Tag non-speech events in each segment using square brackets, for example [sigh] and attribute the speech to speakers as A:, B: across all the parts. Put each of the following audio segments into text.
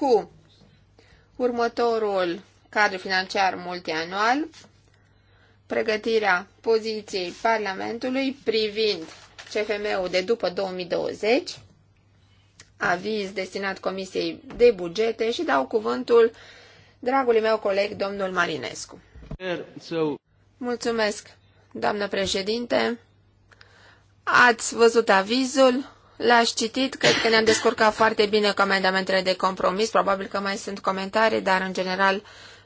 A: cu următorul cadru financiar multianual, pregătirea poziției Parlamentului privind CFM-ul de după 2020, aviz destinat Comisiei de Bugete și dau cuvântul dragului meu coleg, domnul Marinescu. Mulțumesc, doamnă președinte. Ați văzut avizul? L-aș citit, cred că ne-am descurcat foarte bine cu amendamentele de compromis, probabil că mai sunt comentarii, dar în general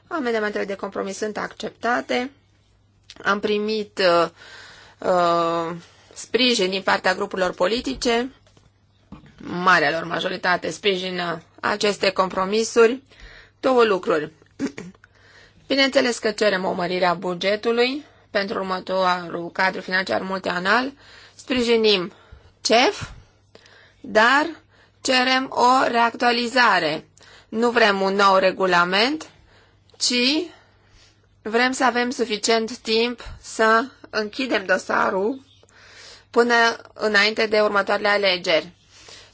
A: amendamentele de compromis sunt acceptate. Am primit uh, uh, sprijin din partea grupurilor politice, marea lor majoritate sprijină aceste compromisuri. Două lucruri. [clears throat] Bineînțeles că cerem o mărire a bugetului pentru următorul cadru financiar multianual, sprijinim CEF, dar cerem o reactualizare. Nu vrem un nou regulament, ci vrem să avem suficient timp să închidem dosarul până înainte de următoarele alegeri.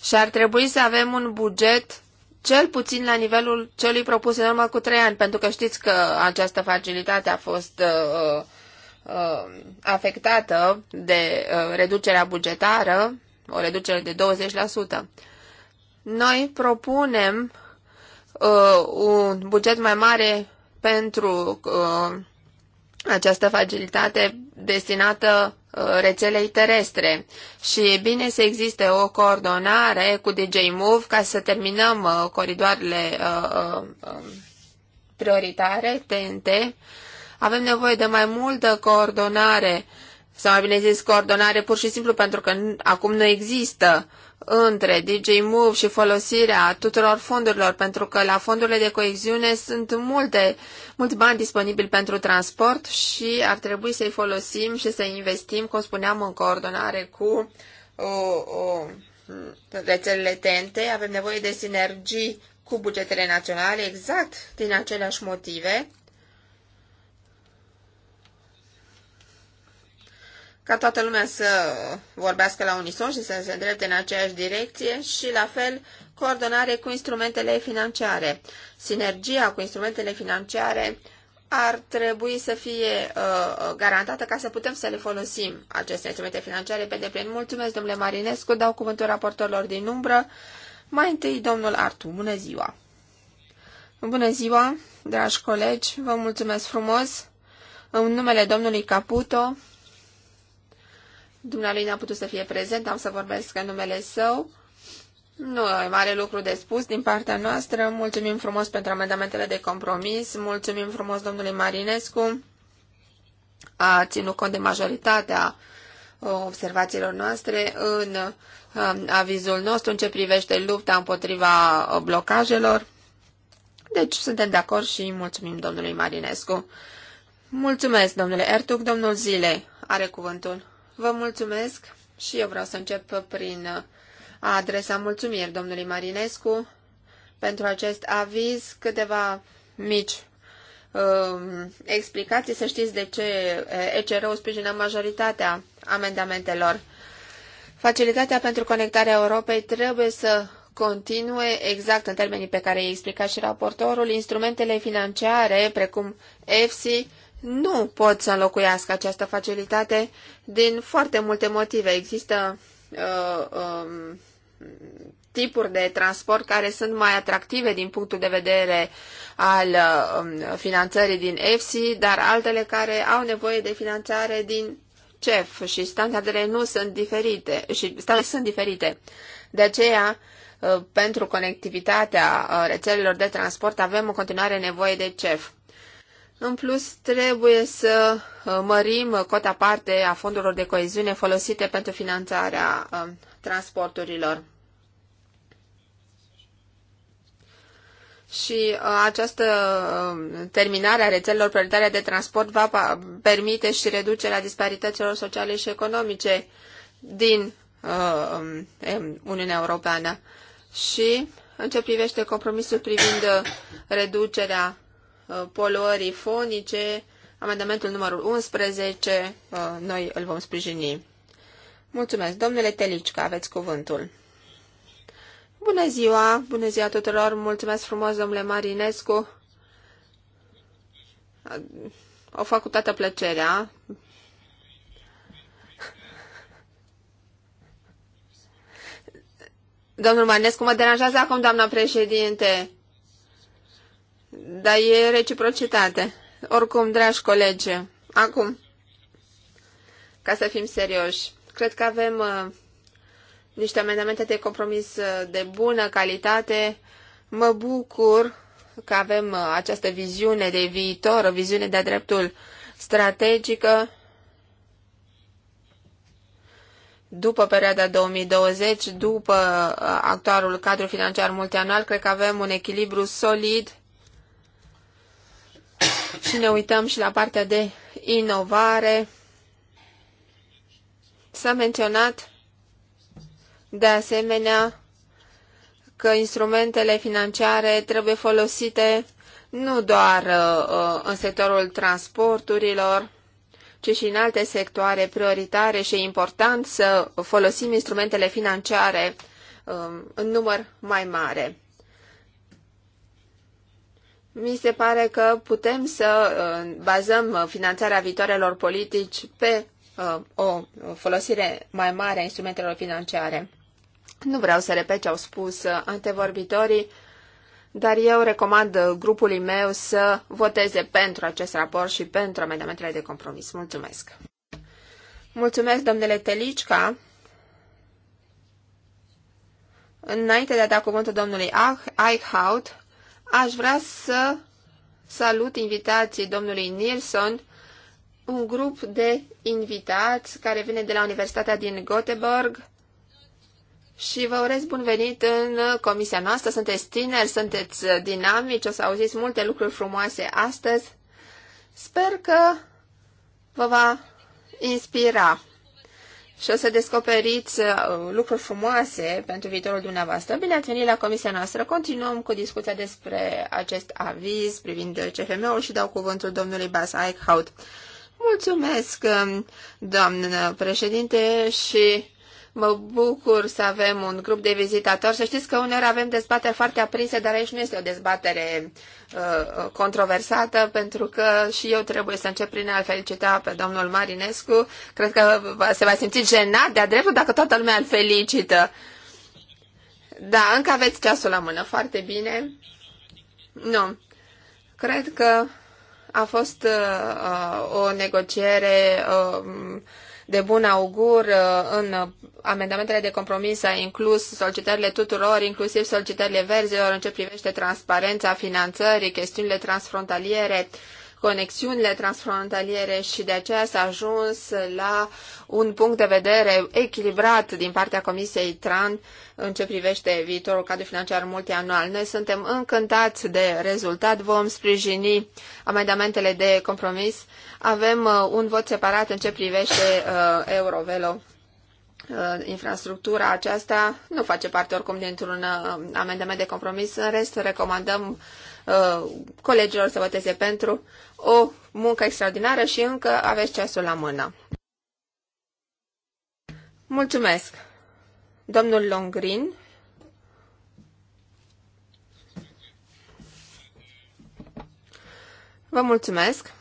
A: Și ar trebui să avem un buget cel puțin la nivelul celui propus în urmă cu trei ani, pentru că știți că această facilitate a fost uh, uh, uh afectată de uh, reducerea bugetară o reducere de 20%. Noi propunem uh, un buget mai mare pentru uh, această facilitate destinată uh, rețelei terestre și e bine să existe o coordonare cu DJ Move ca să terminăm uh, coridoarele uh, uh um, prioritare, TNT. Avem nevoie de mai multă coordonare uh, sau mai bine zis coordonare pur și simplu pentru că acum nu există între DJ Move și folosirea tuturor fondurilor, pentru că la fondurile de coeziune sunt multe, mulți bani disponibili pentru transport și ar trebui să-i folosim și să investim, cum spuneam, în coordonare cu o, o, rețelele tente. Avem nevoie de sinergii cu bugetele naționale, exact din aceleași motive. ca toată lumea să vorbească la unison și să se îndrepte în aceeași direcție și, la fel, coordonare cu instrumentele financiare. Sinergia cu instrumentele financiare ar trebui să fie uh, uh, garantată ca să putem să le folosim, aceste instrumente financiare, pe deplin. Mulțumesc, domnule Marinescu, dau cuvântul raportorilor din umbră. Mai întâi, domnul Artu, bună ziua! Bună ziua, dragi colegi, vă mulțumesc frumos! În numele domnului Caputo, Dumnealui n-a putut să fie prezent, am să vorbesc în numele său. Nu e mare lucru de spus din partea noastră. Mulțumim frumos pentru amendamentele de compromis. Mulțumim frumos domnului Marinescu. A ținut cont de majoritatea uh, observațiilor noastre în um, avizul nostru în ce privește lupta împotriva uh, blocajelor. Deci suntem de acord și mulțumim domnului Marinescu. Mulțumesc, domnule Ertuc. Domnul Zile are cuvântul. Vă mulțumesc și eu vreau să încep prin a adresa mulțumiri domnului Marinescu pentru acest aviz, câteva mici uh, explicații, să știți de ce ECR-ul sprijină majoritatea amendamentelor. Facilitatea pentru conectarea Europei trebuie să continue exact în termenii pe care i-a explicat și raportorul, instrumentele financiare precum EFSI nu pot să înlocuiască această facilitate din foarte multe motive. Există uh, um, tipuri de transport care sunt mai atractive din punctul de vedere al uh, finanțării din EFSI, dar altele care au nevoie de finanțare din CEF și standardele nu sunt diferite și standardele sunt diferite. De aceea, uh, pentru conectivitatea uh, rețelelor de transport avem în continuare nevoie de CEF. În plus, trebuie să uh, mărim cota parte a fondurilor de coeziune folosite pentru finanțarea um, transporturilor. Și uh, această um, terminare a rețelelor prioritare de transport va permite și reducerea disparităților sociale și economice din uh, um, Uniunea Europeană. Și în ce privește compromisul privind reducerea Uh, poluării fonice, amendamentul numărul 11, uh, noi îl vom sprijini. Mulțumesc. Domnule Telicica, aveți cuvântul. Bună ziua, bună ziua tuturor, mulțumesc frumos, domnule Marinescu. O fac cu toată plăcerea. Domnul Marinescu, mă deranjează acum, doamna președinte. Dar e reciprocitate. Oricum, dragi colegi, acum, ca să fim serioși, cred că avem uh, niște amendamente de compromis uh, de bună calitate. Mă bucur că avem uh, această viziune de viitor, o viziune de-a dreptul strategică după perioada 2020, după actualul cadru financiar multianual, cred că avem un echilibru solid [coughs] și ne uităm și la partea de inovare. S-a menționat de asemenea că instrumentele financiare trebuie folosite nu doar uh, uh în sectorul transporturilor, ci și în alte sectoare prioritare și e important să folosim instrumentele financiare uh, în număr mai mare. Mi se pare că putem să uh, bazăm uh, finanțarea viitoarelor politici pe uh, o folosire mai mare a instrumentelor financiare. Nu vreau să repet ce au spus antevorbitorii, dar eu recomand grupului meu să voteze pentru acest raport și pentru amendamentele de compromis. Mulțumesc! Mulțumesc, domnule Telicca. Înainte de a da cuvântul domnului ah- Eichhout, Aș vrea să salut invitații domnului Nilsson, un grup de invitați care vine de la Universitatea din Göteborg și vă urez bun venit în comisia noastră. Sunteți tineri, sunteți dinamici, o să auziți multe lucruri frumoase astăzi. Sper că vă va inspira și o să descoperiți uh, lucruri frumoase pentru viitorul dumneavoastră. Bine ați venit la comisia noastră. Continuăm cu discuția despre acest aviz privind CFM-ul și dau cuvântul domnului Bas Eichhout. Mulțumesc, um, doamnă președinte, și Mă bucur să avem un grup de vizitatori. Să știți că uneori avem dezbateri foarte aprinse, dar aici nu este o dezbatere uh, controversată, pentru că și eu trebuie să încep prin a-l felicita pe domnul Marinescu. Cred că se va simți jenat de-a dreptul dacă toată lumea îl felicită. Da, încă aveți ceasul la mână. Foarte bine. Nu. Cred că a fost uh, uh o negociere uh, de bun augur uh, în amendamentele de compromis a inclus solicitările tuturor, inclusiv solicitările verzilor în ce privește transparența finanțării, chestiunile transfrontaliere, conexiunile transfrontaliere și de aceea s-a ajuns la un punct de vedere echilibrat din partea Comisiei TRAN în ce privește viitorul cadru financiar multianual. Noi suntem încântați de rezultat, vom sprijini amendamentele de compromis. Avem uh, un vot separat în ce privește uh, Eurovelo uh, infrastructura aceasta nu face parte oricum dintr-un uh, amendament de compromis. În rest, recomandăm Uh, colegilor să voteze pentru o muncă extraordinară și încă aveți ceasul la mână. Mulțumesc, domnul Longrin. Vă mulțumesc.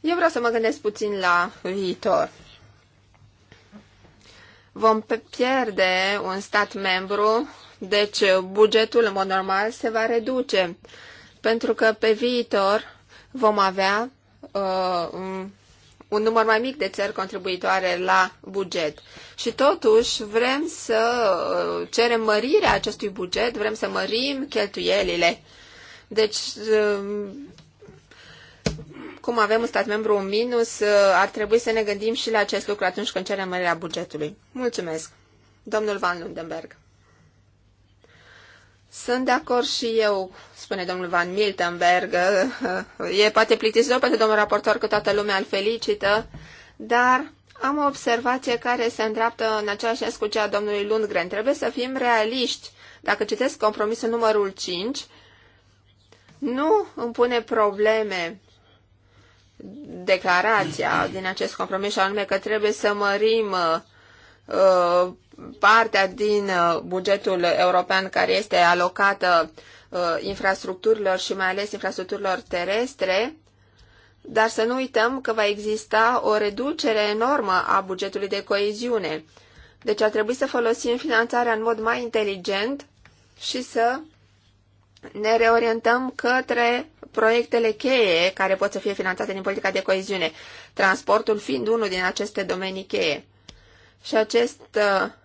A: Eu vreau să mă gândesc puțin la viitor. Vom pierde un stat membru deci uh, bugetul, în mod normal, se va reduce, pentru că pe viitor vom avea uh, un număr mai mic de țări contribuitoare la buget. Și totuși vrem să uh, cerem mărirea acestui buget, vrem să mărim cheltuielile. Deci, uh, cum avem un stat membru în minus, ar trebui să ne gândim și la acest lucru atunci când cerem mărirea bugetului. Mulțumesc. Domnul Van Lundenberg. Sunt de acord și eu, spune domnul Van Miltenberg. [laughs] E poate plictisitor pentru domnul raportor că toată lumea îl felicită, dar am o observație care se îndreaptă în același sens cu cea a domnului Lundgren. Trebuie să fim realiști. Dacă citesc compromisul numărul 5, nu îmi pune probleme declarația din acest compromis, anume că trebuie să mărim uh, Uh, partea din uh, bugetul european care este alocată uh, infrastructurilor și mai ales infrastructurilor terestre, dar să nu uităm că va exista o reducere enormă a bugetului de coeziune. Deci ar trebui să folosim finanțarea în mod mai inteligent și să ne reorientăm către proiectele cheie care pot să fie finanțate din politica de coeziune, transportul fiind unul din aceste domenii cheie și această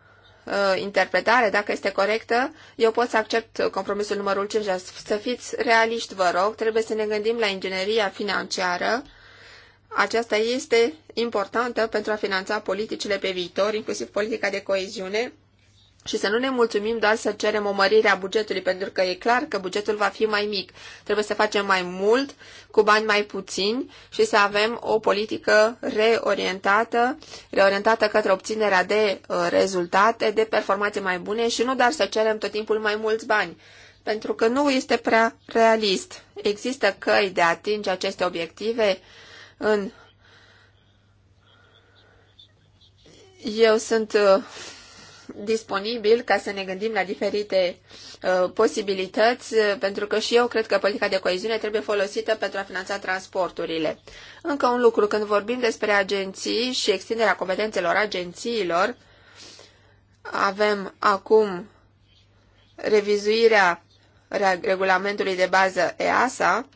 A: uh, interpretare, dacă este corectă, eu pot să accept compromisul numărul 5. Să fiți realiști, vă rog, trebuie să ne gândim la ingineria financiară. Aceasta este importantă pentru a finanța politicile pe viitor, inclusiv politica de coeziune, și să nu ne mulțumim doar să cerem o mărire a bugetului, pentru că e clar că bugetul va fi mai mic. Trebuie să facem mai mult, cu bani mai puțini și să avem o politică reorientată, reorientată către obținerea de uh, rezultate, de performanțe mai bune și nu doar să cerem tot timpul mai mulți bani, pentru că nu este prea realist. Există căi de a atinge aceste obiective în... Eu sunt uh, disponibil ca să ne gândim la diferite uh, posibilități, uh, pentru că și eu cred că politica de coeziune trebuie folosită pentru a finanța transporturile. Încă un lucru, când vorbim despre agenții și extinderea competențelor agențiilor, avem acum revizuirea regulamentului de bază EASA,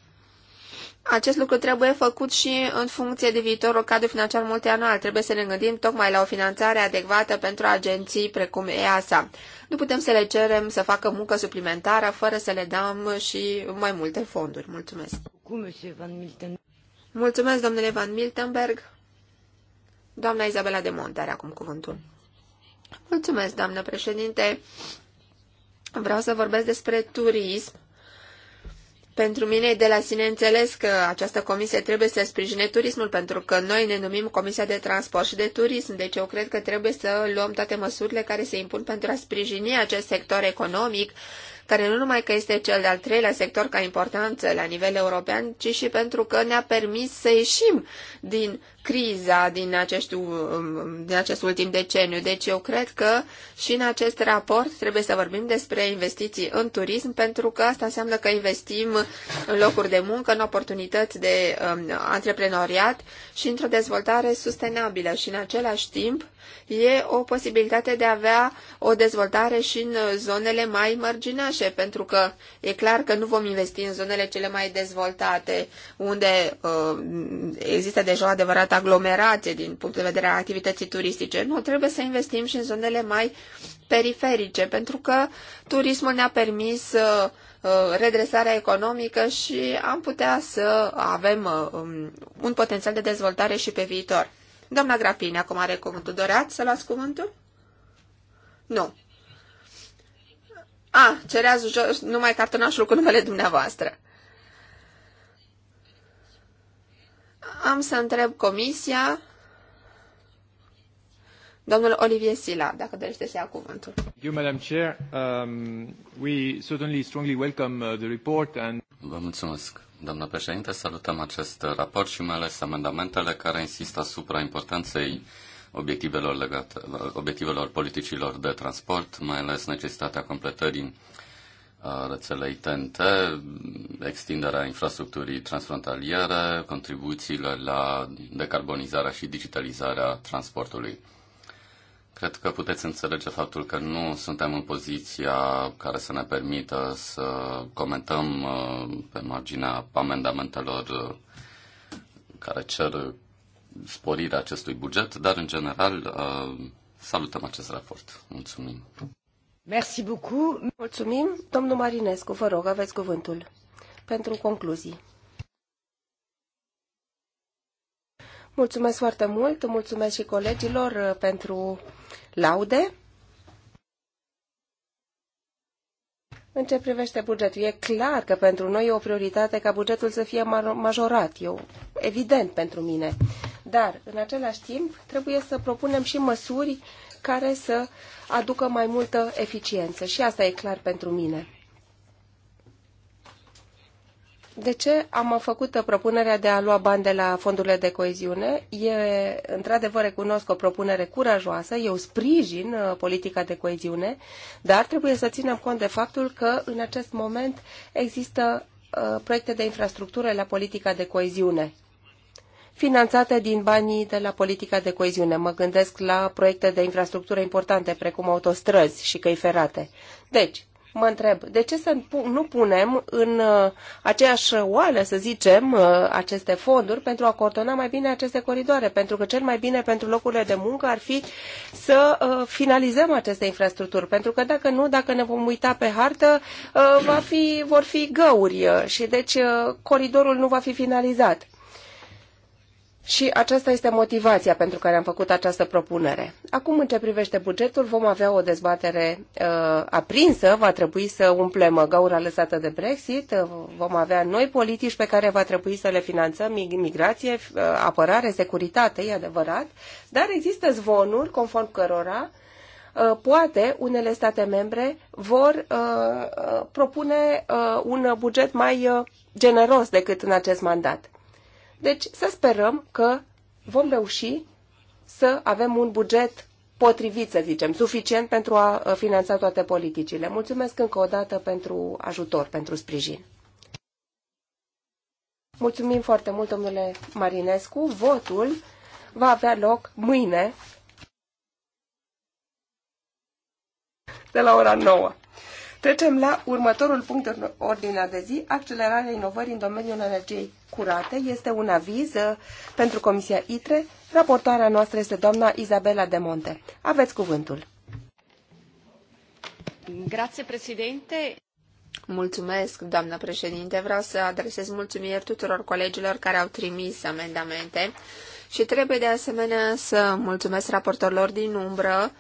A: acest lucru trebuie făcut și în funcție de viitorul cadru financiar multianual. Trebuie să ne gândim tocmai la o finanțare adecvată pentru agenții precum EASA. Nu putem să le cerem să facă muncă suplimentară fără să le dăm și mai multe fonduri. Mulțumesc! Mulțumesc, domnule Van Miltenberg! Doamna Izabela de Monte are acum cuvântul. Mulțumesc, doamnă președinte! Vreau să vorbesc despre turism pentru mine e de la sine înțeles că această comisie trebuie să sprijine turismul, pentru că noi ne numim Comisia de Transport și de Turism, deci eu cred că trebuie să luăm toate măsurile care se impun pentru a sprijini acest sector economic care nu numai că este cel de-al treilea sector ca importanță la nivel european, ci și pentru că ne-a permis să ieșim din criza din, acești, um, um, din acest ultim deceniu. Deci eu cred că și în acest raport trebuie să vorbim despre investiții în turism, pentru că asta înseamnă că investim în locuri de muncă, în oportunități de um, antreprenoriat și într-o dezvoltare sustenabilă și în același timp e o posibilitate de a avea o dezvoltare și în uh, zonele mai marginașe, pentru că e clar că nu vom investi în zonele cele mai dezvoltate, unde uh, există deja o adevărată aglomerație din punct de vedere a activității turistice. Nu, trebuie să investim și în zonele mai periferice, pentru că turismul ne-a permis uh, uh redresarea economică și am putea să avem uh, um, un potențial de dezvoltare și pe viitor. Doamna Grapini, acum are cuvântul. Doreați să las cuvântul? Nu. A, cereați jos numai cartonașul cu numele dumneavoastră. Am să întreb comisia, domnul Olivier Sila, dacă dorește să ia cuvântul.
B: You, Madam Chair, um, we certainly strongly welcome uh, the report and...
C: Vă mulțumesc doamnă președinte. Salutăm acest raport și mai ales amendamentele care insistă asupra importanței obiectivelor, legate, obiectivelor politicilor de transport, mai ales necesitatea completării uh, rețelei TNT, extinderea infrastructurii transfrontaliere, contribuțiile la decarbonizarea și digitalizarea transportului. Cred că puteți înțelege faptul că nu suntem în poziția care să ne permită să comentăm uh, pe marginea amendamentelor uh, care cer sporirea acestui buget, dar în general uh, salutăm acest raport. Mulțumim.
D: Merci beaucoup. Mulțumim. Domnul Marinescu, vă rog, aveți cuvântul pentru concluzii. Mulțumesc foarte mult, mulțumesc și colegilor uh, pentru laude. În ce privește bugetul, e clar că pentru noi e o prioritate ca bugetul să fie majorat. E evident pentru mine. Dar, în același timp, trebuie să propunem și măsuri care să aducă mai multă eficiență. Și asta e clar pentru mine de ce am făcut propunerea de a lua bani de la fondurile de coeziune? E, într-adevăr, recunosc o propunere curajoasă, eu sprijin uh, politica de coeziune, dar trebuie să ținem cont de faptul că în acest moment există uh, proiecte de infrastructură la politica de coeziune finanțate din banii de la politica de coeziune. Mă gândesc la proiecte de infrastructură importante, precum autostrăzi și căi ferate. Deci, mă întreb, de ce să nu punem în uh, aceeași oală, să zicem, uh, aceste fonduri pentru a coordona mai bine aceste coridoare? Pentru că cel mai bine pentru locurile de muncă ar fi să uh, finalizăm aceste infrastructuri. Pentru că dacă nu, dacă ne vom uita pe hartă, va fi, vor fi găuri și deci coridorul nu va fi finalizat. Și aceasta este motivația pentru care am făcut această propunere. Acum, în ce privește bugetul, vom avea o dezbatere uh, aprinsă, va trebui să umplem gaura lăsată de Brexit, uh, vom avea noi politici pe care va trebui să le finanțăm, migrație, uh, apărare, securitate, e adevărat, dar există zvonuri conform cărora uh, poate unele state membre vor uh, propune uh, un buget mai generos decât în acest mandat. Deci să sperăm că vom reuși să avem un buget potrivit, să zicem, suficient pentru a finanța toate politicile. Mulțumesc încă o dată pentru ajutor, pentru sprijin. Mulțumim foarte mult, domnule Marinescu. Votul va avea loc mâine de la ora 9. Trecem la următorul punct în ordinea de zi, accelerarea inovării în domeniul energiei curate. Este un aviz uh, pentru Comisia ITRE. Raportoarea noastră este doamna Izabela de Monte. Aveți cuvântul.
E: Grazie,
A: președinte. Mulțumesc, doamnă președinte. Vreau să adresez mulțumiri tuturor colegilor care au trimis amendamente și trebuie de asemenea să mulțumesc raportorilor din umbră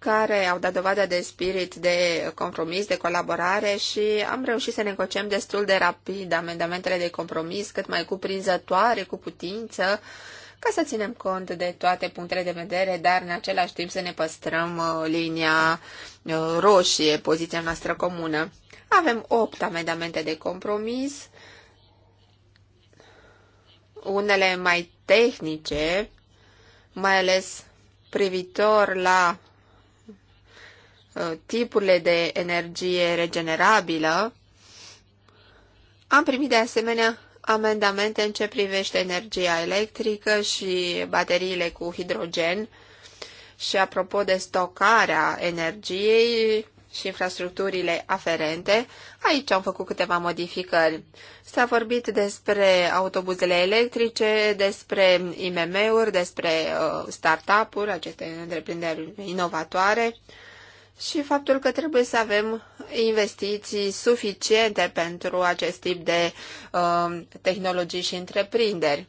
A: care au dat dovadă de spirit de compromis, de colaborare și am reușit să negociem destul de rapid amendamentele de compromis, cât mai cuprinzătoare, cu putință, ca să ținem cont de toate punctele de vedere, dar în același timp să ne păstrăm uh, linia uh, roșie, poziția noastră comună. Avem opt amendamente de compromis, unele mai tehnice, mai ales privitor la Uh, tipurile de energie regenerabilă. Am primit de asemenea amendamente în ce privește energia electrică și bateriile cu hidrogen și apropo de stocarea energiei și infrastructurile aferente, aici am făcut câteva modificări. S-a vorbit despre autobuzele electrice, despre IMM-uri, despre uh, startup-uri, aceste întreprinderi inovatoare, uh, și faptul că trebuie să avem investiții suficiente pentru acest tip de uh, tehnologii și întreprinderi.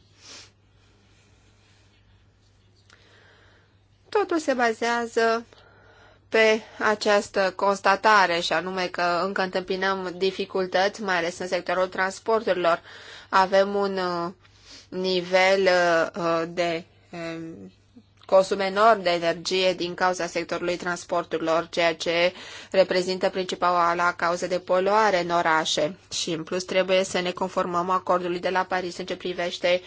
A: Totul se bazează pe această constatare și anume că încă întâmpinăm dificultăți, mai ales în sectorul transporturilor. Avem un uh, nivel uh, de um, consum enorm de energie din cauza sectorului transporturilor, ceea ce reprezintă principala cauză de poluare în orașe. Și în plus trebuie să ne conformăm acordului de la Paris în ce privește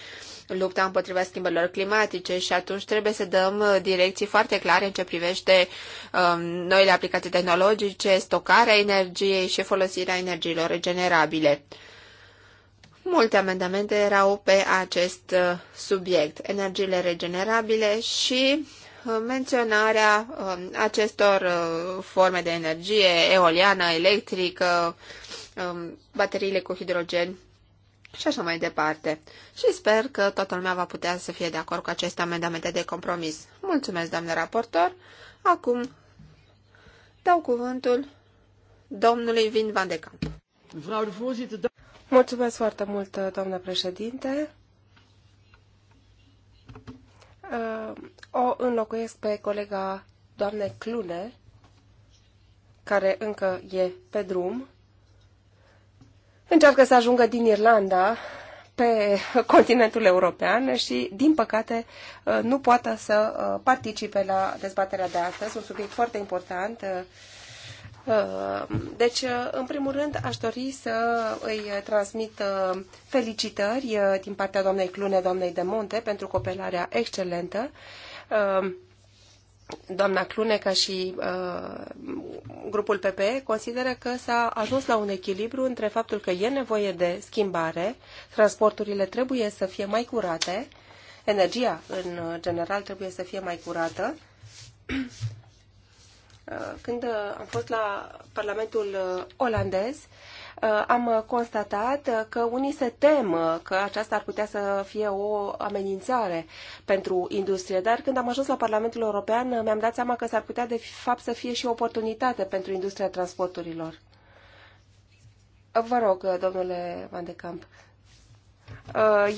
A: lupta împotriva schimbărilor climatice și atunci trebuie să dăm direcții foarte clare în ce privește um, noile aplicații tehnologice, stocarea energiei și folosirea energiilor regenerabile. Multe amendamente erau pe acest uh, subiect, energiile regenerabile și uh, menționarea um, acestor uh, forme de energie, eoliană, electrică, um, bateriile cu hidrogen și așa mai departe. Și sper că toată lumea va putea să fie de acord cu aceste amendamente de compromis. Mulțumesc, doamne raportor. Acum dau cuvântul domnului Vin Van de Camp. Mulțumesc foarte mult, doamnă
D: președinte. Uh, o înlocuiesc pe colega doamne Clune, care încă e pe drum. Încearcă să ajungă din Irlanda pe continentul european și, din păcate, uh, nu poate să uh, participe la dezbaterea de astăzi, un subiect foarte important Uh, deci, uh, în primul rând, aș dori să îi transmit uh, felicitări din partea doamnei Clune, doamnei de Monte, pentru copelarea excelentă doamna Clune ca și grupul PP, consideră că s-a ajuns la un echilibru între faptul că e nevoie de schimbare, transporturile trebuie să fie mai curate, energia în general trebuie să fie mai curată Uh, când uh, am fost la Parlamentul uh, olandez, am constatat că unii se tem că aceasta ar putea să fie o amenințare pentru industrie, dar când am ajuns la Parlamentul European mi-am dat seama că s-ar putea de fapt să fie și o oportunitate pentru industria transporturilor. Vă rog, domnule Van de Camp.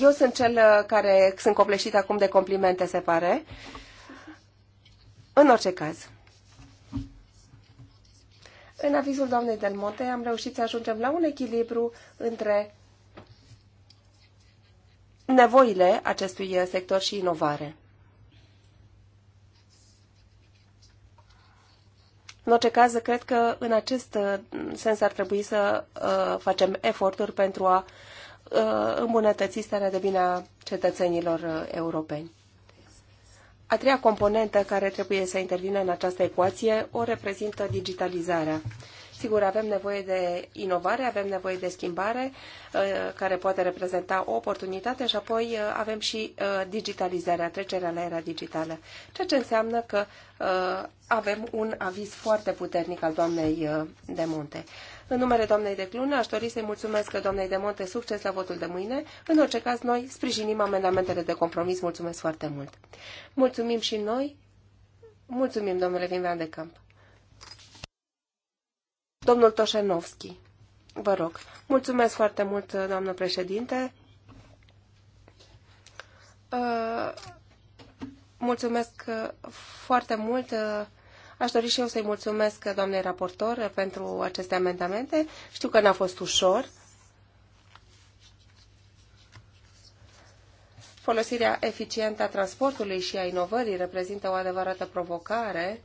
D: Eu sunt cel care sunt copleșit acum de complimente, se pare. În orice caz, în avizul doamnei Del Monte am reușit să ajungem la un echilibru între nevoile acestui sector și inovare. În orice caz, cred că în acest uh, sens ar trebui să uh, facem eforturi pentru a uh, îmbunătăți starea de bine a cetățenilor uh, europeni. A treia componentă care trebuie să intervină în această ecuație o reprezintă digitalizarea. Sigur, avem nevoie de inovare, avem nevoie de schimbare, uh, care poate reprezenta o oportunitate și apoi uh, avem și uh, digitalizarea, trecerea la era digitală. Ceea ce înseamnă că avem un aviz foarte puternic al doamnei de Monte. În numele doamnei de Clună, aș dori să-i mulțumesc doamnei de Monte succes la votul de mâine. În orice caz, noi sprijinim amendamentele de compromis. Mulțumesc foarte mult. Mulțumim și noi. Mulțumim, domnule Vimean de Camp. Domnul Toșenovski, vă rog. Mulțumesc foarte mult, doamnă președinte. Uh, mulțumesc foarte mult uh, Aș dori și eu să-i mulțumesc doamnei raportor pentru aceste amendamente. Știu că n-a fost ușor. Folosirea eficientă a transportului și a inovării reprezintă o adevărată provocare.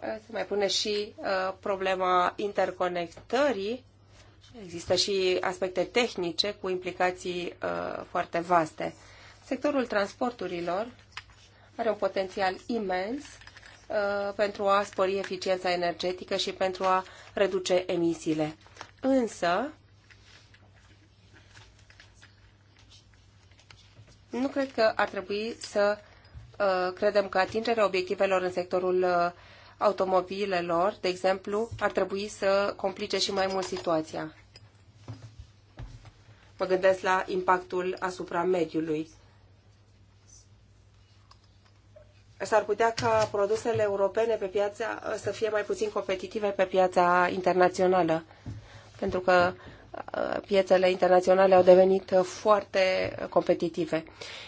D: Se mai pune și uh, problema interconectării. Există și aspecte tehnice cu implicații uh, foarte vaste. Sectorul transporturilor are un potențial imens uh, pentru a spori eficiența energetică și pentru a reduce emisiile. Însă, nu cred că ar trebui să uh, credem că atingerea obiectivelor în sectorul uh, automobilelor, de exemplu, ar trebui să complice și mai mult situația. Mă gândesc la impactul asupra mediului s-ar putea ca produsele europene pe piața să fie mai puțin competitive pe piața internațională, pentru că uh, piețele internaționale au devenit foarte competitive.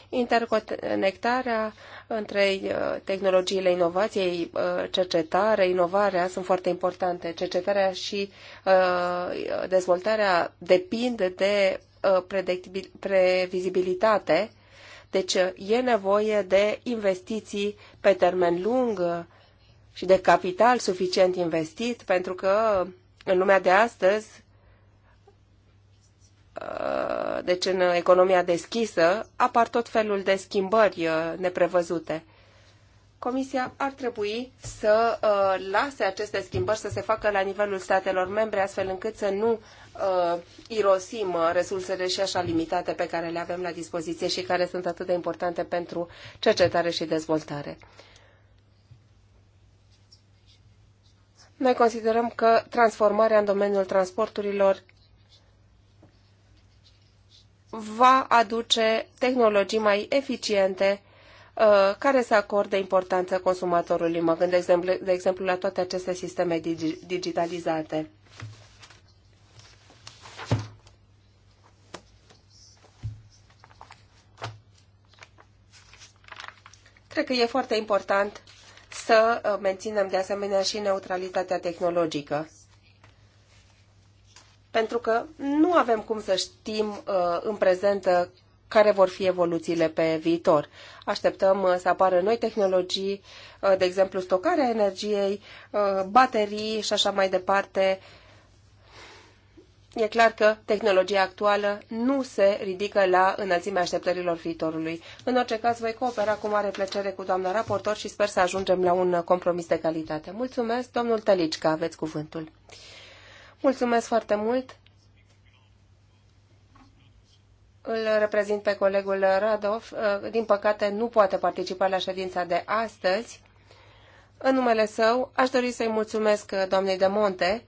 D: Interconectarea între uh, tehnologiile inovației, uh, cercetare, inovarea sunt foarte importante. Cercetarea și dezvoltarea depind de previzibilitate deci e nevoie de investiții pe termen lung și de capital suficient investit, pentru că în lumea de astăzi, uh, deci în economia deschisă, apar tot felul de schimbări uh, neprevăzute. Comisia ar trebui să uh, lase aceste schimbări să se facă la nivelul statelor membre, astfel încât să nu uh, irosim uh, resursele și așa limitate pe care le avem la dispoziție și care sunt atât de importante pentru cercetare și dezvoltare. Noi considerăm că transformarea în domeniul transporturilor va aduce tehnologii mai eficiente Uh, care să acorde importanță consumatorului. Mă gândesc, de exemplu, de exemplu la toate aceste sisteme digi digitalizate. Cred că e foarte important să uh, menținem de asemenea și neutralitatea tehnologică. Pentru că nu avem cum să știm uh, în prezent care vor fi evoluțiile pe viitor. Așteptăm uh, să apară noi tehnologii, uh, de exemplu stocarea energiei, uh, baterii și așa mai departe. E clar că tehnologia actuală nu se ridică la înălțimea așteptărilor viitorului. În orice caz, voi coopera cu mare plăcere cu doamna raportor și sper să ajungem la un compromis de calitate. Mulțumesc, domnul Tălici, că aveți cuvântul. Mulțumesc foarte mult. îl reprezint pe colegul Radov. Uh, din păcate, nu poate participa la ședința de astăzi. În numele său, aș dori să-i mulțumesc doamnei de Monte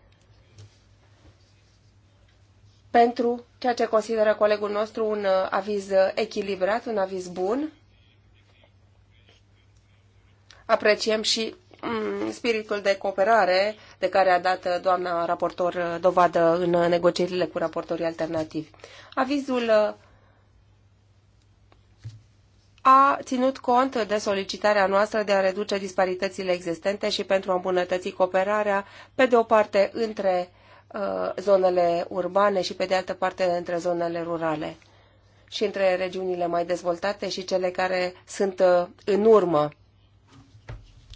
D: pentru ceea ce consideră colegul nostru un uh, aviz echilibrat, un aviz bun. Apreciem și mm, spiritul de cooperare de care a dat uh, doamna raportor dovadă în negocierile cu raportorii alternativi. Avizul a ținut cont de solicitarea noastră de a reduce disparitățile existente și pentru a îmbunătăți cooperarea, pe de o parte, între uh, zonele urbane și, pe de altă parte, între zonele rurale și între regiunile mai dezvoltate și cele care sunt uh, în urmă.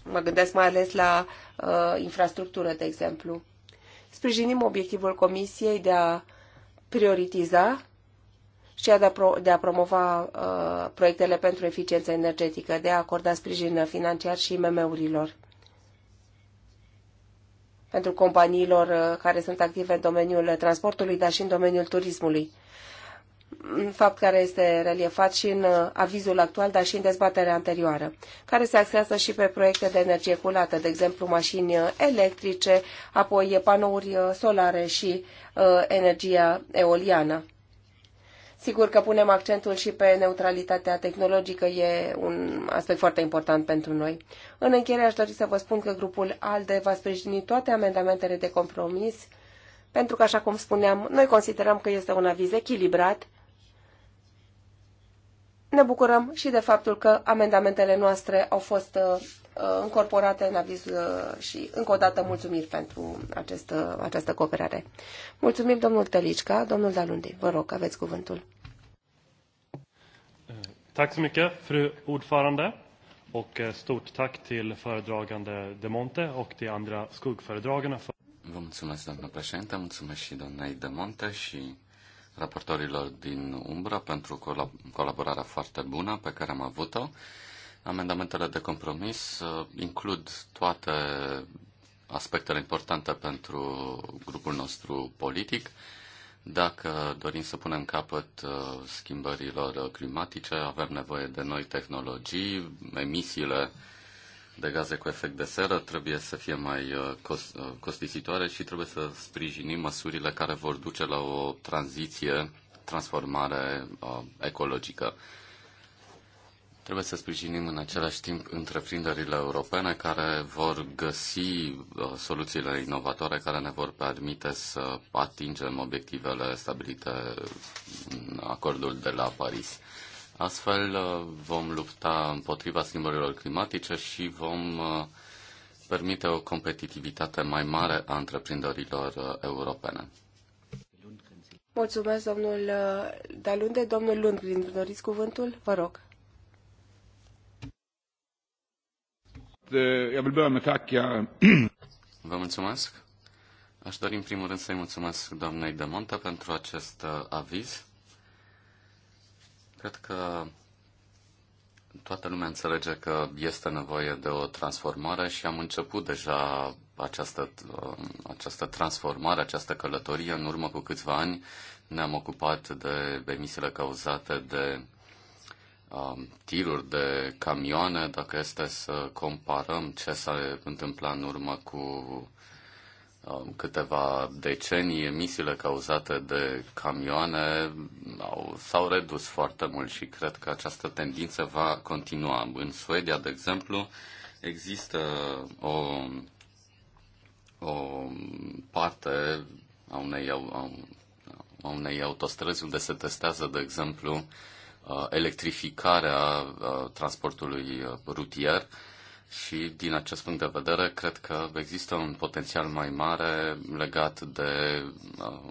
D: Mă gândesc mai ales la uh, infrastructură, de exemplu. Sprijinim obiectivul Comisiei de a prioritiza și de a, pro, de a promova uh, proiectele pentru eficiență energetică, de a acorda sprijin financiar și mm urilor pentru companiilor uh, care sunt active în domeniul transportului, dar și în domeniul turismului. Fapt care este reliefat și în uh, avizul actual, dar și în dezbaterea anterioară, care se axează și pe proiecte de energie culată, de exemplu mașini uh, electrice, apoi panouri solare și uh, energia eoliană. Sigur că punem accentul și pe neutralitatea tehnologică, e un aspect foarte important pentru noi. În încheiere aș dori să vă spun că grupul ALDE va sprijini toate amendamentele de compromis, pentru că, așa cum spuneam, noi considerăm că este un aviz echilibrat. Ne bucurăm și de faptul că amendamentele noastre au fost uh, uh, încorporate în aviz uh, și încă o dată mulțumiri pentru acest, această cooperare. Mulțumim domnul Tălicca, domnul Dalunde, vă rog, aveți cuvântul.
C: Tack så mycket, fru ordförande. Och eh, stort tack till föredragande De Monte och de andra skuggföredragarna. För... Vă mulțumesc, doamnă președinte, mulțumesc și doamnei De Monte și raportorilor din Umbra pentru colaborarea foarte bună pe care am avut-o. Amendamentele de compromis eh, includ toate aspectele importante pentru grupul nostru politic. Dacă dorim să punem capăt uh, schimbărilor climatice, avem nevoie de noi tehnologii, emisiile de gaze cu efect de seră trebuie să fie mai uh, cost, uh, costisitoare și trebuie să sprijinim măsurile care vor duce la o tranziție, transformare ecologică. Trebuie să sprijinim în același timp întreprinderile europene care vor găsi uh, soluțiile inovatoare care ne vor permite să atingem obiectivele stabilite în acordul de la Paris. Astfel uh, vom lupta împotriva schimbărilor climatice și vom uh, permite o competitivitate mai mare a întreprinderilor europene.
D: Mulțumesc, domnul Dalunde. Domnul Lundgren, doriți cuvântul? Vă rog.
C: Eh,
B: jag vill börja med tacka...
C: Vă mulțumesc. Aș dori în primul rând să-i mulțumesc doamnei de Monta pentru acest eh, aviz. Cred că toată lumea înțelege că este nevoie de o transformare și am început deja această, eh, această transformare, această călătorie. În urmă cu câțiva ani ne-am ocupat de emisiile cauzate de Um, tiruri de camioane, dacă este să comparăm ce s-a întâmplat în urmă cu um, câteva decenii, emisiile cauzate de camioane au, s-au redus foarte mult și cred că această tendință va continua. În Suedia, de exemplu, există o, o parte a unei, a, a unei autostrăzi unde se testează, de exemplu, Uh, electrificarea uh, transportului uh, rutier și din acest punct de vedere cred că există un potențial mai mare legat de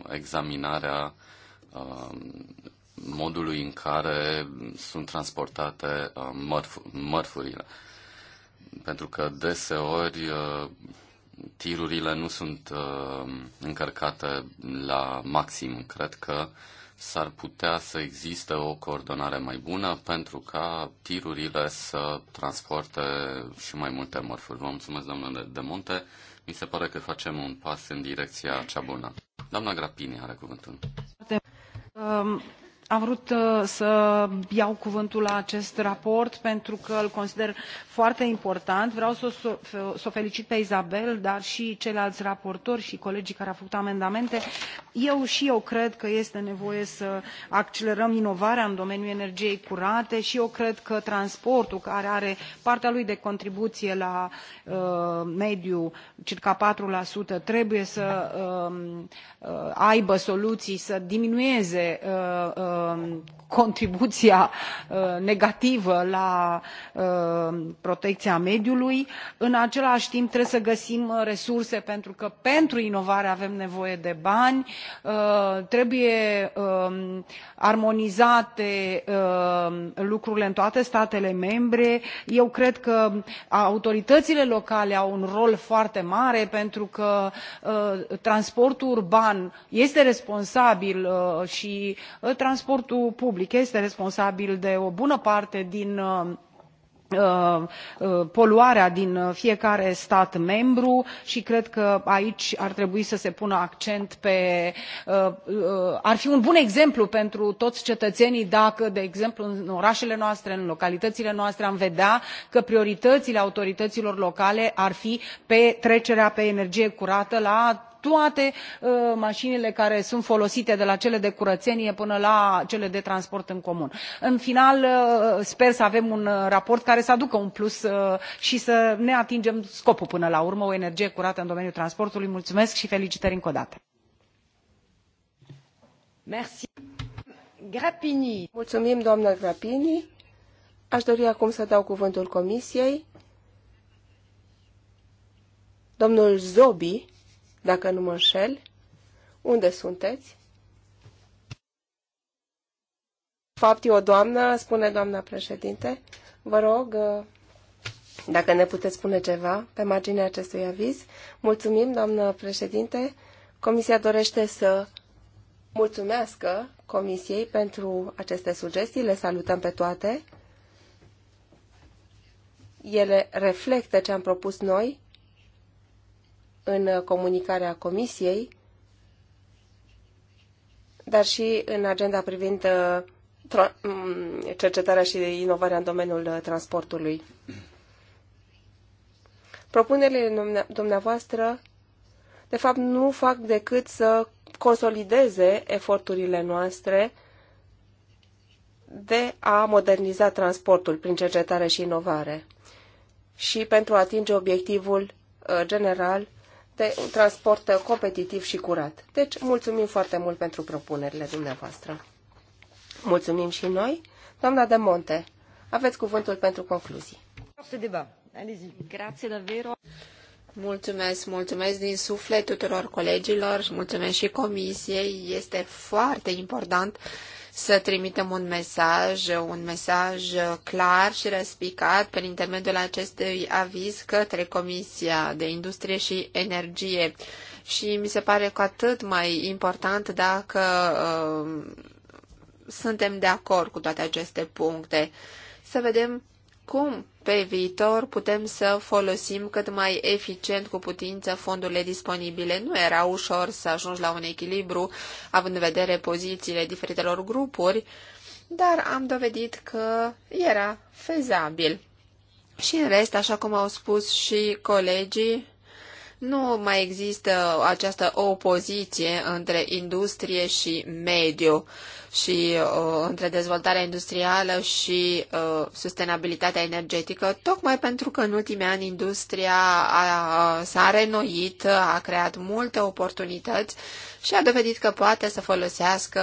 C: examinarea modului în care sunt transportate mărfurile. Pentru că deseori tirurile nu sunt încărcate la maxim. Cred că s-ar putea să existe o coordonare mai bună pentru ca tirurile să transporte și mai multe mărfuri. Vă mulțumesc, domnule de Monte. Mi se pare că facem un pas în direcția cea bună. Doamna Grapini are cuvântul.
E: Um, am vrut uh, să iau cuvântul la acest raport pentru că îl consider foarte important vreau să o felicit pe isabel dar și ceilalți raportori și colegii care au făcut amendamente eu și eu cred că este nevoie să accelerăm inovarea în domeniul energiei curate și eu cred că transportul care are partea lui de contribuție la uh, mediu circa patru trebuie să uh, uh, aibă soluții să diminueze uh, uh, Um, contribuția uh, negativă la um, protecția mediului în același timp trebuie să găsim uh, resurse pentru că pentru inovare avem nevoie de bani uh, trebuie um, armonizate lucrurile în toate statele membre eu cred că autoritățile locale au un rol foarte mare pentru că transportul urban este responsabil și transportul transportul public este responsabil de o bună parte din uh, uh, uh, poluarea din fiecare stat membru și cred că aici ar trebui să se pună accent pe ar fi un bun exemplu pentru toți cetățenii dacă de exemplu în orașele noastre în localitățile noastre am vedea că prioritățile autorităților locale ar fi pe trecerea pe energie curată la toate uh, mașinile care sunt folosite de la cele de curățenie până la cele de transport în comun. în final uh, sper să avem un uh, raport care să aducă un plus și să ne atingem scopul până la urmă o energie curată în domeniul transportului. mulțumesc și felicitări încă o dată.
D: Grapini. Mulțumim, doamnă Grapini. Aș dori acum să dau cuvântul Comisiei. Domnul Zobi dacă nu mă înșel. Unde sunteți? Fapt e o doamnă, spune doamna președinte. Vă rog, uh, dacă ne puteți spune ceva pe marginea acestui aviz. Mulțumim, doamnă președinte. Comisia dorește să mulțumească Comisiei pentru aceste sugestii. Le salutăm pe toate. Ele reflectă ce am propus noi în comunicarea Comisiei, dar și în agenda privind uh, mm, cercetarea și inovarea în domeniul uh, transportului. Propunerile dumneavoastră, de fapt, nu fac decât să consolideze eforturile noastre de a moderniza transportul prin cercetare și inovare și pentru a atinge obiectivul uh, general de un transport competitiv și curat. Deci, mulțumim foarte mult pentru propunerile dumneavoastră. Mulțumim și noi. Doamna de Monte, aveți cuvântul pentru concluzii.
A: Mulțumesc, mulțumesc din suflet tuturor colegilor și mulțumesc și comisiei. Este foarte important să trimitem un mesaj, un mesaj clar și răspicat prin intermediul acestui aviz către Comisia de Industrie și Energie. Și mi se pare cu atât mai important dacă uh, suntem de acord cu toate aceste puncte. Să vedem cum pe viitor putem să folosim cât mai eficient cu putință fondurile disponibile. Nu era ușor să ajungi la un echilibru, având în vedere pozițiile diferitelor grupuri, dar am dovedit că era fezabil. Și în rest, așa cum au spus și colegii, nu mai există această opoziție între industrie și mediu și uh, între dezvoltarea industrială și uh, sustenabilitatea energetică, tocmai pentru că în ultimii ani industria a, s-a renoit, a creat multe oportunități și a dovedit că poate să folosească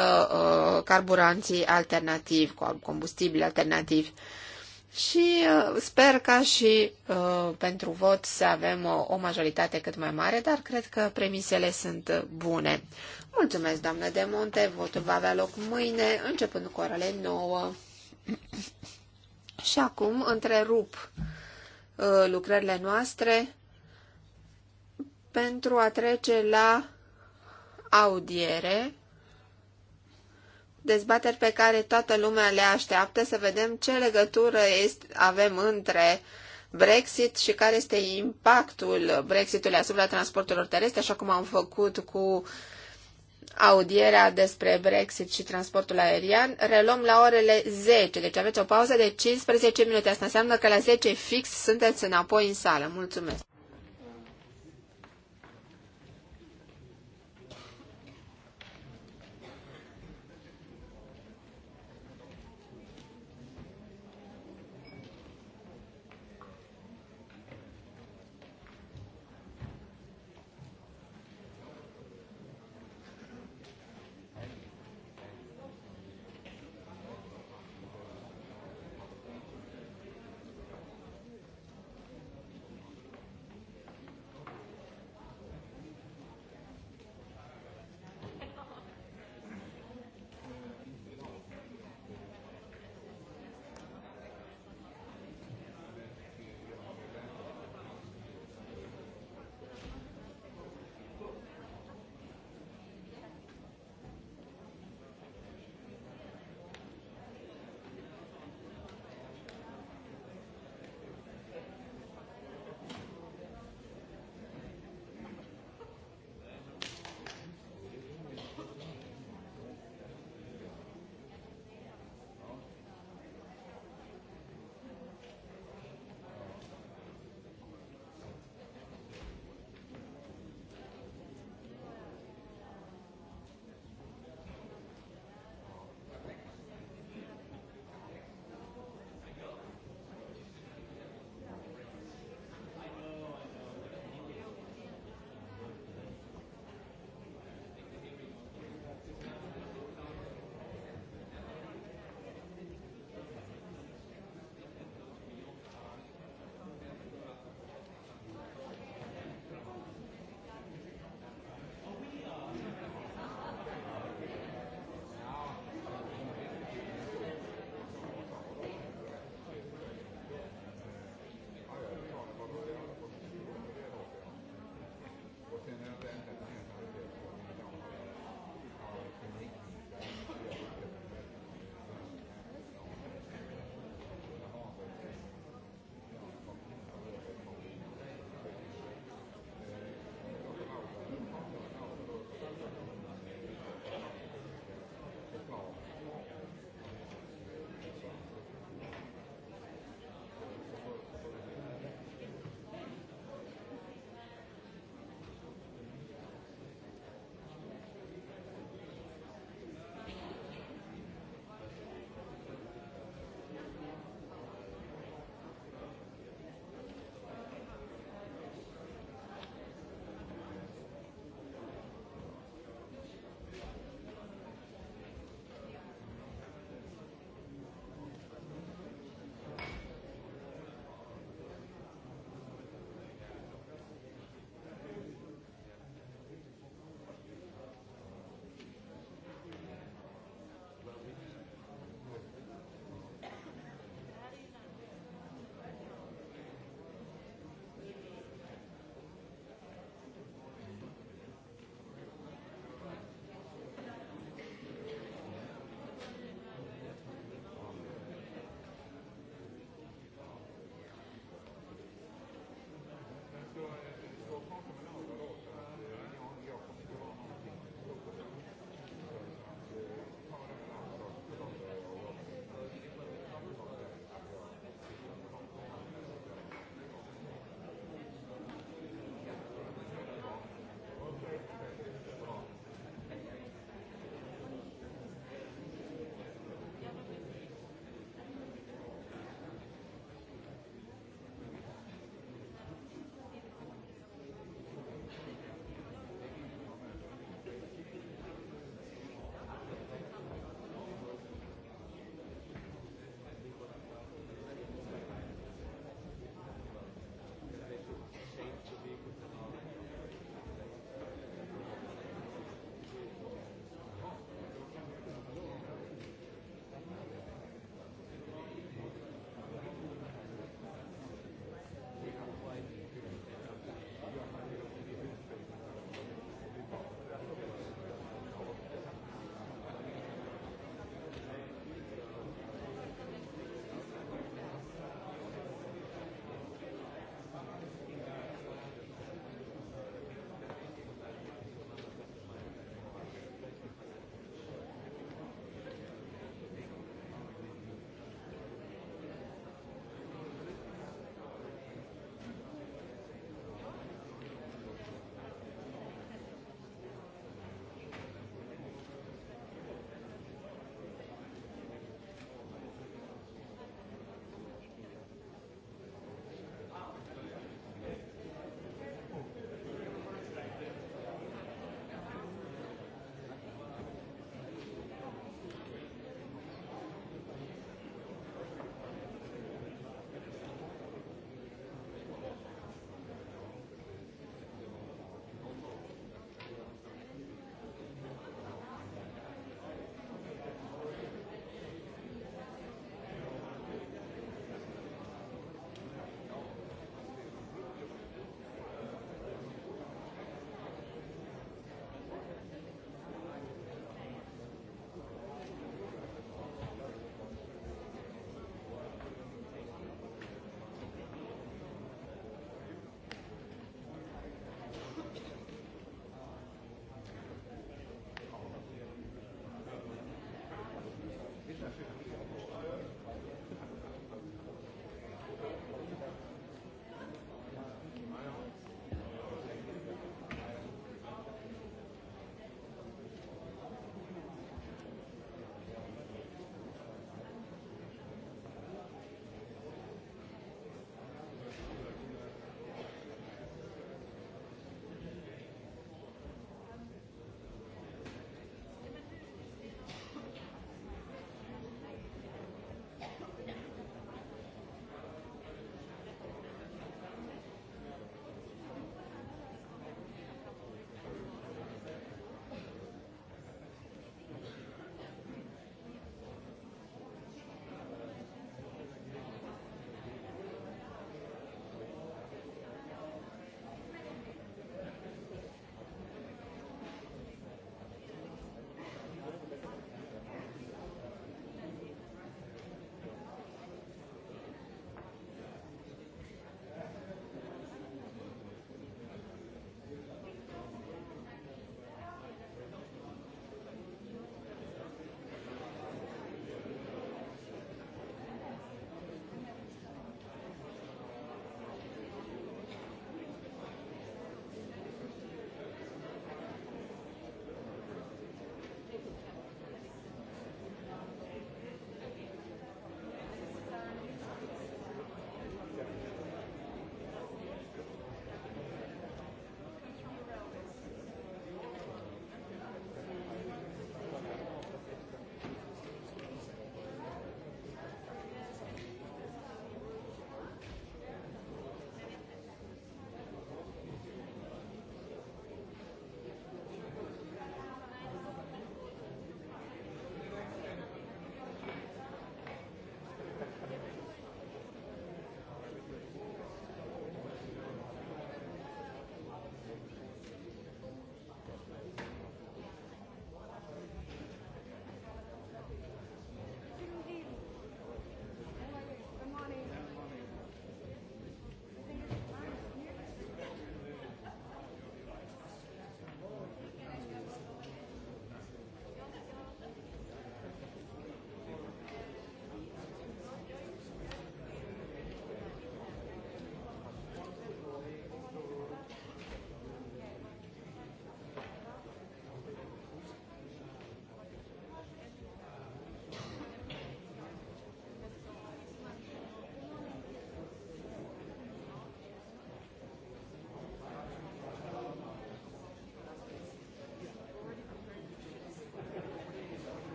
A: uh, carburanții alternativi, combustibili alternativi și uh, sper ca și uh, pentru vot să avem o, o majoritate cât mai mare, dar cred că premisele sunt bune. Mulțumesc, doamnă de Monte, votul va avea loc mâine, începând cu orele 9. și acum întrerup uh, lucrările noastre pentru a trece la audiere dezbateri pe care toată lumea le așteaptă, să vedem ce legătură este, avem între Brexit și care este impactul Brexitului asupra transporturilor terestre, așa cum am făcut cu audierea despre Brexit și transportul aerian. Reluăm la orele 10, deci aveți o pauză de 15 minute. Asta înseamnă că la 10 fix sunteți înapoi în sală. Mulțumesc!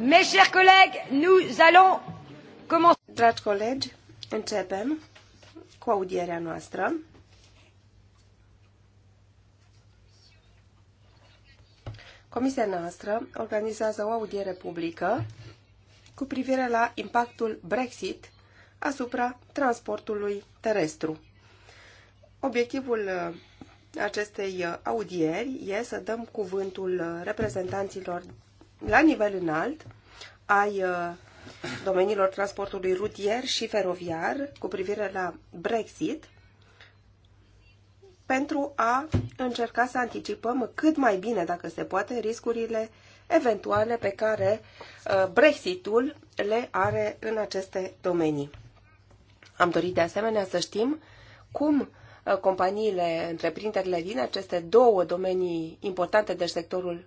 A: Mes chers collègues, nous allons commencer. Dragi colegi,
D: începem cu audierea noastră. Comisia noastră organizează o audiere publică cu privire la impactul Brexit asupra transportului terestru. Obiectivul acestei uh, audieri e să dăm cuvântul uh, reprezentanților la nivel înalt ai uh, domeniilor transportului rutier și feroviar cu privire la Brexit pentru a încerca să anticipăm cât mai bine, dacă se poate, riscurile eventuale pe care Brexitul le are în aceste domenii. Am dorit de asemenea să știm cum Uh, companiile, întreprinderile din aceste două domenii importante, de sectorul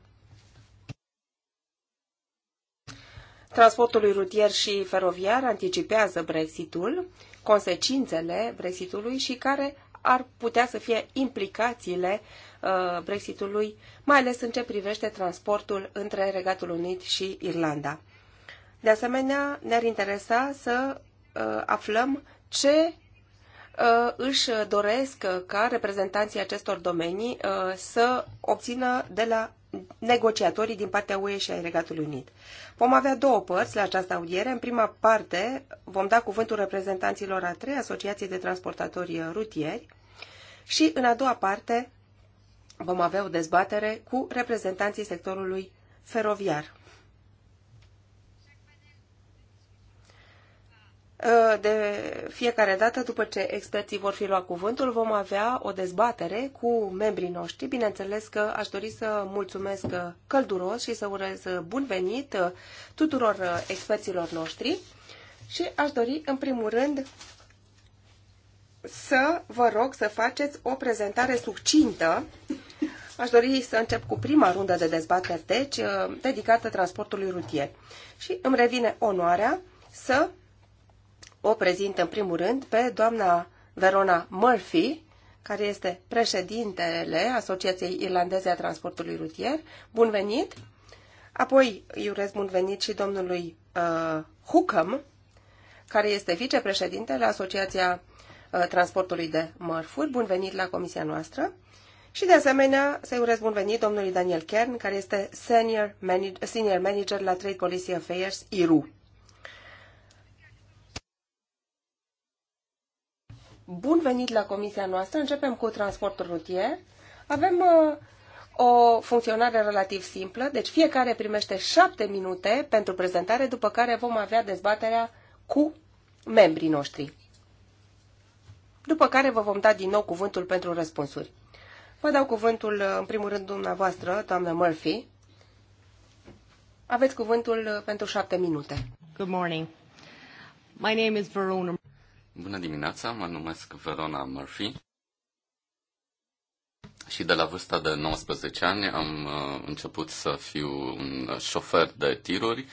D: transportului rutier și feroviar, anticipează Brexitul, consecințele Brexitului și care ar putea să fie implicațiile uh, Brexitului, mai ales în ce privește transportul între Regatul Unit și Irlanda. De asemenea, ne-ar interesa să uh, aflăm ce Uh, își doresc ca reprezentanții acestor domenii uh, să obțină de la negociatorii din partea UE și a Regatului Unit. Vom avea două părți la această audiere. În prima parte vom da cuvântul reprezentanților a trei asociații de transportatori rutieri și în a doua parte vom avea o dezbatere cu reprezentanții sectorului feroviar. Uh, de fiecare dată după ce experții vor fi luat cuvântul, vom avea o dezbatere cu membrii noștri. Bineînțeles că aș dori să mulțumesc călduros și să urez bun venit tuturor experților noștri și aș dori în primul rând să vă rog să faceți o prezentare succintă. Aș dori să încep cu prima rundă de dezbateri, deci uh, dedicată transportului rutier. Și îmi revine onoarea să o prezint în primul rând pe doamna Verona Murphy, care este președintele Asociației Irlandeze a Transportului Rutier. Bun venit! Apoi îi urez bun venit și domnului uh, Hookham, care este vicepreședintele Asociația uh, Transportului de Mărfuri. Bun venit la comisia noastră! Și de asemenea să-i urez bun venit domnului Daniel Kern, care este senior, manage, senior manager la Trade Policy Affairs IRU. Bun venit la comisia noastră. Începem cu transportul rutier. Avem uh, o funcționare relativ simplă, deci fiecare primește șapte minute pentru prezentare, după care vom avea dezbaterea cu membrii noștri. După care vă vom da din nou cuvântul pentru răspunsuri. Vă dau cuvântul, uh, în primul rând, dumneavoastră, doamnă Murphy. Aveți cuvântul uh, pentru șapte minute. Good morning. My name is Verona.
C: Bună dimineața, mă numesc Verona Murphy și de la vârsta de 19 ani am uh, început să fiu un șofer de tiruri.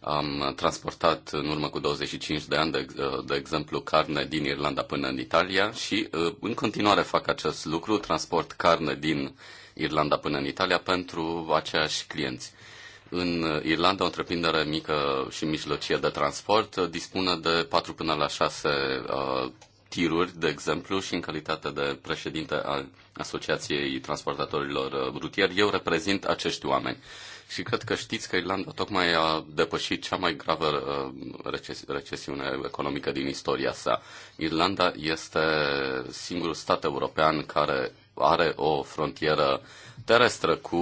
C: Am transportat în urmă cu 25 de ani, de, uh, de exemplu, carne din Irlanda până în Italia și uh, în continuare fac acest lucru, transport carne din Irlanda până în Italia pentru aceiași clienți. În Irlanda, o întreprindere mică și mijlocie de transport uh, dispune de 4 până la 6 uh, tiruri, de exemplu, și în calitate de președinte al Asociației Transportatorilor uh, Rutieri, eu reprezint acești oameni. Și cred că știți că Irlanda tocmai a depășit cea mai gravă uh, recesiune economică din istoria sa. Irlanda este singurul stat european care are o frontieră terestră cu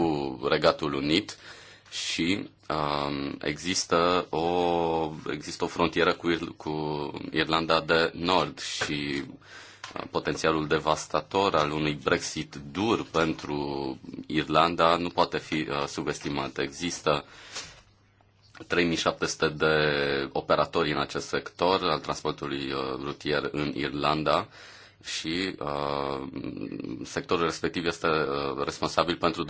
C: Regatul Unit, uh, și um, există, o, există o frontieră cu, Ir- cu Irlanda de Nord și uh, potențialul devastator al unui Brexit dur pentru Irlanda nu poate fi uh, subestimat. Există 3700 de operatori în acest sector al transportului uh, rutier în Irlanda și uh, sectorul respectiv este uh, responsabil pentru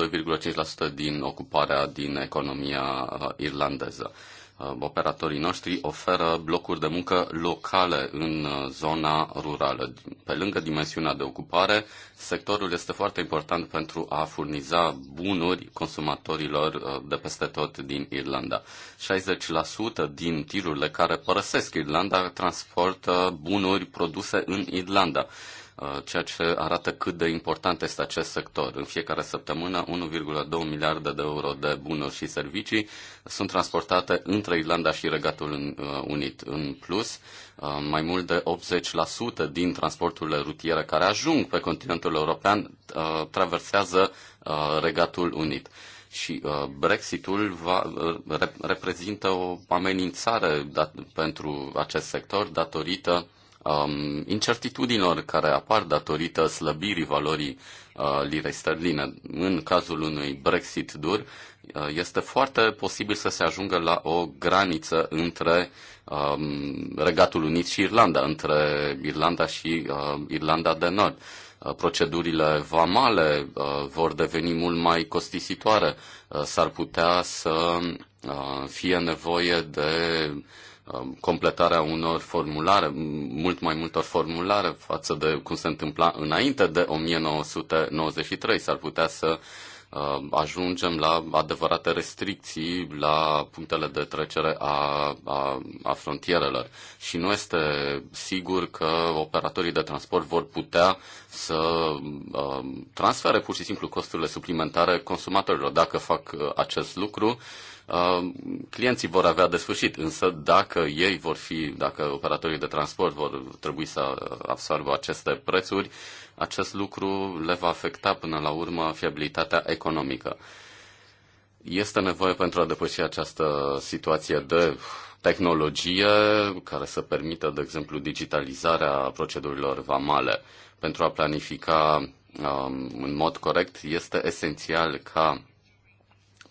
C: 2,5% din ocuparea din economia uh, irlandeză. Uh, Uh, operatorii noștri oferă blocuri de muncă locale în uh, zona rurală. Pe lângă dimensiunea de ocupare, sectorul este foarte important pentru a furniza bunuri consumatorilor uh, de peste tot din Irlanda. 60% din tirurile care părăsesc Irlanda transportă bunuri produse în Irlanda. Uh, ceea ce arată cât de important este acest sector. În fiecare săptămână, 1,2 miliarde de euro de bunuri și servicii sunt transportate între Irlanda și Regatul uh, Unit. În plus, uh, mai mult de 80% din transporturile rutiere care ajung pe continentul european traversează Regatul Unit și Brexitul va, reprezintă o amenințare dat, pentru acest sector datorită um, incertitudinilor care apar datorită slăbirii valorii uh, lirei sterline. În cazul unui Brexit dur, uh, este foarte posibil să se ajungă la o graniță între um, Regatul Unit și Irlanda, între Irlanda și uh, Irlanda de Nord. Uh, procedurile vamale uh, vor deveni mult mai costisitoare. Uh, s-ar putea să uh, fie nevoie de uh, Um, completarea unor formulare, mult mai multor formulare față de cum se întâmpla înainte de 1993. S-ar putea să uh, ajungem la adevărate restricții la punctele de trecere a, a, a frontierelor. Și nu este sigur că operatorii de transport vor putea să uh, transfere pur și simplu costurile suplimentare consumatorilor. Dacă fac uh, acest lucru, uh, Uh, clienții vor avea de sfârșit, însă dacă ei vor fi, dacă operatorii de transport vor trebui să absorbă aceste prețuri, acest lucru le va afecta până la urmă fiabilitatea economică. Este nevoie pentru a depăși această situație de tehnologie care să permită, de exemplu, digitalizarea procedurilor vamale. Pentru a planifica um, în mod corect, este esențial ca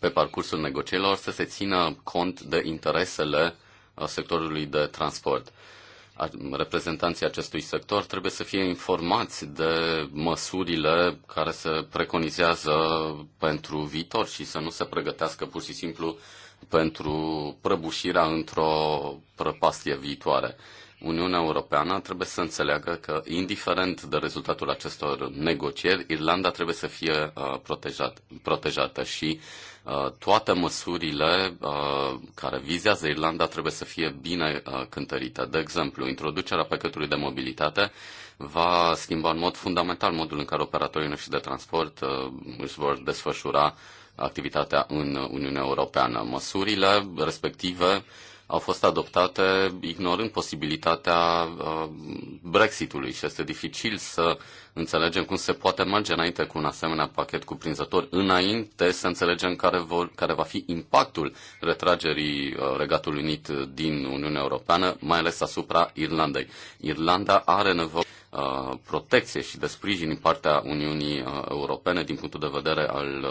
C: pe parcursul negocierilor să se țină cont de interesele uh, sectorului de transport. Reprezentanții acestui sector trebuie să fie informați de măsurile care se preconizează pentru viitor și să nu se pregătească pur și simplu pentru prăbușirea într-o prăpastie viitoare. Uniunea Europeană trebuie să înțeleagă că, indiferent de rezultatul acestor negocieri, Irlanda trebuie să fie uh, protejat, protejată și uh, toate măsurile uh, care vizează Irlanda trebuie să fie bine uh, cântărite. De exemplu, introducerea pachetului de mobilitate va schimba în mod fundamental modul în care operatorii noștri de transport uh, își vor desfășura activitatea în Uniunea Europeană. Măsurile respective uh, au fost adoptate ignorând posibilitatea uh, Brexitului și este dificil să înțelegem cum se poate merge înainte cu un asemenea pachet cuprinzător, înainte să înțelegem care, vor, care va fi impactul retragerii uh, Regatului Unit din Uniunea Europeană, mai ales asupra Irlandei. Irlanda are nevoie uh, protecție și de sprijin din partea Uniunii Europene din punctul de vedere al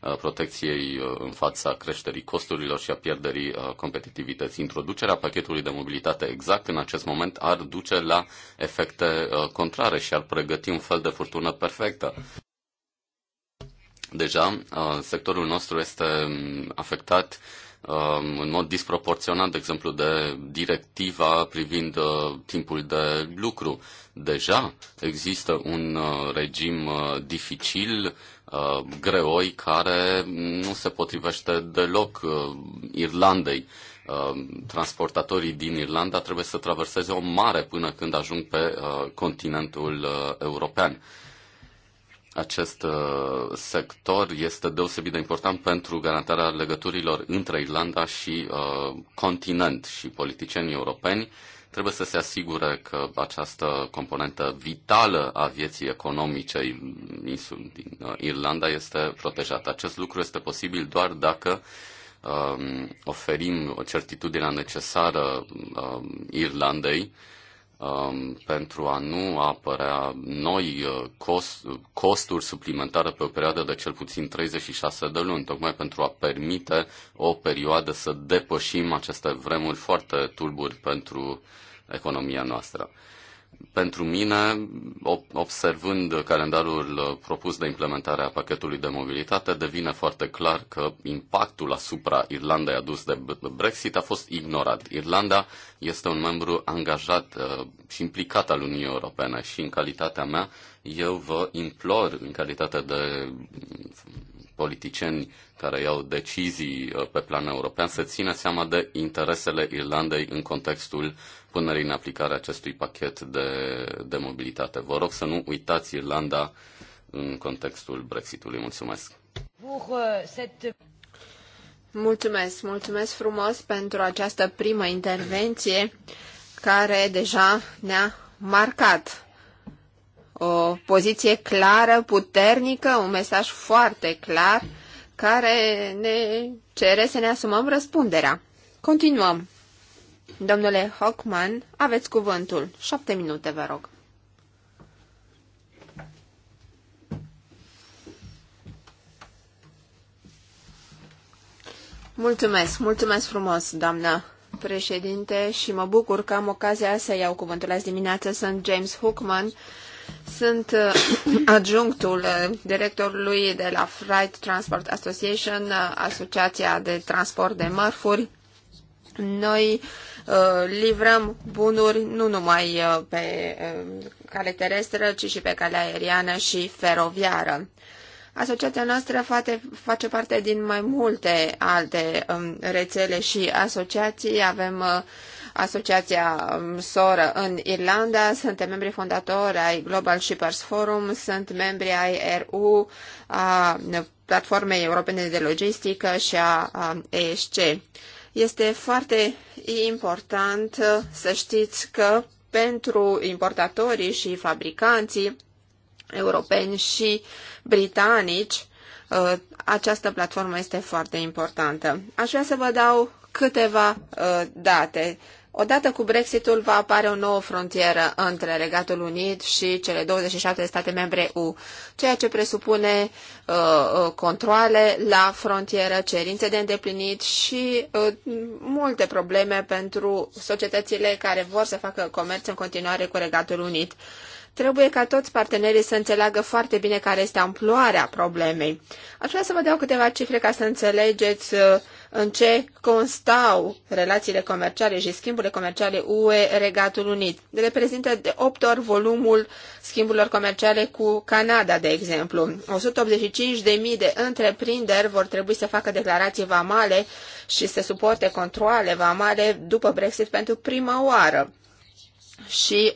C: Uh, protecției uh, în fața creșterii costurilor și a pierderii uh, competitivității. Introducerea pachetului de mobilitate exact în acest moment ar duce la efecte contrare și ar pregăti un fel de furtună perfectă. Deja, sectorul nostru este mm, afectat Um, în mod disproporționat, de exemplu, de directiva privind uh, timpul de lucru. Deja există un uh, regim uh, dificil, greoi, care nu se potrivește deloc Irlandei. Transportatorii din Irlanda trebuie să traverseze o mare până când ajung pe continentul european. Acest uh, sector este deosebit de important pentru garantarea legăturilor între Irlanda și uh, continent și politicienii europeni trebuie să se asigure că această componentă vitală a vieții economice din uh, Irlanda este protejată. Acest lucru este posibil doar dacă um, oferim o certitudine necesară um, Irlandei Um, pentru a nu apărea noi uh, cost, costuri suplimentare pe o perioadă de cel puțin 36 de luni, tocmai pentru a permite o perioadă să depășim aceste vremuri foarte tulburi pentru economia noastră pentru mine, observând calendarul uh, propus de implementare a pachetului de mobilitate, devine foarte clar că impactul asupra Irlandei adus de Brexit a fost ignorat. Irlanda este un membru angajat uh, și implicat al Uniunii Europene și în calitatea mea eu vă implor în calitate de mm, politicieni care iau decizii uh, pe plan european să țină seama de interesele Irlandei în contextul uh, punerii în aplicare acestui pachet de, de mobilitate. Vă rog să nu uitați Irlanda în contextul Brexitului. Mulțumesc!
A: Uh, mulțumesc, mulțumesc frumos pentru această primă intervenție care deja ne-a marcat o poziție clară, puternică, un mesaj foarte clar care ne cere să ne asumăm răspunderea. Continuăm. Domnule Hockman, aveți cuvântul. Șapte minute, vă rog. Mulțumesc, mulțumesc frumos, doamnă președinte, și mă bucur că am ocazia să iau cuvântul azi dimineață. Sunt James Hookman, sunt uh, [clears throat] adjunctul uh, directorului de la Freight Transport Association, uh, Asociația de Transport de Mărfuri. Noi Uh, livrăm bunuri nu numai uh, pe uh, cale terestră, ci și pe cale aeriană și feroviară. Asociația noastră face, face parte din mai multe alte um, rețele și asociații. Avem asociația um, soră în Irlanda, suntem membri fondatori ai Global Shippers Forum, sunt membri ai RU, a Platformei Europene de Logistică și a ESC. Este foarte important uh, să știți că pentru importatorii și fabricanții europeni și britanici, uh, această platformă este foarte importantă. Aș vrea să vă dau câteva uh, date. Odată cu Brexitul va apare o nouă frontieră între Regatul Unit și cele 27 de state membre U, ceea ce presupune uh, uh, controle la frontieră, cerințe de îndeplinit și uh, multe probleme pentru societățile care vor să facă comerț în continuare cu Regatul Unit. Trebuie ca toți partenerii să înțeleagă foarte bine care este amploarea problemei. Aș vrea să vă dau câteva cifre ca să înțelegeți uh, în ce constau relațiile comerciale și schimburile comerciale UE-Regatul Unit. Reprezintă de 8 ori volumul schimburilor comerciale cu Canada, de exemplu. 185.000 de întreprinderi vor trebui să facă declarații vamale și să suporte controle vamale după Brexit pentru prima oară și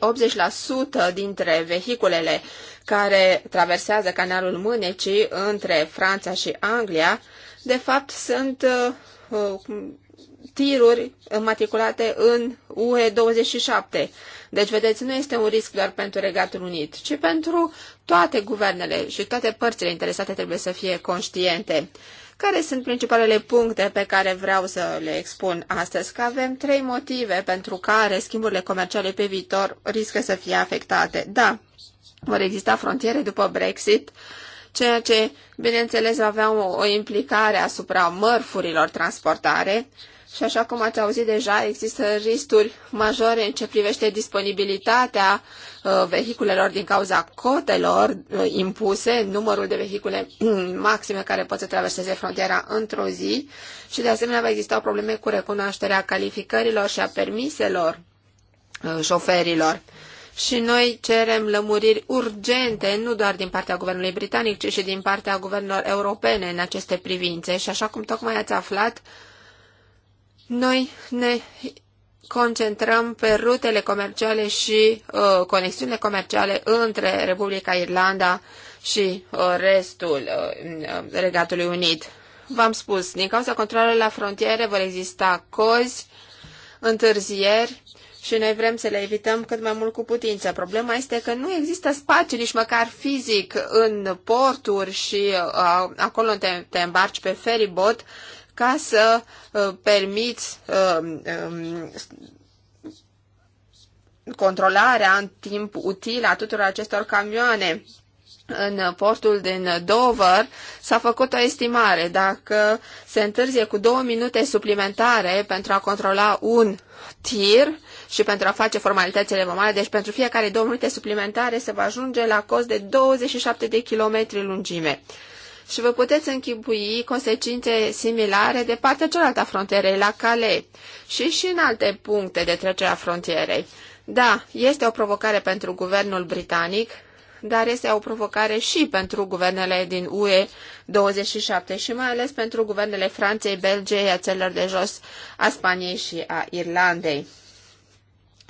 A: 80% dintre vehiculele care traversează canalul Mânecii între Franța și Anglia de fapt, sunt uh, tiruri matriculate în UE27. Deci, vedeți, nu este un risc doar pentru Regatul Unit, ci pentru toate guvernele și toate părțile interesate trebuie să fie conștiente. Care sunt principalele puncte pe care vreau să le expun astăzi? Că avem trei motive pentru care schimburile comerciale pe viitor riscă să fie afectate. Da, vor exista frontiere după Brexit, uh, ceea ce, bineînțeles, va avea o, o implicare asupra mărfurilor transportare și, așa cum ați auzit deja, există riscuri majore în ce privește disponibilitatea uh, vehiculelor din cauza cotelor uh, impuse, numărul de vehicule uh, [clears throat] maxime care pot să traverseze frontiera într-o zi și, de asemenea, va exista probleme cu recunoașterea calificărilor și a permiselor uh, șoferilor și noi cerem lămuriri urgente, nu doar din partea guvernului britanic, ci și din partea guvernelor europene în aceste privințe. Și așa cum tocmai ați aflat, noi ne concentrăm pe rutele comerciale și uh, conexiunile comerciale între Republica Irlanda și uh, restul uh, uh Regatului Unit. V-am spus, din cauza controlului la frontiere vor exista cozi, întârzieri și noi vrem să le evităm cât mai mult cu putință. Problema este că nu există spațiu nici măcar fizic în porturi și uh, acolo te, te îmbarci pe feribot ca să uh, permiți uh, um, controlarea în timp util a tuturor acestor camioane. În portul din Dover s-a făcut o estimare. Dacă se întârzie cu două minute suplimentare pentru a controla un tir, și pentru a face formalitățile vamale, deci pentru fiecare două minute suplimentare se va ajunge la cost de 27 de kilometri lungime. Și vă puteți închipui consecințe similare de partea cealaltă a frontierei, la Calais și și în alte puncte de trecere a frontierei. Da, este o provocare pentru guvernul britanic, dar este o provocare și pentru guvernele din UE 27 și mai ales pentru guvernele Franței, Belgiei, a celor de jos, a Spaniei și a Irlandei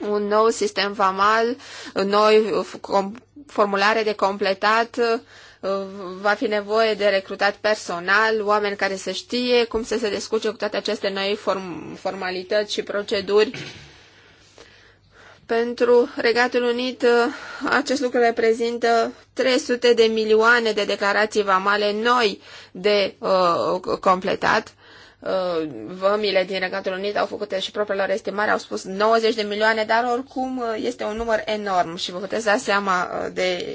A: un nou sistem vamal, noi formulare de completat, uh, va fi nevoie de recrutat personal, oameni care să știe cum să se descurce cu toate aceste noi form- formalități și proceduri. Pentru Regatul Unit, uh, acest lucru reprezintă 300 de milioane de declarații vamale noi de uh, completat Uh, vămile din Regatul Unit au făcut și propriile lor estimare, au spus 90 de milioane, dar oricum uh, este un număr enorm și vă puteți da seama uh, de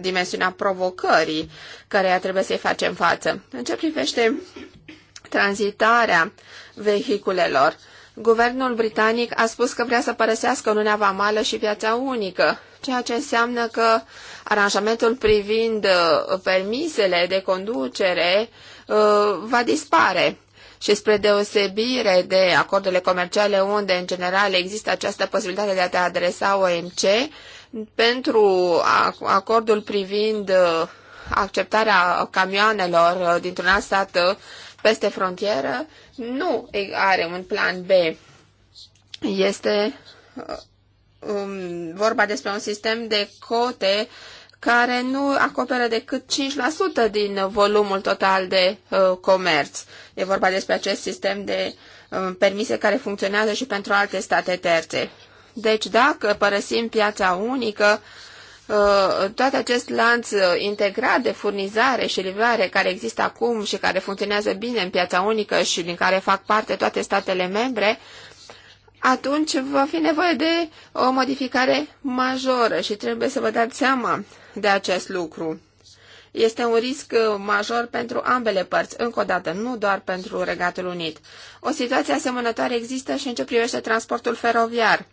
A: dimensiunea provocării care trebuie să-i facem față. În ce privește tranzitarea vehiculelor, Guvernul britanic a spus că vrea să părăsească Uniunea Vamală și piața unică, ceea ce înseamnă că aranjamentul privind permisele de conducere va dispare și spre deosebire de acordurile comerciale unde în general există această posibilitate de a te adresa OMC, pentru acordul privind uh, acceptarea camioanelor uh, dintr-un alt stat uh, peste frontieră, nu are un plan B. Este um, vorba despre un sistem de cote care nu acoperă decât 5% din volumul total de uh, comerț. E vorba despre acest sistem de uh, permise care funcționează și pentru alte state terțe. Deci dacă părăsim piața unică, uh, tot acest lanț uh, integrat de furnizare și livrare care există acum și care funcționează bine în piața unică și din care fac parte toate statele membre, atunci va fi nevoie de o modificare majoră și trebuie să vă dați seama de acest lucru. Este un risc uh, major pentru ambele părți, încă o dată, nu doar pentru Regatul Unit. O situație asemănătoare există și în ce privește transportul feroviar.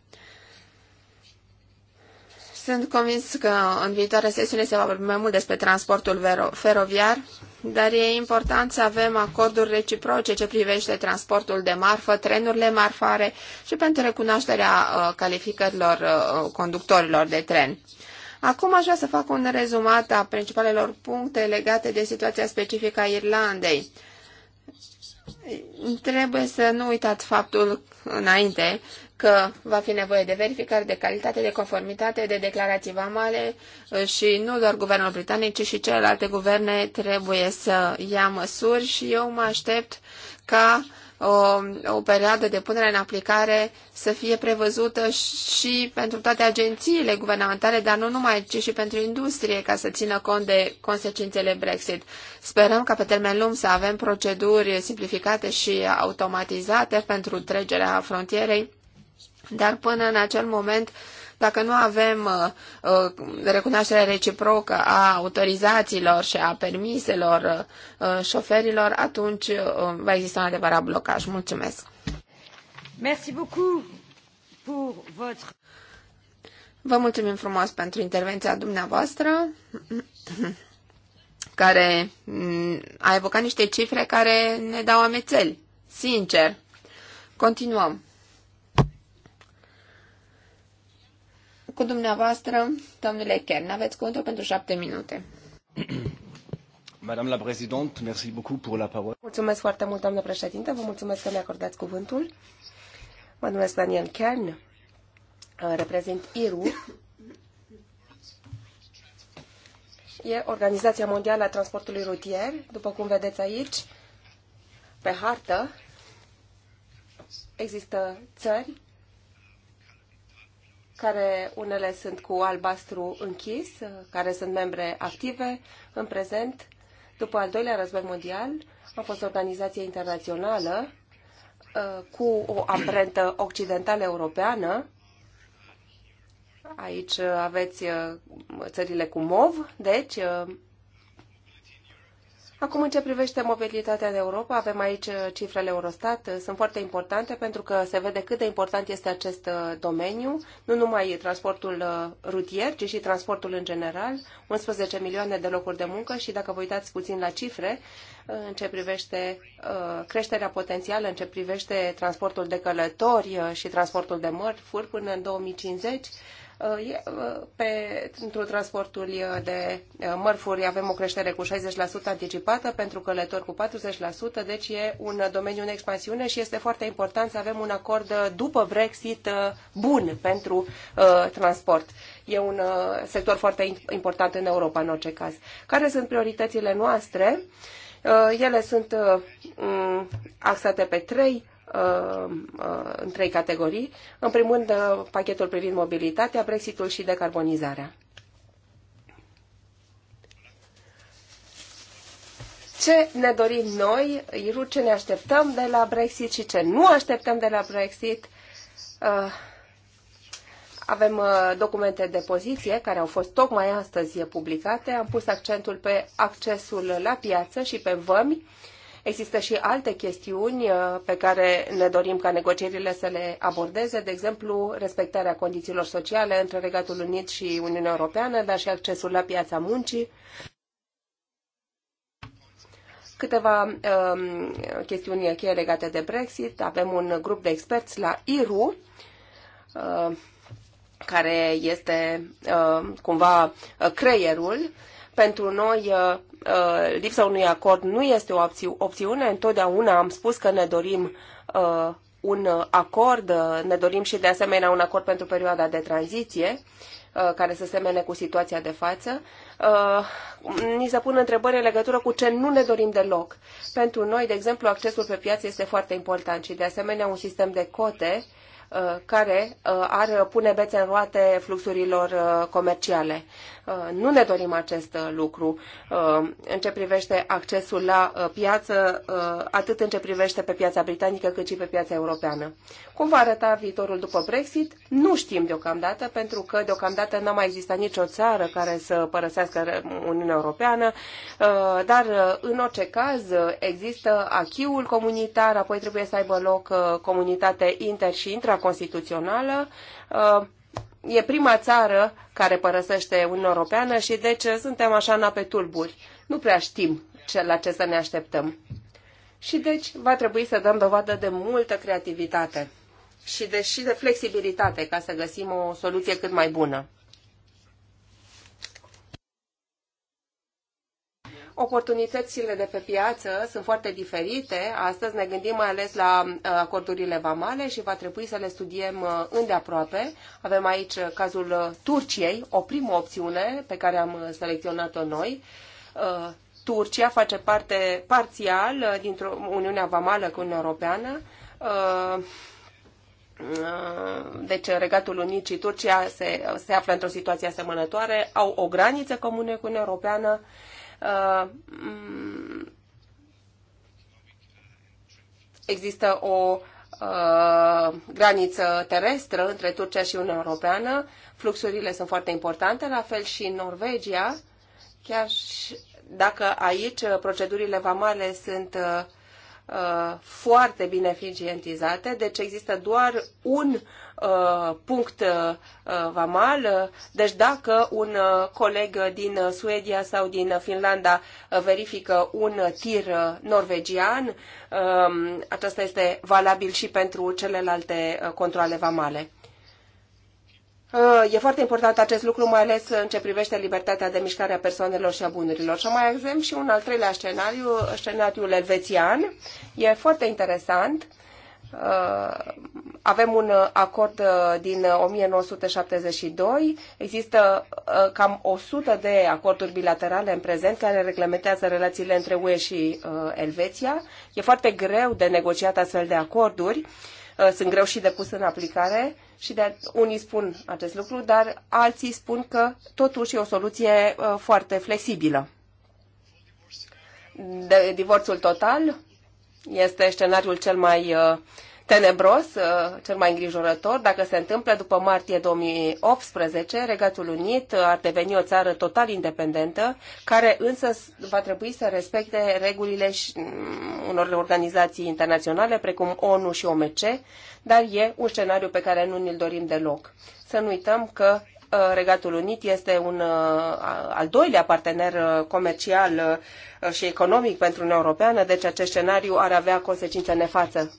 A: Sunt convins că în viitoare sesiune se va vorbi mai mult despre transportul feroviar, dar e important să avem acorduri reciproce ce privește transportul de marfă, trenurile marfare și pentru recunoașterea uh, calificărilor uh, conductorilor de tren. Acum aș vrea să fac un rezumat a principalelor puncte legate de situația specifică a Irlandei. Trebuie să nu uitați faptul înainte că va fi nevoie de verificare de calitate, de conformitate, de declarații vamale și nu doar guvernul britanic, ci și celelalte guverne trebuie să ia măsuri și eu mă aștept ca o, o perioadă de punere în aplicare să fie prevăzută și pentru toate agențiile guvernamentale, dar nu numai, ci și pentru industrie, ca să țină cont de consecințele Brexit. Sperăm ca pe termen lung să avem proceduri simplificate și automatizate pentru trecerea frontierei, dar până în acel moment dacă nu avem uh, uh, recunoașterea reciprocă a autorizațiilor și a permiselor uh, șoferilor, atunci va exista un adevărat blocaj. Mulțumesc!
B: Merci beaucoup pour votre...
A: Vă mulțumim frumos pentru intervenția dumneavoastră, care mm, a evocat niște cifre care ne dau amețeli, sincer. Continuăm. cu dumneavoastră, domnule Kern. Aveți cuvântul pentru șapte minute. [clears throat]
B: Madame la Présidente, merci beaucoup pour la parole.
D: Mulțumesc foarte mult, doamnă președinte. Vă mulțumesc că mi acordați cuvântul. Mă numesc Daniel Kern, reprezint IRU. E Organizația Mondială a Transportului Rutier, după cum vedeți aici, pe hartă, există țări care unele sunt cu albastru închis, care sunt membre active în prezent. După al doilea război mondial, a fost o organizație internațională uh, cu o amprentă occidentală europeană. Aici uh, aveți uh, țările cu MOV, deci Acum, în ce privește mobilitatea în Europa, avem aici uh, cifrele Eurostat, uh, sunt foarte importante pentru că se vede cât de important este acest uh, domeniu, nu numai transportul rutier, ci și transportul în general, 11 milioane de locuri de muncă și dacă vă uitați puțin la cifre, în ce privește creșterea potențială, în ce privește transportul de călători și transportul de mărfuri până în 2050, Uh, uh, pentru transportul uh, de mărfuri avem o creștere cu 60% anticipată, pentru călători cu 40%, deci e un domeniu în expansiune și este foarte important să avem un acord după Brexit bun pentru transport. E un sector foarte important în Europa, în orice caz. Care sunt prioritățile noastre? Ele sunt axate pe trei Uh, uh, în trei categorii. În primul rând, uh, pachetul privind mobilitatea, Brexitul și decarbonizarea. ce ne dorim noi, Iru, ce ne așteptăm de la Brexit și ce nu așteptăm de la Brexit. Avem documente de poziție care au fost tocmai astăzi publicate. Am pus accentul pe accesul la piață și pe vămi Există și alte chestiuni uh, pe care ne dorim ca negocierile să le abordeze, de exemplu, respectarea condițiilor sociale între Regatul Unit și Uniunea Europeană, dar și accesul la piața muncii câteva um, chestiuni cheie legate de Brexit. Avem un grup de experți la IRU, uh, care este uh, cumva uh, creierul pentru noi uh, uh, lipsa unui acord nu este o opțiune. Întotdeauna am spus că ne dorim uh, un acord, ne dorim și de asemenea un acord pentru perioada de tranziție care să semene cu situația de față, ni se pun întrebări în legătură cu ce nu ne dorim deloc. Pentru noi, de exemplu, accesul pe piață este foarte important și, de asemenea, un sistem de cote care ar pune bețe în roate fluxurilor comerciale. Uh, nu ne dorim acest uh, lucru uh, în ce privește accesul la piață, atât în ce privește pe piața britanică, cât și pe piața europeană. Cum va arăta viitorul după Brexit? Nu știm deocamdată, pentru că deocamdată n-a mai existat nicio țară care să părăsească Uniunea Europeană, dar în orice caz există achiul comunitar, apoi trebuie să aibă loc comunitate inter- și intraconstituțională, e prima țară care părăsește Uniunea Europeană și deci suntem așa în pe tulburi. Nu prea știm ce, la ce să ne așteptăm. Și deci va trebui să dăm dovadă de multă creativitate și de, deci, și de flexibilitate ca să găsim o soluție cât mai bună. Oportunitățile de pe piață sunt foarte diferite. Astăzi ne gândim mai ales la uh, acordurile vamale și va trebui să le studiem uh, îndeaproape. Avem aici uh, cazul Turciei, o primă opțiune pe care am selecționat-o noi. Turcia face parte parțial dintr-o Uniunea Vamală cu Uniunea Europeană. Deci Regatul Unit și Turcia se, se află într-o situație asemănătoare, au o graniță comună cu Uniunea Europeană, Uh, mm, există o uh, graniță terestră între Turcia și Uniunea Europeană. Fluxurile sunt foarte importante, la fel și în Norvegia, chiar și dacă aici procedurile vamale sunt uh, Uh, foarte bine eficientizate, deci există doar un uh, punct uh, vamal. Deci dacă un coleg din Suedia sau din Finlanda verifică un tir norvegian, um, aceasta este valabil și pentru celelalte controle vamale. E foarte important acest lucru, mai ales în ce privește libertatea de mișcare a persoanelor și a bunurilor. Și mai avem și un al treilea scenariu, scenariul elvețian. E foarte interesant. Uh, avem un acord uh, din 1972. Există uh, cam 100 de acorduri bilaterale în prezent care reglementează relațiile între UE și Elveția. E foarte greu de negociat astfel de acorduri Uh, sunt greu și de pus în aplicare și de, unii spun acest lucru, dar alții spun că totuși e o soluție uh, foarte flexibilă. De, divorțul total este scenariul cel mai uh, tenebros, uh, cel mai îngrijorător, dacă se întâmplă după martie 2018, Regatul Unit uh, ar deveni o țară total independentă, care însă va trebui să respecte regulile mm, unor organizații internaționale, precum ONU și OMC, dar e un scenariu pe care nu ne-l dorim deloc. Să nu uităm că Uh, Regatul Unit este un uh, al doilea partener uh, comercial și economic pentru Uniunea Europeană, deci acest scenariu ar avea consecințe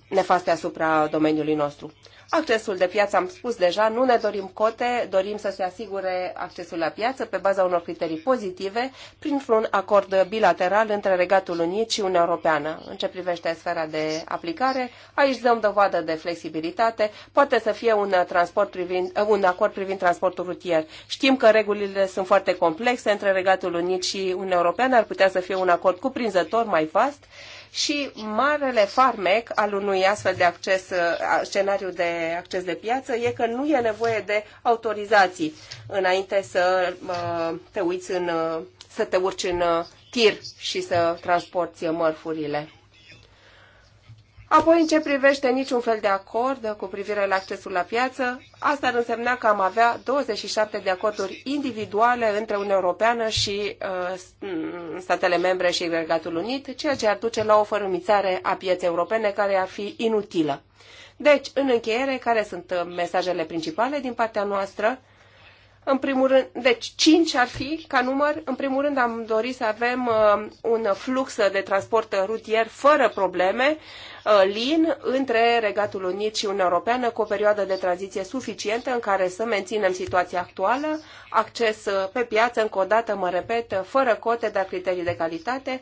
D: nefaste asupra domeniului nostru accesul de piață, am spus deja, nu ne dorim cote, dorim să se asigure accesul la piață pe baza unor criterii pozitive, printr-un acord bilateral între Regatul Unit și Uniunea Europeană. În ce privește sfera de aplicare, aici dăm dovadă de flexibilitate, poate să fie un, transport privind, un acord privind transportul rutier. Știm că regulile sunt foarte complexe între Regatul Unit și Uniunea Europeană, ar putea să fie un acord cuprinzător mai vast, și marele farmec al unui astfel de acces, uh, scenariu de acces de piață e că nu e nevoie de autorizații înainte să uh, te uiți în, uh, să te urci în tir și să transporti mărfurile. Apoi, în ce privește niciun fel de acord cu privire la accesul la piață, asta ar însemna că am avea 27 de acorduri individuale între Uniunea Europeană și uh, statele membre și Regatul Unit, ceea ce ar duce la o fărâmițare a pieței europene care ar fi inutilă. Deci, în încheiere, care sunt uh, mesajele principale din partea noastră? În primul rând, deci 5 ar fi ca număr. În primul rând am dorit să avem uh, un flux de transport rutier fără probleme, Uh, lin între Regatul Unit și Uniunea Europeană cu o perioadă de tranziție suficientă în care să menținem situația actuală, acces uh, pe piață, încă o dată, mă repet, uh, fără cote, dar criterii de calitate.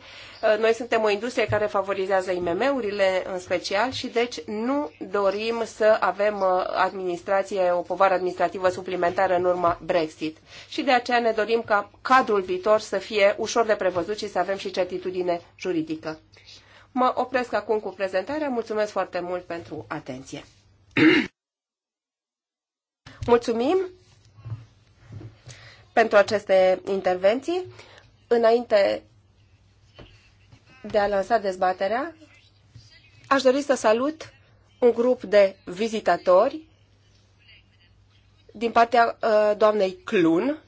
D: Noi suntem o industrie care favorizează IMM-urile în special și deci nu dorim să avem administrație, o povară administrativă suplimentară în urma Brexit. Și de aceea ne dorim ca cadrul viitor să fie ușor de prevăzut și să avem și certitudine juridică. Mă opresc acum cu prezentarea. Mulțumesc foarte mult pentru atenție. [clears throat] Mulțumim pentru aceste intervenții. Înainte de a lansa dezbaterea, aș dori să salut un grup de vizitatori din partea uh, doamnei Clun.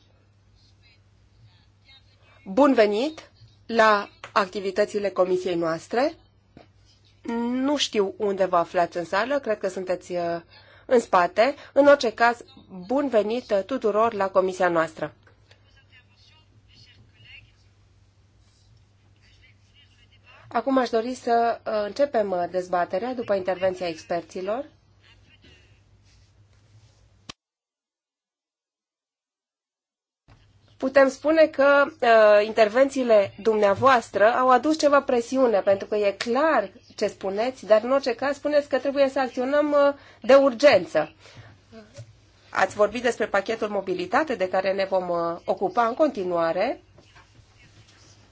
D: Bun venit! la activitățile comisiei noastre. Nu știu unde vă aflați în sală, cred că sunteți uh, în spate. În orice caz, bun venit uh, tuturor la comisia noastră. Acum aș dori să uh, începem dezbaterea după intervenția experților. putem spune că uh, intervențiile dumneavoastră au adus ceva presiune, pentru că e clar ce spuneți, dar în orice caz spuneți că trebuie să acționăm uh, de urgență. Ați vorbit despre pachetul mobilitate de care ne vom uh, ocupa în continuare.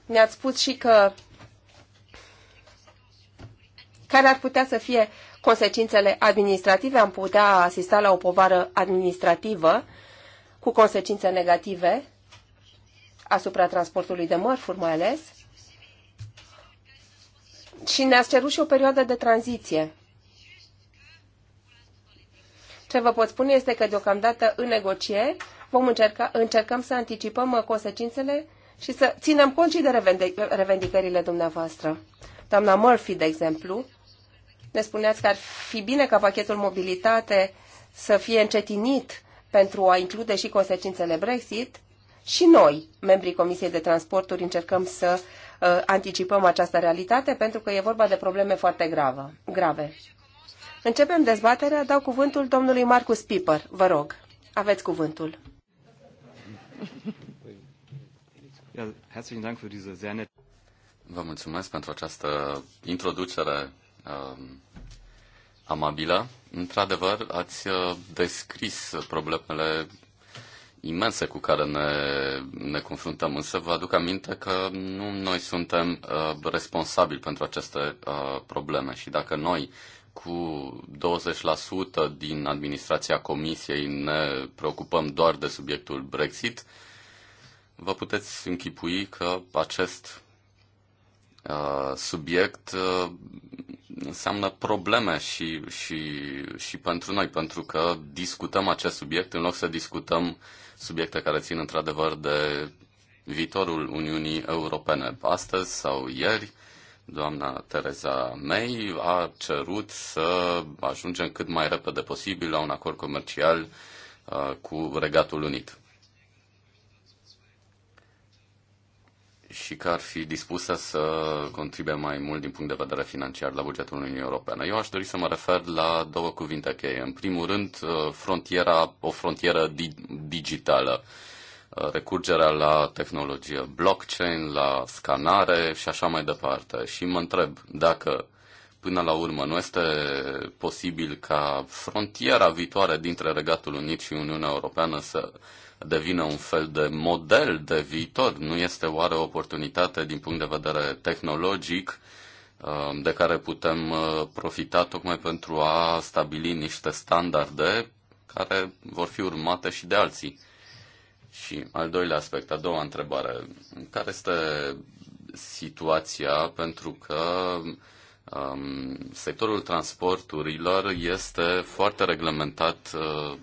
D: Ne-ați spus și că care ar putea să fie consecințele administrative, am putea asista la o povară administrativă cu consecințe negative asupra transportului de mărfuri mai ales, și ne-ați cerut și o perioadă de tranziție. Ce vă pot spune este că deocamdată în negocieri vom încerca, încercăm să anticipăm consecințele și să ținem cont și de revendicările dumneavoastră. Doamna Murphy, de exemplu, ne spuneați că ar fi bine ca pachetul mobilitate să fie încetinit pentru a include și consecințele Brexit, și noi, membrii Comisiei de Transporturi, încercăm să uh, anticipăm această realitate pentru că e vorba de probleme foarte gravă, grave. Începem dezbaterea, dau cuvântul domnului Marcus Piper. Vă rog, aveți cuvântul.
C: Vă mulțumesc pentru această introducere um, amabilă. Într-adevăr, ați uh, descris problemele imense cu care ne, ne confruntăm, însă vă aduc aminte că nu noi suntem uh, responsabili pentru aceste uh, probleme și dacă noi cu 20% din administrația Comisiei ne preocupăm doar de subiectul Brexit, vă puteți închipui că acest uh, subiect uh, înseamnă probleme și, și, și pentru noi, pentru că discutăm acest subiect în loc să discutăm subiecte care țin într-adevăr de viitorul Uniunii Europene. Astăzi sau ieri, doamna Tereza May a cerut să ajungem cât mai repede posibil la un acord comercial uh, cu Regatul Unit. și că ar fi dispusă să contribuie mai mult din punct de vedere financiar la bugetul Uniunii Europene. Eu aș dori să mă refer la două cuvinte cheie. În primul rând, uh, frontiera, o frontieră di- digitală, uh, recurgerea la tehnologie blockchain, la scanare și așa mai departe. Și mă întreb dacă până la urmă nu este posibil ca frontiera viitoare dintre Regatul Unit și Uniunea Europeană să devină un fel de model de viitor? Nu este oare o oportunitate din punct de vedere tehnologic um, de care putem uh, profita tocmai pentru a stabili niște standarde care vor fi urmate și de alții? Și al doilea aspect, a doua întrebare. Care este situația? Pentru că um, sectorul transporturilor este foarte reglementat uh,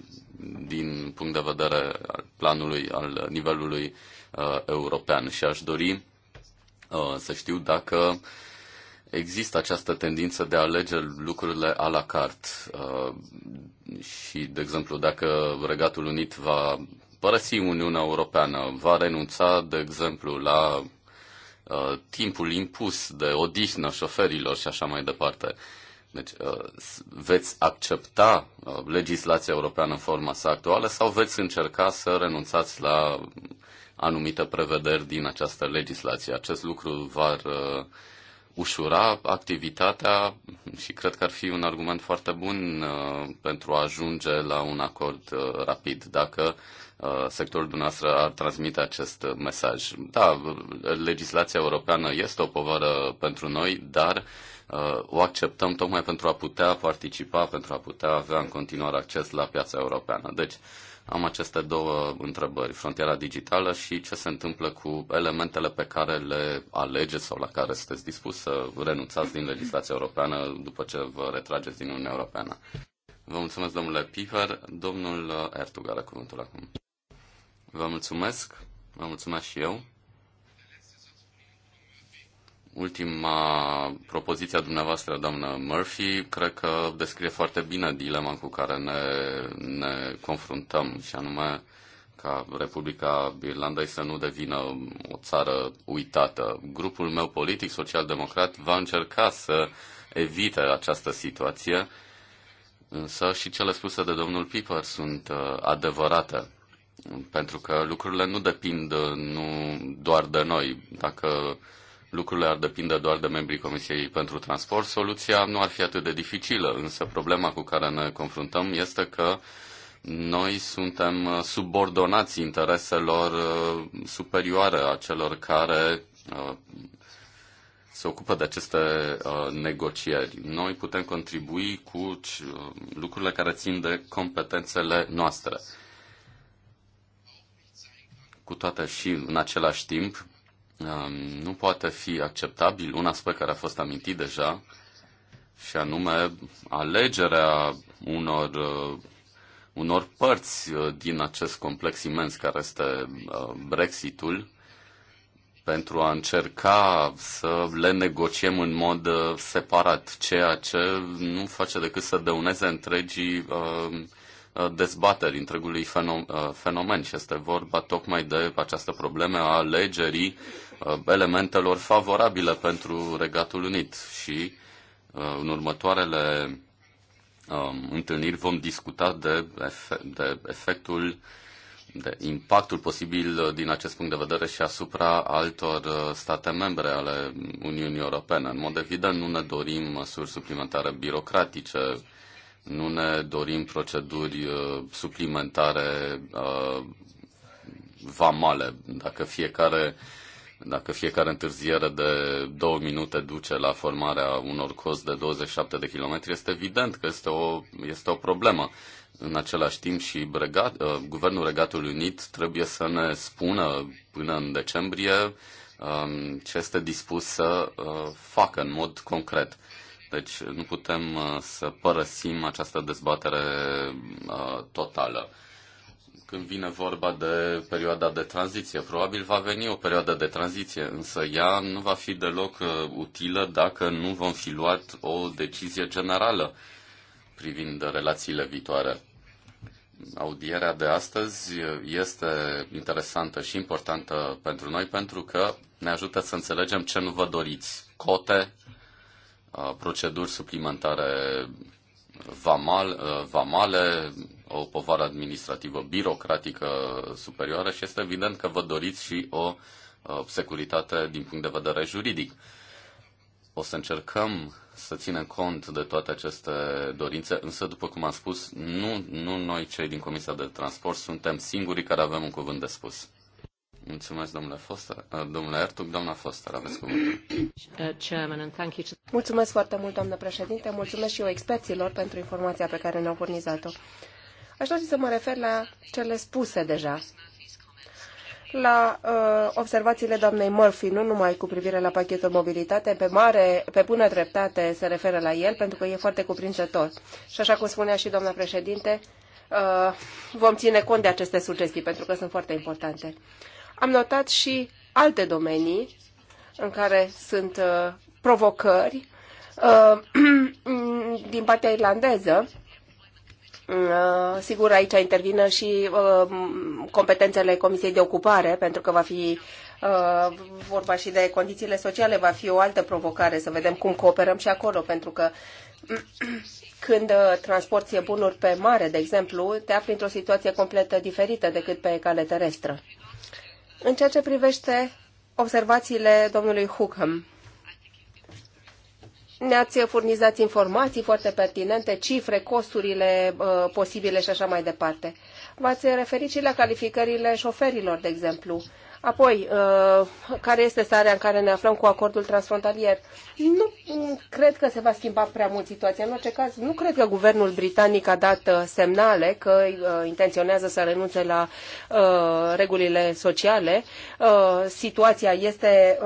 C: din punct de vedere al planului, al nivelului uh, european. Și aș dori uh, să știu dacă există această tendință de a alege lucrurile a la carte. Uh, și, de exemplu, dacă Regatul Unit va părăsi Uniunea Europeană, va renunța, de exemplu, la uh, timpul impus de odihnă șoferilor și așa mai departe. Uh, deci, uh, veți accepta uh, legislația europeană în forma sa actuală sau veți încerca să renunțați la anumite prevederi din această legislație? Acest lucru va uh, ușura activitatea și cred că ar fi un argument foarte bun pentru a ajunge la un acord rapid. Dacă sectorul dumneavoastră ar transmite acest mesaj. Da, legislația europeană este o povară pentru noi, dar Uh, o acceptăm tocmai pentru a putea participa, pentru a putea avea în continuare acces la piața europeană. Deci, am aceste două întrebări, frontiera digitală și ce se întâmplă cu elementele pe care le alegeți sau la care sunteți dispus să renunțați din legislația europeană după ce vă retrageți din Uniunea Europeană. Vă mulțumesc, domnule Piver. Domnul Ertug are cuvântul acum. Vă mulțumesc. Vă mulțumesc și eu. Ultima propoziție a dumneavoastră, doamnă Murphy, cred că descrie foarte bine dilema cu care ne, ne confruntăm, și anume ca Republica Irlandei să nu devină o țară uitată. Grupul meu politic, social-democrat, va încerca să evite această situație, însă și cele spuse de domnul Piper sunt uh, adevărate pentru că lucrurile nu depind uh, nu doar de noi. Dacă lucrurile ar depinde doar de membrii Comisiei pentru Transport, soluția nu ar fi atât de dificilă, însă problema cu care ne confruntăm este că noi suntem subordonați intereselor uh, superioare a celor care uh, se ocupă de aceste uh, negocieri. Noi putem contribui cu lucrurile care țin de competențele noastre. Cu toate și în același timp, Um, nu poate fi acceptabil un aspect care a fost amintit deja, și anume alegerea unor, uh, unor părți uh, din acest complex imens care este uh, Brexitul pentru a încerca să le negociem în mod separat, ceea ce nu face decât să dăuneze întregii dezbateri, întregului fenomen și este vorba tocmai de această problemă a alegerii uh, Uh, elementelor favorabile pentru Regatul Unit și uh, în următoarele um, întâlniri vom discuta de, efect, de efectul, de impactul posibil uh, din acest punct de vedere și asupra altor state membre ale Uniunii Europene. În mod evident, nu ne dorim măsuri suplimentare birocratice, nu ne dorim proceduri suplimentare vamale. Dacă fiecare uh, dacă fiecare întârziere de două minute duce la formarea unor cozi de 27 de kilometri, este evident că este o, este o problemă. În același timp și regat, uh, Guvernul Regatului Unit trebuie să ne spună până în decembrie um, ce este dispus să uh, facă în mod concret. Deci nu putem uh, să părăsim această dezbatere totală când vine vorba de perioada de tranziție. Probabil va veni o perioadă de tranziție, însă ea nu va fi deloc uh, utilă dacă nu vom fi luat o decizie generală privind relațiile viitoare. Audierea de astăzi uh, este interesantă și importantă pentru noi pentru că ne ajută să înțelegem ce nu vă doriți. Cote, uh, proceduri suplimentare vamal, vamale, o povară administrativă birocratică superioară și este evident că vă doriți și o securitate din punct de vedere juridic. O să încercăm să ținem cont de toate aceste dorințe, însă, după cum am spus, nu, nu noi cei din Comisia de Transport suntem singurii care avem un cuvânt de spus. Mulțumesc, domnule Foster, eh, domnule Ertug, doamna Foster, aveți cuvântul.
A: Uh,
D: mulțumesc foarte mult, doamnă președinte, mulțumesc și eu experților pentru informația pe care ne-au furnizat-o. Aș dori să mă refer la cele spuse deja la uh, observațiile doamnei Murphy, nu numai cu privire la pachetul mobilitate, pe mare, pe bună dreptate se referă la el, pentru că e foarte cuprinzător. Și așa cum spunea și doamna președinte, uh, vom ține cont de aceste sugestii, pentru că sunt foarte importante. Am notat și alte domenii în care sunt uh, provocări uh, [clears throat] din partea irlandeză, Uh, sigur, aici intervină și uh, competențele Comisiei de Ocupare, pentru că va fi uh, vorba și de condițiile sociale, va fi o altă provocare să vedem cum cooperăm și acolo, pentru că [clears throat] când transporti bunuri pe mare, de exemplu, te afli într-o situație completă diferită decât pe cale terestră. În ceea ce privește observațiile domnului Hookham, ne-ați furnizat informații foarte pertinente, cifre, costurile uh, posibile și așa mai departe. V-ați referit și la calificările șoferilor, de exemplu. Apoi, uh, care este starea în care ne aflăm cu acordul transfrontalier? Nu cred că se va schimba prea mult situația. În orice caz, nu cred că guvernul britanic a dat uh, semnale că uh, intenționează să renunțe la regulile sociale. Situația este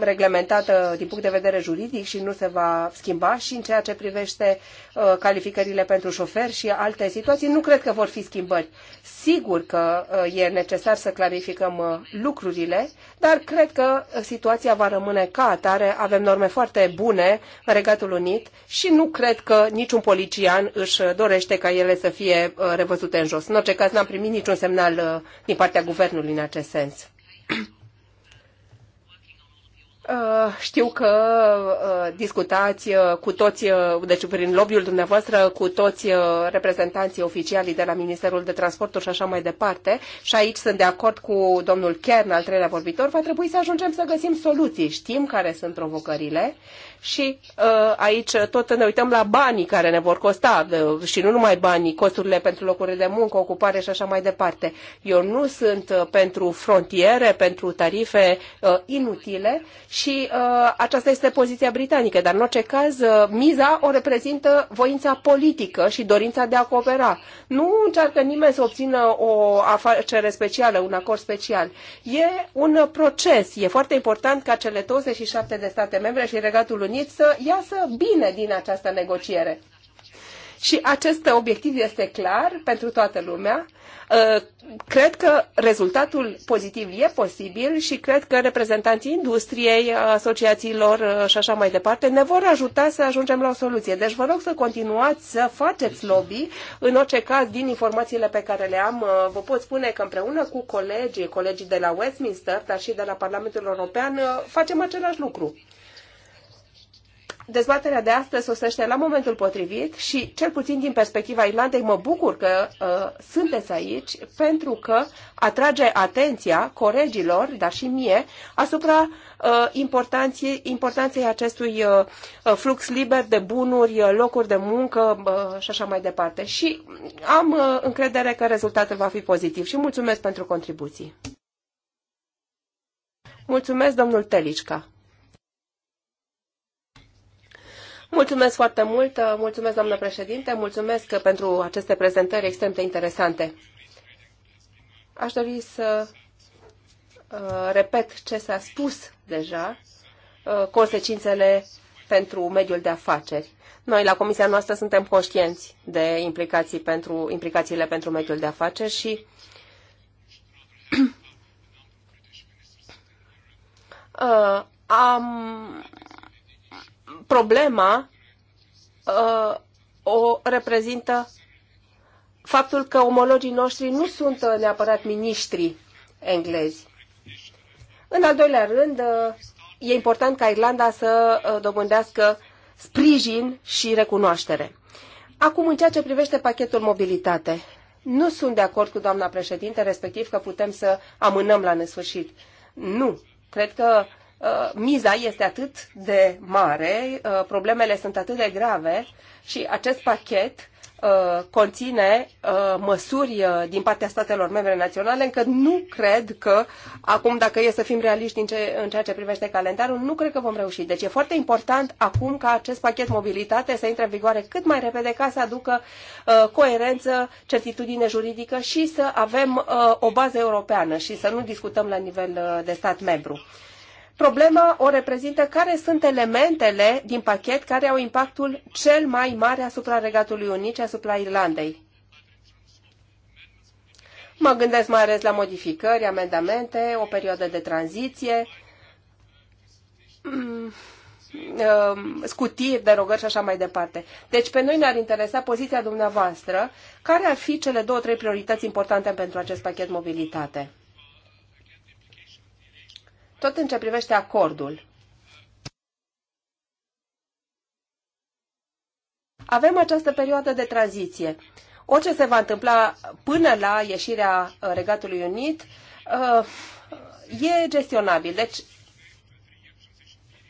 D: reglementată din punct de vedere juridic și nu se va schimba și în ceea ce privește calificările pentru șoferi și alte situații, nu cred că vor fi schimbări. Sigur că e necesar să clarificăm lucrurile, dar cred că situația va rămâne ca atare. Avem norme foarte bune în Regatul Unit și nu cred că niciun polician își dorește ca ele să fie uh, revăzute în jos. În orice caz, n-am primit niciun semnal uh, din partea guvernului în acest sens.
E: Uh, știu că
D: uh, discutați uh, cu toți, deci prin lobby-ul dumneavoastră, cu toți reprezentanții oficiali de la Ministerul de Transporturi și așa mai departe. Și aici sunt de acord cu domnul Kern, al treilea vorbitor. Va trebui să ajungem să găsim soluții. Știm care sunt provocările și uh, aici tot ne uităm la banii care ne vor costa uh, și nu numai banii, costurile pentru locuri de muncă, ocupare și așa mai departe. Eu nu sunt uh, pentru frontiere, pentru tarife uh, inutile și uh, aceasta este poziția britanică, dar în orice caz uh, miza o reprezintă voința politică și dorința de a coopera. Nu încearcă nimeni să obțină o afacere specială, un acord special. E un proces. E foarte important ca cele 27 de state membre și regatul întrunit să iasă bine din această negociere. Și acest obiectiv este clar pentru toată lumea. Uh, cred că rezultatul pozitiv e posibil și cred că reprezentanții industriei, asociațiilor uh, și așa mai departe ne vor ajuta să ajungem la o soluție. Deci vă rog să continuați să faceți lobby. În orice caz, din informațiile pe care le am, uh, vă pot spune că împreună cu colegii, colegii de la Westminster, dar și de la Parlamentul European, facem același lucru dezbaterea de astăzi sosește la momentul potrivit și, cel puțin din perspectiva Irlandei, mă bucur că uh, sunteți aici pentru că atrage atenția colegilor, dar și mie, asupra uh, importanței, importanței acestui uh, uh, flux liber de bunuri, uh, locuri de muncă uh, și așa mai departe. Și am uh, încredere că rezultatul va fi pozitiv și mulțumesc pentru contribuții. Mulțumesc, domnul Telicca. Mulțumesc foarte mult, mulțumesc doamnă președinte, mulțumesc pentru aceste prezentări extrem de interesante. Aș dori să uh, repet ce s-a spus deja, uh, consecințele pentru mediul de afaceri. Noi, la comisia noastră, suntem conștienți de implicații pentru, implicațiile pentru mediul de afaceri și [clears throat] uh, am problema uh, o reprezintă faptul că omologii noștri nu sunt neapărat miniștri englezi. În al doilea rând, uh, e important ca Irlanda să uh, dobândească sprijin și recunoaștere. Acum, în ceea ce privește pachetul mobilitate, nu sunt de acord cu doamna președinte, respectiv că putem să amânăm la nesfârșit. Nu. Cred că Uh, miza este atât de mare, uh, problemele sunt atât de grave și acest pachet uh, conține măsuri din partea statelor membre naționale încât nu cred că, acum dacă e să fim realiști în, în ceea ce privește calendarul, nu cred că vom reuși. Deci e foarte important acum ca acest pachet mobilitate să intre în vigoare cât mai repede ca să aducă coerență, certitudine juridică și să avem o bază europeană și să nu discutăm la nivel de stat membru problema o reprezintă care sunt elementele din pachet care au impactul cel mai mare asupra Regatului Unit asupra Irlandei. Mă gândesc mai ales la modificări, amendamente, o perioadă de tranziție, mm, um, scutiri, derogări și așa mai departe. Deci pe noi ne-ar interesa poziția dumneavoastră, care ar fi cele două, trei priorități importante pentru acest pachet mobilitate tot în ce privește acordul. Avem această perioadă de tranziție. Orice se va întâmpla până la ieșirea Regatului Unit uh, e gestionabil. Deci,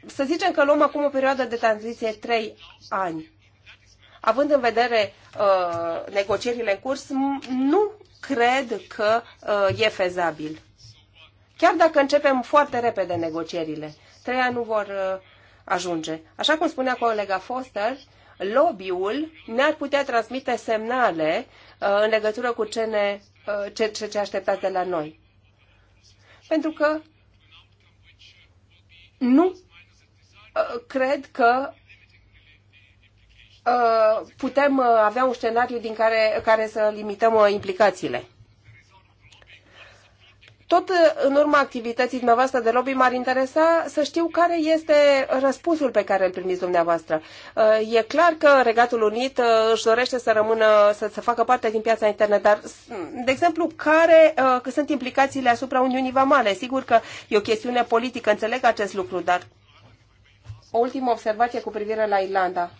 D: să zicem că luăm acum o perioadă de tranziție 3 ani. Având în vedere uh, negocierile în curs, nu cred că uh, e fezabil. Chiar dacă începem foarte repede negocierile, trei ani nu vor uh, ajunge. Așa cum spunea colega Foster, lobby-ul ne-ar putea transmite semnale uh, în legătură cu ce, ne, uh, ce, ce, ce așteptați de la noi. Pentru că nu cred că putem avea un scenariu din care, care să limităm implicațiile. Tot uh, în urma activității dumneavoastră de lobby m-ar interesa să știu care este răspunsul pe care îl primiți dumneavoastră. Uh, e clar că Regatul Unit uh, își dorește să rămână, să, să facă parte din piața internă, dar, mm, de exemplu, care că sunt implicațiile asupra Uniunii Vamale? Sigur că e o chestiune politică, înțeleg acest lucru, dar o ultimă observație cu privire la Irlanda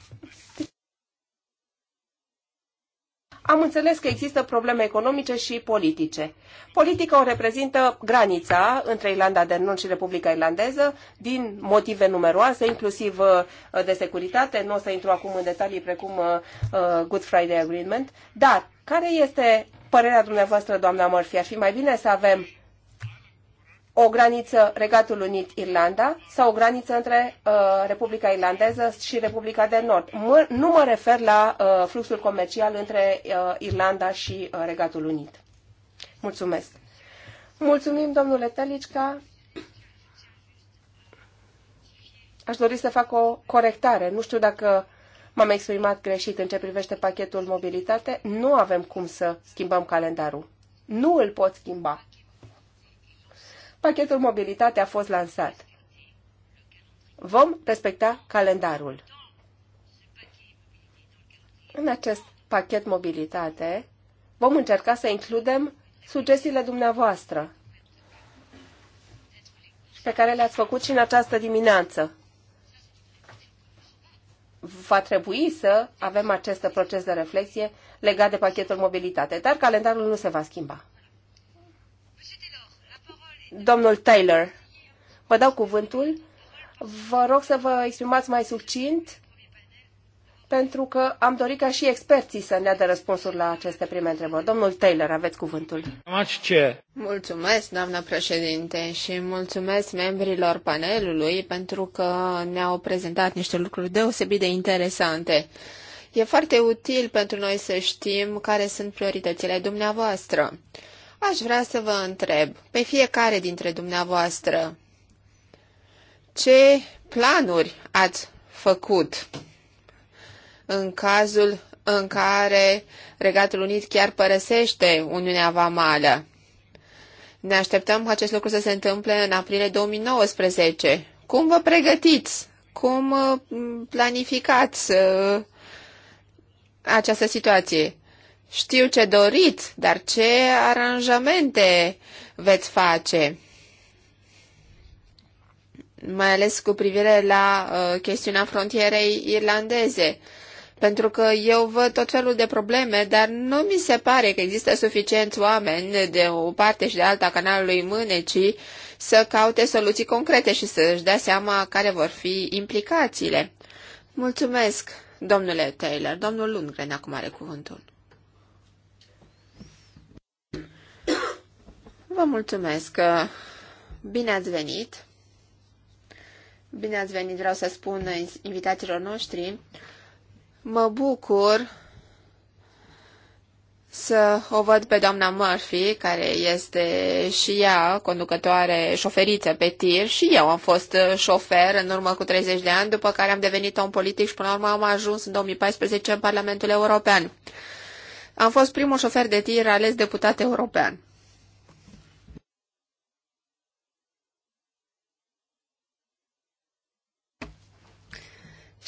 D: am înțeles că există probleme economice și politice. Politica o reprezintă granița între Irlanda de Nord și Republica Irlandeză din motive numeroase, inclusiv uh, de securitate. Nu o să intru acum în detalii precum uh, uh, Good Friday Agreement, dar care este părerea dumneavoastră, doamna Murphy? Ar fi mai bine să avem o graniță Regatul Unit-Irlanda sau o graniță între uh, Republica Irlandeză și Republica de Nord. M- nu mă refer la uh, fluxul comercial între uh, Irlanda și uh, Regatul Unit. Mulțumesc. Mulțumim, domnule Telicca. Aș dori să fac o corectare. Nu știu dacă m-am exprimat greșit în ce privește pachetul mobilitate. Nu avem cum să schimbăm calendarul. Nu îl pot schimba pachetul mobilitate a fost lansat. Vom respecta calendarul. În acest pachet mobilitate vom încerca să includem sugestiile dumneavoastră pe care le-ați făcut și în această dimineață. Va trebui să avem acest proces de reflexie legat de pachetul mobilitate, dar calendarul nu se va schimba. Domnul Taylor, vă dau cuvântul. Vă rog să vă exprimați mai succint, pentru că am dorit ca și experții să ne dea răspunsuri la aceste prime întrebări. Domnul Taylor, aveți cuvântul.
A: Mulțumesc, doamnă președinte, și mulțumesc membrilor panelului pentru că ne-au prezentat niște lucruri deosebit de interesante. E foarte util pentru noi să știm care sunt prioritățile dumneavoastră aș vrea să vă întreb pe fiecare dintre dumneavoastră ce planuri ați făcut în cazul în care Regatul Unit chiar părăsește Uniunea Vamală. Ne așteptăm ca acest lucru să se întâmple în aprilie 2019. Cum vă pregătiți? Cum uh, planificați uh, această situație? Știu ce doriți, dar ce aranjamente veți face? Mai ales cu privire la uh, chestiunea frontierei irlandeze. Pentru că eu văd tot felul de probleme, dar nu mi se pare că există suficienți oameni de o parte și de alta canalului mânecii să caute soluții concrete și să-și dea seama care vor fi implicațiile. Mulțumesc, domnule Taylor. Domnul Lundgren acum are cuvântul. Vă mulțumesc! Bine ați venit! Bine ați venit, vreau să spun invitațiilor noștri. Mă bucur să o văd pe doamna Murphy, care este și ea conducătoare șoferiță pe tir. Și eu am fost șofer în urmă cu 30 de ani, după care am devenit om politic și până la urmă am ajuns în 2014 în Parlamentul European. Am fost primul șofer de tir ales deputat european.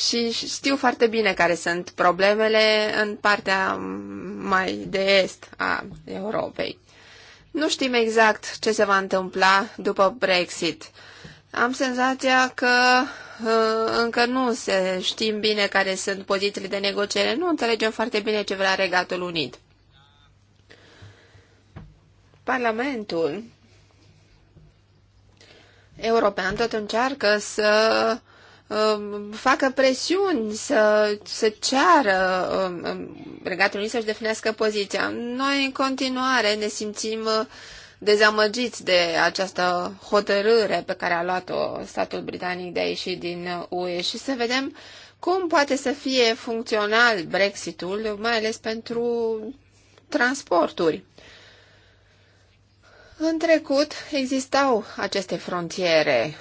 A: și știu foarte bine care sunt problemele în partea mai de est a Europei. Nu știm exact ce se va întâmpla după Brexit. Am senzația că uh, încă nu se știm bine care sunt pozițiile de negociere, nu înțelegem foarte bine ce vrea Regatul Unit. Parlamentul european tot încearcă să Um, facă presiuni, să, să ceară um, um, Regatul Unit să-și definească poziția. Noi, în continuare, ne simțim uh, dezamăgiți de această hotărâre pe care a luat-o statul britanic de a ieși din UE uh, și să vedem cum poate să fie funcțional Brexitul, mai ales pentru transporturi. În trecut existau aceste frontiere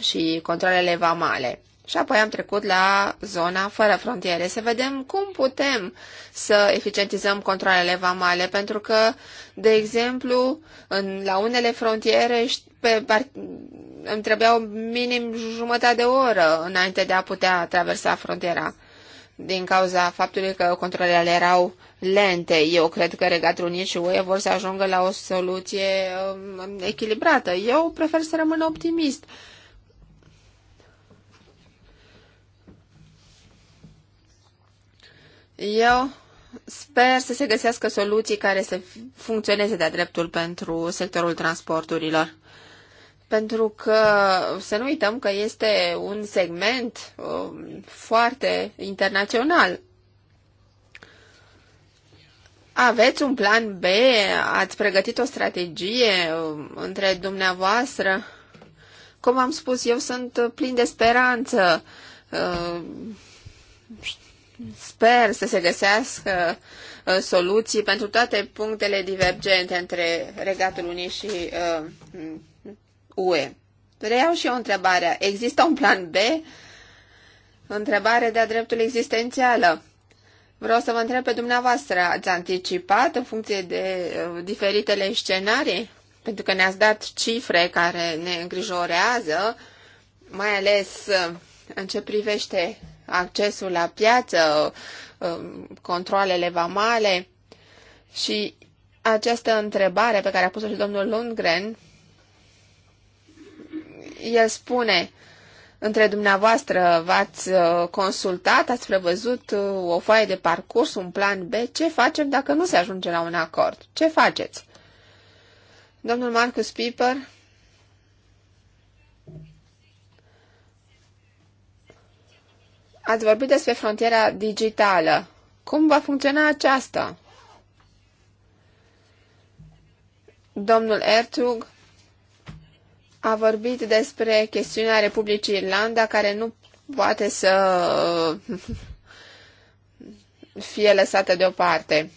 A: și controlele vamale. Și apoi am trecut la zona fără frontiere, să vedem cum putem să eficientizăm controlele vamale, pentru că, de exemplu, în, la unele frontiere pe, îmi trebuiau minim jumătate de oră înainte de a putea traversa frontiera, din cauza faptului că controlele erau lente. Eu cred că Regatul Unit și UE vor să ajungă la o soluție um, echilibrată. Eu prefer să rămân optimist Eu sper să se găsească soluții care să funcționeze de-a dreptul pentru sectorul transporturilor. Pentru că să nu uităm că este un segment um, foarte internațional. Aveți un plan B? Ați pregătit o strategie um, între dumneavoastră? Cum am spus, eu sunt plin de speranță. Uh, Sper să se găsească uh, soluții pentru toate punctele divergente între Regatul Unii și uh, UE. Reiau și eu întrebarea. Există un plan B? Întrebare de-a dreptul existențială. Vreau să vă întreb pe dumneavoastră, ați anticipat în funcție de uh, diferitele scenarii? Pentru că ne-ați dat cifre care ne îngrijorează, mai ales uh, în ce privește accesul la piață, um, controlele vamale și această întrebare pe care a pus-o și domnul Lundgren, el spune, între dumneavoastră v-ați uh, consultat, ați prevăzut uh, o foaie de parcurs, un plan B, ce facem dacă nu se ajunge la un acord? Ce faceți? Domnul Marcus Piper Ați vorbit despre frontiera digitală. Cum va funcționa aceasta? Domnul Ertug a vorbit despre chestiunea Republicii Irlanda, care nu poate să [laughs] fie lăsată deoparte.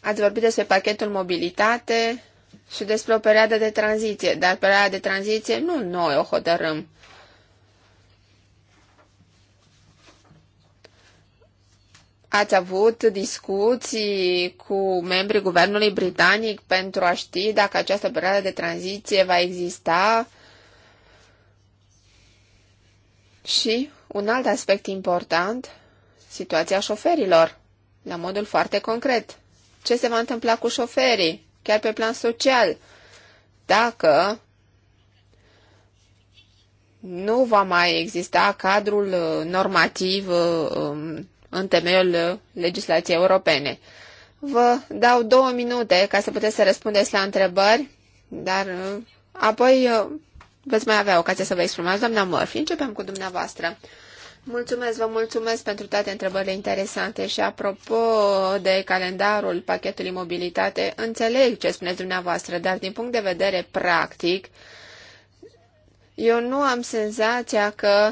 A: Ați vorbit despre pachetul mobilitate și despre o perioadă de tranziție, dar perioada de tranziție nu noi o hotărâm. Ați avut discuții cu membrii guvernului britanic pentru a ști dacă această perioadă de tranziție va exista? Și un alt aspect important, situația șoferilor, la modul foarte concret. Ce se va întâmpla cu șoferii, chiar pe plan social, dacă nu va mai exista cadrul normativ um, în temeiul legislației europene. Vă dau două minute ca să puteți să răspundeți la întrebări, dar uh, apoi uh, veți mai avea ocazia să vă exprimați. Doamna Murphy, începem cu dumneavoastră. Mulțumesc, vă mulțumesc pentru toate întrebările interesante și apropo de calendarul pachetului mobilitate, înțeleg ce spuneți dumneavoastră, dar din punct de vedere practic, eu nu am senzația că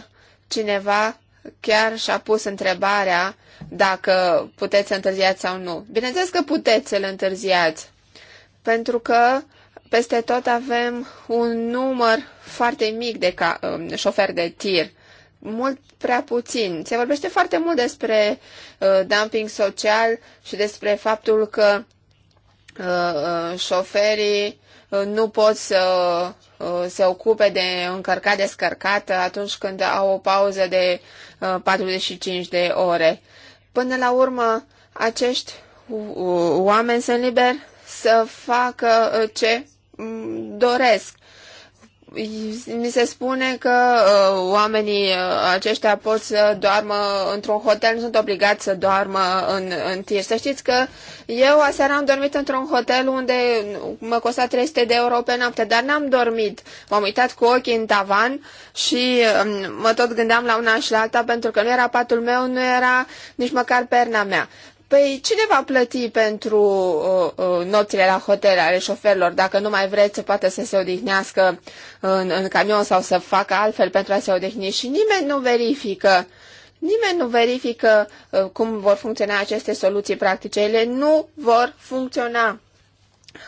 A: cineva chiar și-a pus întrebarea dacă puteți să întârziați sau nu. Bineînțeles că puteți să-l întârziați, pentru că peste tot avem un număr foarte mic de ca, um, șoferi de tir, mult prea puțin. Se vorbește foarte mult despre uh, dumping social și despre faptul că uh, uh șoferii Uh, nu pot să uh, se ocupe de încărcat descărcat uh, atunci când au o pauză de 45 de ore. Până la urmă, acești oameni sunt liberi să facă ce mm, doresc mi se spune că uh, oamenii uh, aceștia pot să doarmă într-un hotel, nu sunt obligați să doarmă în, în tir. Să știți că eu aseară am dormit într-un hotel unde mă costa 300 de euro pe noapte, dar n-am dormit. M-am uitat cu ochii în tavan și um, mă tot gândeam la una și la alta pentru că nu era patul meu, nu era nici măcar perna mea. Păi cine va plăti pentru uh, uh, nopțile la hotel ale șoferilor? Dacă nu mai vreți, poate să se odihnească în, în camion sau să facă altfel pentru a se odihni și nimeni nu verifică. Nimeni nu verifică uh, cum vor funcționa aceste soluții practice. Ele nu vor funcționa.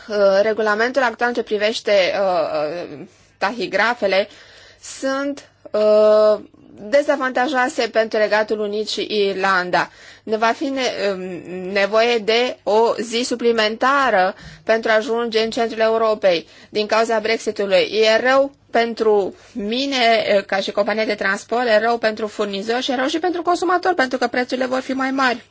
A: Uh, regulamentul actual ce privește uh, uh tahigrafele sunt uh, dezavantajoase pentru Regatul Unit și Irlanda. Ne va fi um, nevoie de o zi suplimentară pentru a ajunge în centrul Europei din cauza Brexitului. E rău pentru mine, eh, ca și companie de transport, e rău pentru furnizori și e rău și pentru consumator, pentru că prețurile vor fi mai mari.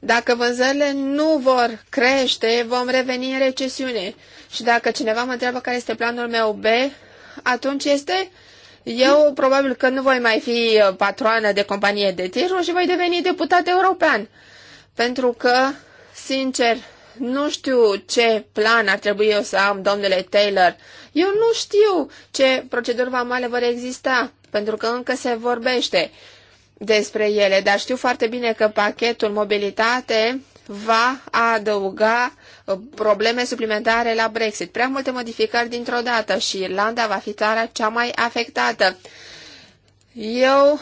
A: Dacă vânzările nu vor crește, vom reveni în recesiune. Și dacă cineva mă întreabă care este planul meu B, atunci este uh, eu probabil că nu voi mai fi uh, patroană de companie de tiruri și voi deveni deputat european. Pentru că, sincer, nu știu ce plan ar trebui eu să am, domnule Taylor. Eu nu știu ce proceduri vamale vor exista, pentru că încă se vorbește despre ele, dar știu foarte bine că pachetul mobilitate va adăuga uh, probleme suplimentare la Brexit. Prea multe modificări dintr-o dată și Irlanda va fi țara cea mai afectată. Eu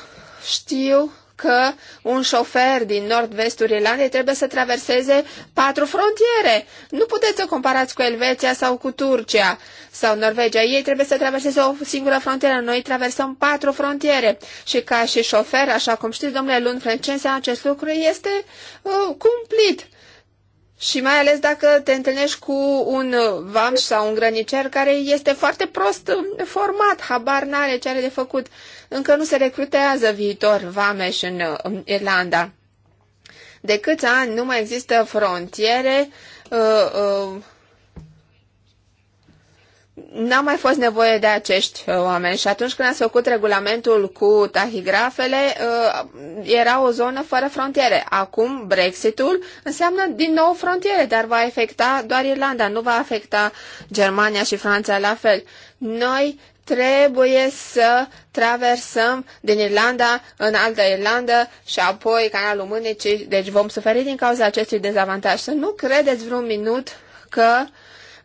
A: știu că un șofer din nord-vestul Irlandei trebuie să traverseze patru frontiere. Nu puteți să comparați cu Elveția sau cu Turcia sau Norvegia. Ei trebuie să traverseze o singură frontieră. Noi traversăm patru frontiere. Și ca și șofer, așa cum știți, domnule Lund Francesa, acest lucru este uh, cumplit. Și mai ales dacă te întâlnești cu un vamș sau un grănicer care este foarte prost format, habar n-are ce are de făcut. Încă nu se recrutează viitor vameș în, Irlanda. De câți ani nu mai există frontiere, uh, uh, n-a mai fost nevoie de acești uh, oameni și atunci când ați făcut regulamentul cu tahigrafele, uh, era o zonă fără frontiere. Acum Brexitul înseamnă din nou frontiere, dar va afecta doar Irlanda, nu va afecta Germania și Franța la fel. Noi trebuie să traversăm din Irlanda în altă Irlanda și apoi canalul Mânicii, deci vom suferi din cauza acestui dezavantaj. Să nu credeți vreun minut că uh,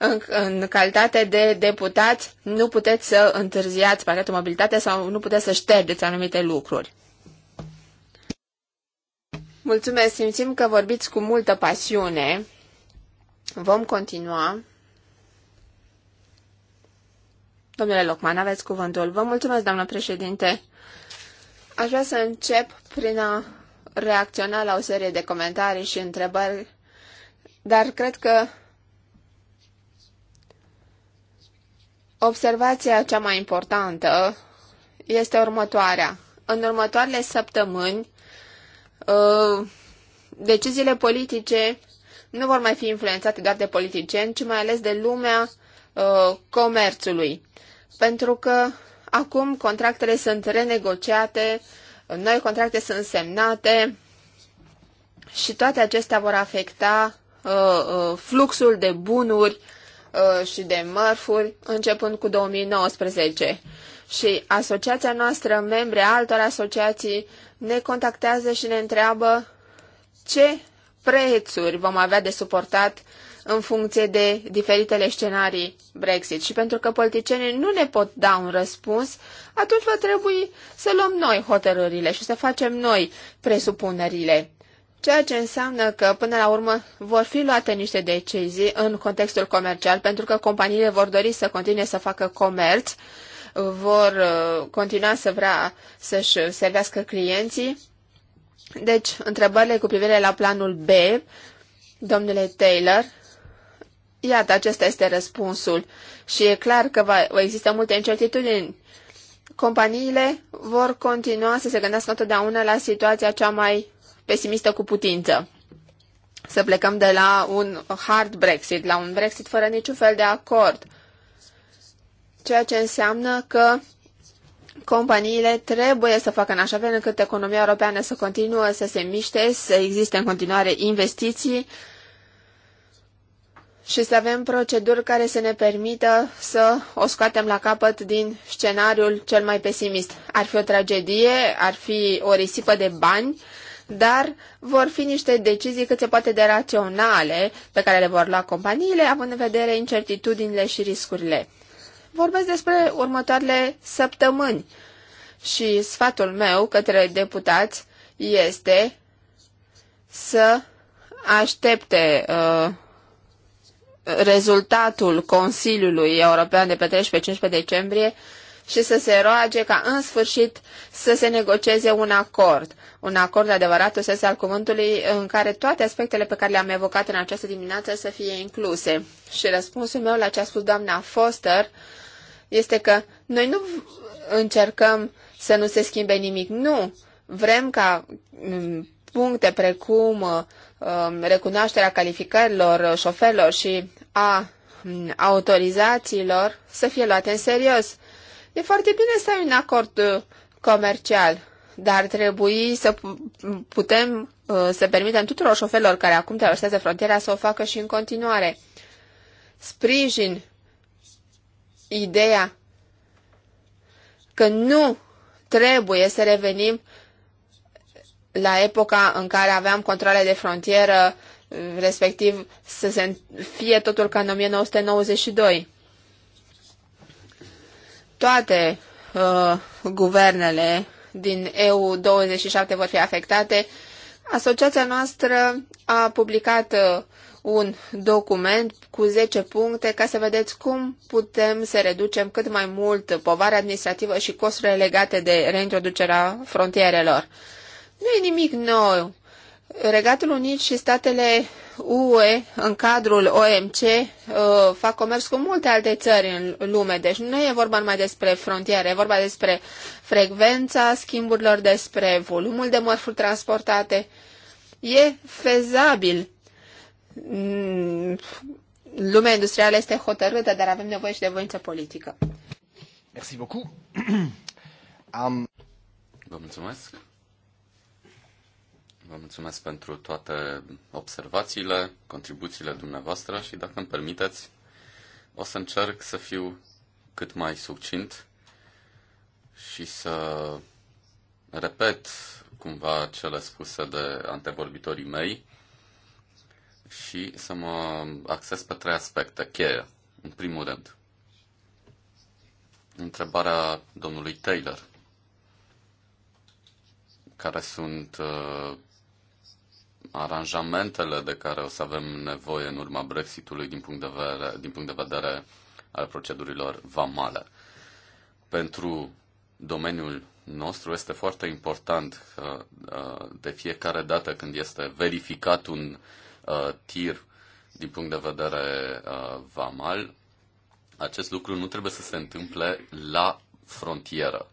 A: în, în calitate de deputați, nu puteți să întârziați pachetul mobilitate sau nu puteți să ștergeți anumite lucruri. Mulțumesc, simțim că vorbiți cu multă pasiune. Vom continua. Domnule Locman, aveți cuvântul. Vă mulțumesc, doamnă președinte. Aș vrea să încep prin a reacționa la o serie de comentarii și întrebări, dar cred că Observația cea mai importantă este următoarea. În următoarele săptămâni, uh, deciziile politice nu vor mai fi influențate doar de politicieni, ci mai ales de lumea uh, comerțului. Pentru că acum contractele sunt renegociate, noi contracte sunt semnate și toate acestea vor afecta uh, fluxul de bunuri Uh, și de mărfuri, începând cu 2019. Și asociația noastră, membre altor asociații, ne contactează și ne întreabă ce prețuri vom avea de suportat în funcție de diferitele scenarii Brexit. Și pentru că politicienii nu ne pot da un răspuns, atunci va trebui să luăm noi hotărârile și să facem noi presupunerile. Ceea ce înseamnă că, până la urmă, vor fi luate niște decizii în contextul comercial, pentru că companiile vor dori să continue să facă comerț, vor uh, continua să vrea să-și servească clienții. Deci, întrebările cu privire la planul B, domnule Taylor, iată, acesta este răspunsul și e clar că va există multe incertitudini companiile vor continua să se gândească întotdeauna la situația cea mai pesimistă cu putință. Să plecăm de la un hard Brexit, la un Brexit fără niciun fel de acord. Ceea ce înseamnă că companiile trebuie să facă în așa fel încât economia europeană să continue să se miște, să existe în continuare investiții și să avem proceduri care să ne permită să o scoatem la capăt din scenariul cel mai pesimist. Ar fi o tragedie, ar fi o risipă de bani, dar vor fi niște decizii cât se poate de raționale pe care le vor lua companiile, având în vedere incertitudinile și riscurile. Vorbesc despre următoarele săptămâni și sfatul meu către deputați este să aștepte uh, rezultatul Consiliului European de pe 13-15 decembrie și să se roage ca în sfârșit să se negocieze un acord. Un acord adevărat, o sens al cuvântului, în care toate aspectele pe care le-am evocat în această dimineață să fie incluse. Și răspunsul meu la ce a spus doamna Foster este că noi nu încercăm să nu se schimbe nimic. Nu! Vrem ca mm, puncte precum um, recunoașterea calificărilor șoferilor și a mm, autorizațiilor să fie luate în serios. E foarte bine să ai un acord uh, comercial, dar trebuie să putem uh, să permitem tuturor șoferilor care acum traversează frontiera să o facă și în continuare. Sprijin ideea că nu trebuie să revenim la epoca în care aveam controle de frontieră, uh, respectiv să se fie totul ca în 1992 toate uh, guvernele din EU27 vor fi afectate, asociația noastră a publicat uh, un document cu 10 puncte ca să vedeți cum putem să reducem cât mai mult povara administrativă și costurile legate de reintroducerea frontierelor. Nu e nimic nou Regatul Unit și statele UE în cadrul OMC uh, fac comerț cu multe alte țări în lume, deci nu e vorba numai despre frontiere, e vorba despre frecvența schimburilor, despre volumul de mărfuri transportate. E fezabil. Mm, lumea industrială este hotărâtă, dar avem nevoie și de voință politică.
C: Merci beaucoup. [clears throat] Am... Vă mulțumesc. Vă mulțumesc pentru toate observațiile, contribuțiile dumneavoastră și, dacă îmi permiteți, o să încerc să fiu cât mai succint și să repet cumva cele spuse de antevorbitorii mei și să mă acces pe trei aspecte cheie. În primul rând, întrebarea domnului Taylor. Care sunt uh, aranjamentele de care o să avem nevoie în urma Brexitului din punct de vedere, din punct de vedere al procedurilor vamale. Pentru domeniul nostru este foarte important că uh, uh, de fiecare dată când este verificat un uh, tir din punct de vedere vamal, acest lucru nu trebuie să se întâmple la frontieră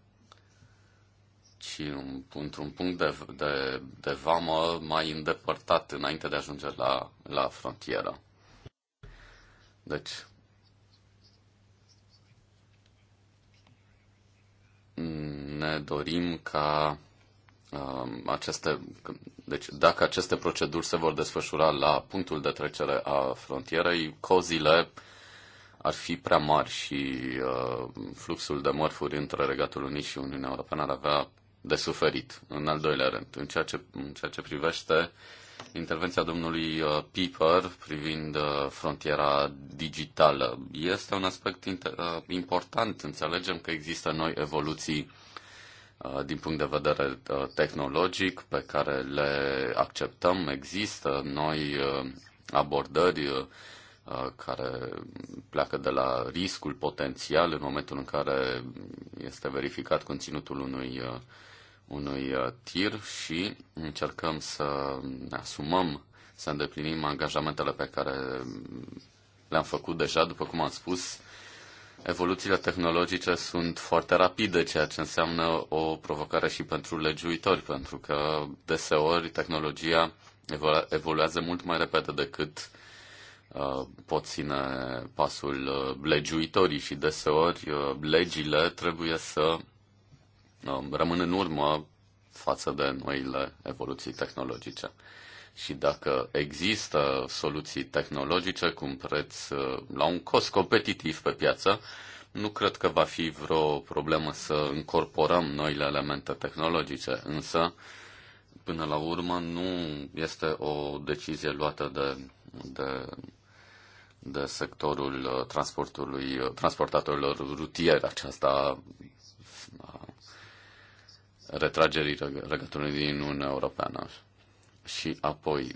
C: aici într-un punct de, de, de vamă mai îndepărtat înainte de a ajunge la, la frontieră. Deci, ne dorim ca um, aceste, deci dacă aceste proceduri se vor desfășura la punctul de trecere a frontierei, cozile ar fi prea mari și uh, fluxul de mărfuri între Regatul Unit și Uniunea Europeană ar avea de suferit, în al doilea rând, în ceea ce, în ceea ce privește intervenția domnului uh, Piper privind uh, frontiera digitală. Este un aspect uh, important. Înțelegem că există noi evoluții din punct de vedere tehnologic pe care le acceptăm. Există noi abordări care pleacă de la riscul potențial în momentul în care este verificat conținutul unui unui uh, tir și încercăm să ne asumăm, să îndeplinim angajamentele pe care le-am făcut deja, după cum am spus, evoluțiile tehnologice sunt foarte rapide, ceea ce înseamnă o provocare și pentru legiuitori, pentru că deseori tehnologia evoluează mult mai repede decât uh, pot ține pasul uh, legiuitorii și deseori legile trebuie să rămân în urmă față de noile evoluții tehnologice. Și dacă există soluții tehnologice cu un preț uh, la un cost competitiv pe piață, nu cred că va fi vreo problemă să incorporăm noile elemente tehnologice, însă, până la urmă, nu este o decizie luată de, de, de sectorul uh, transportului, uh, transportatorilor rutieri. Aceasta retragerii Regatului din Uniunea Europeană. Și apoi,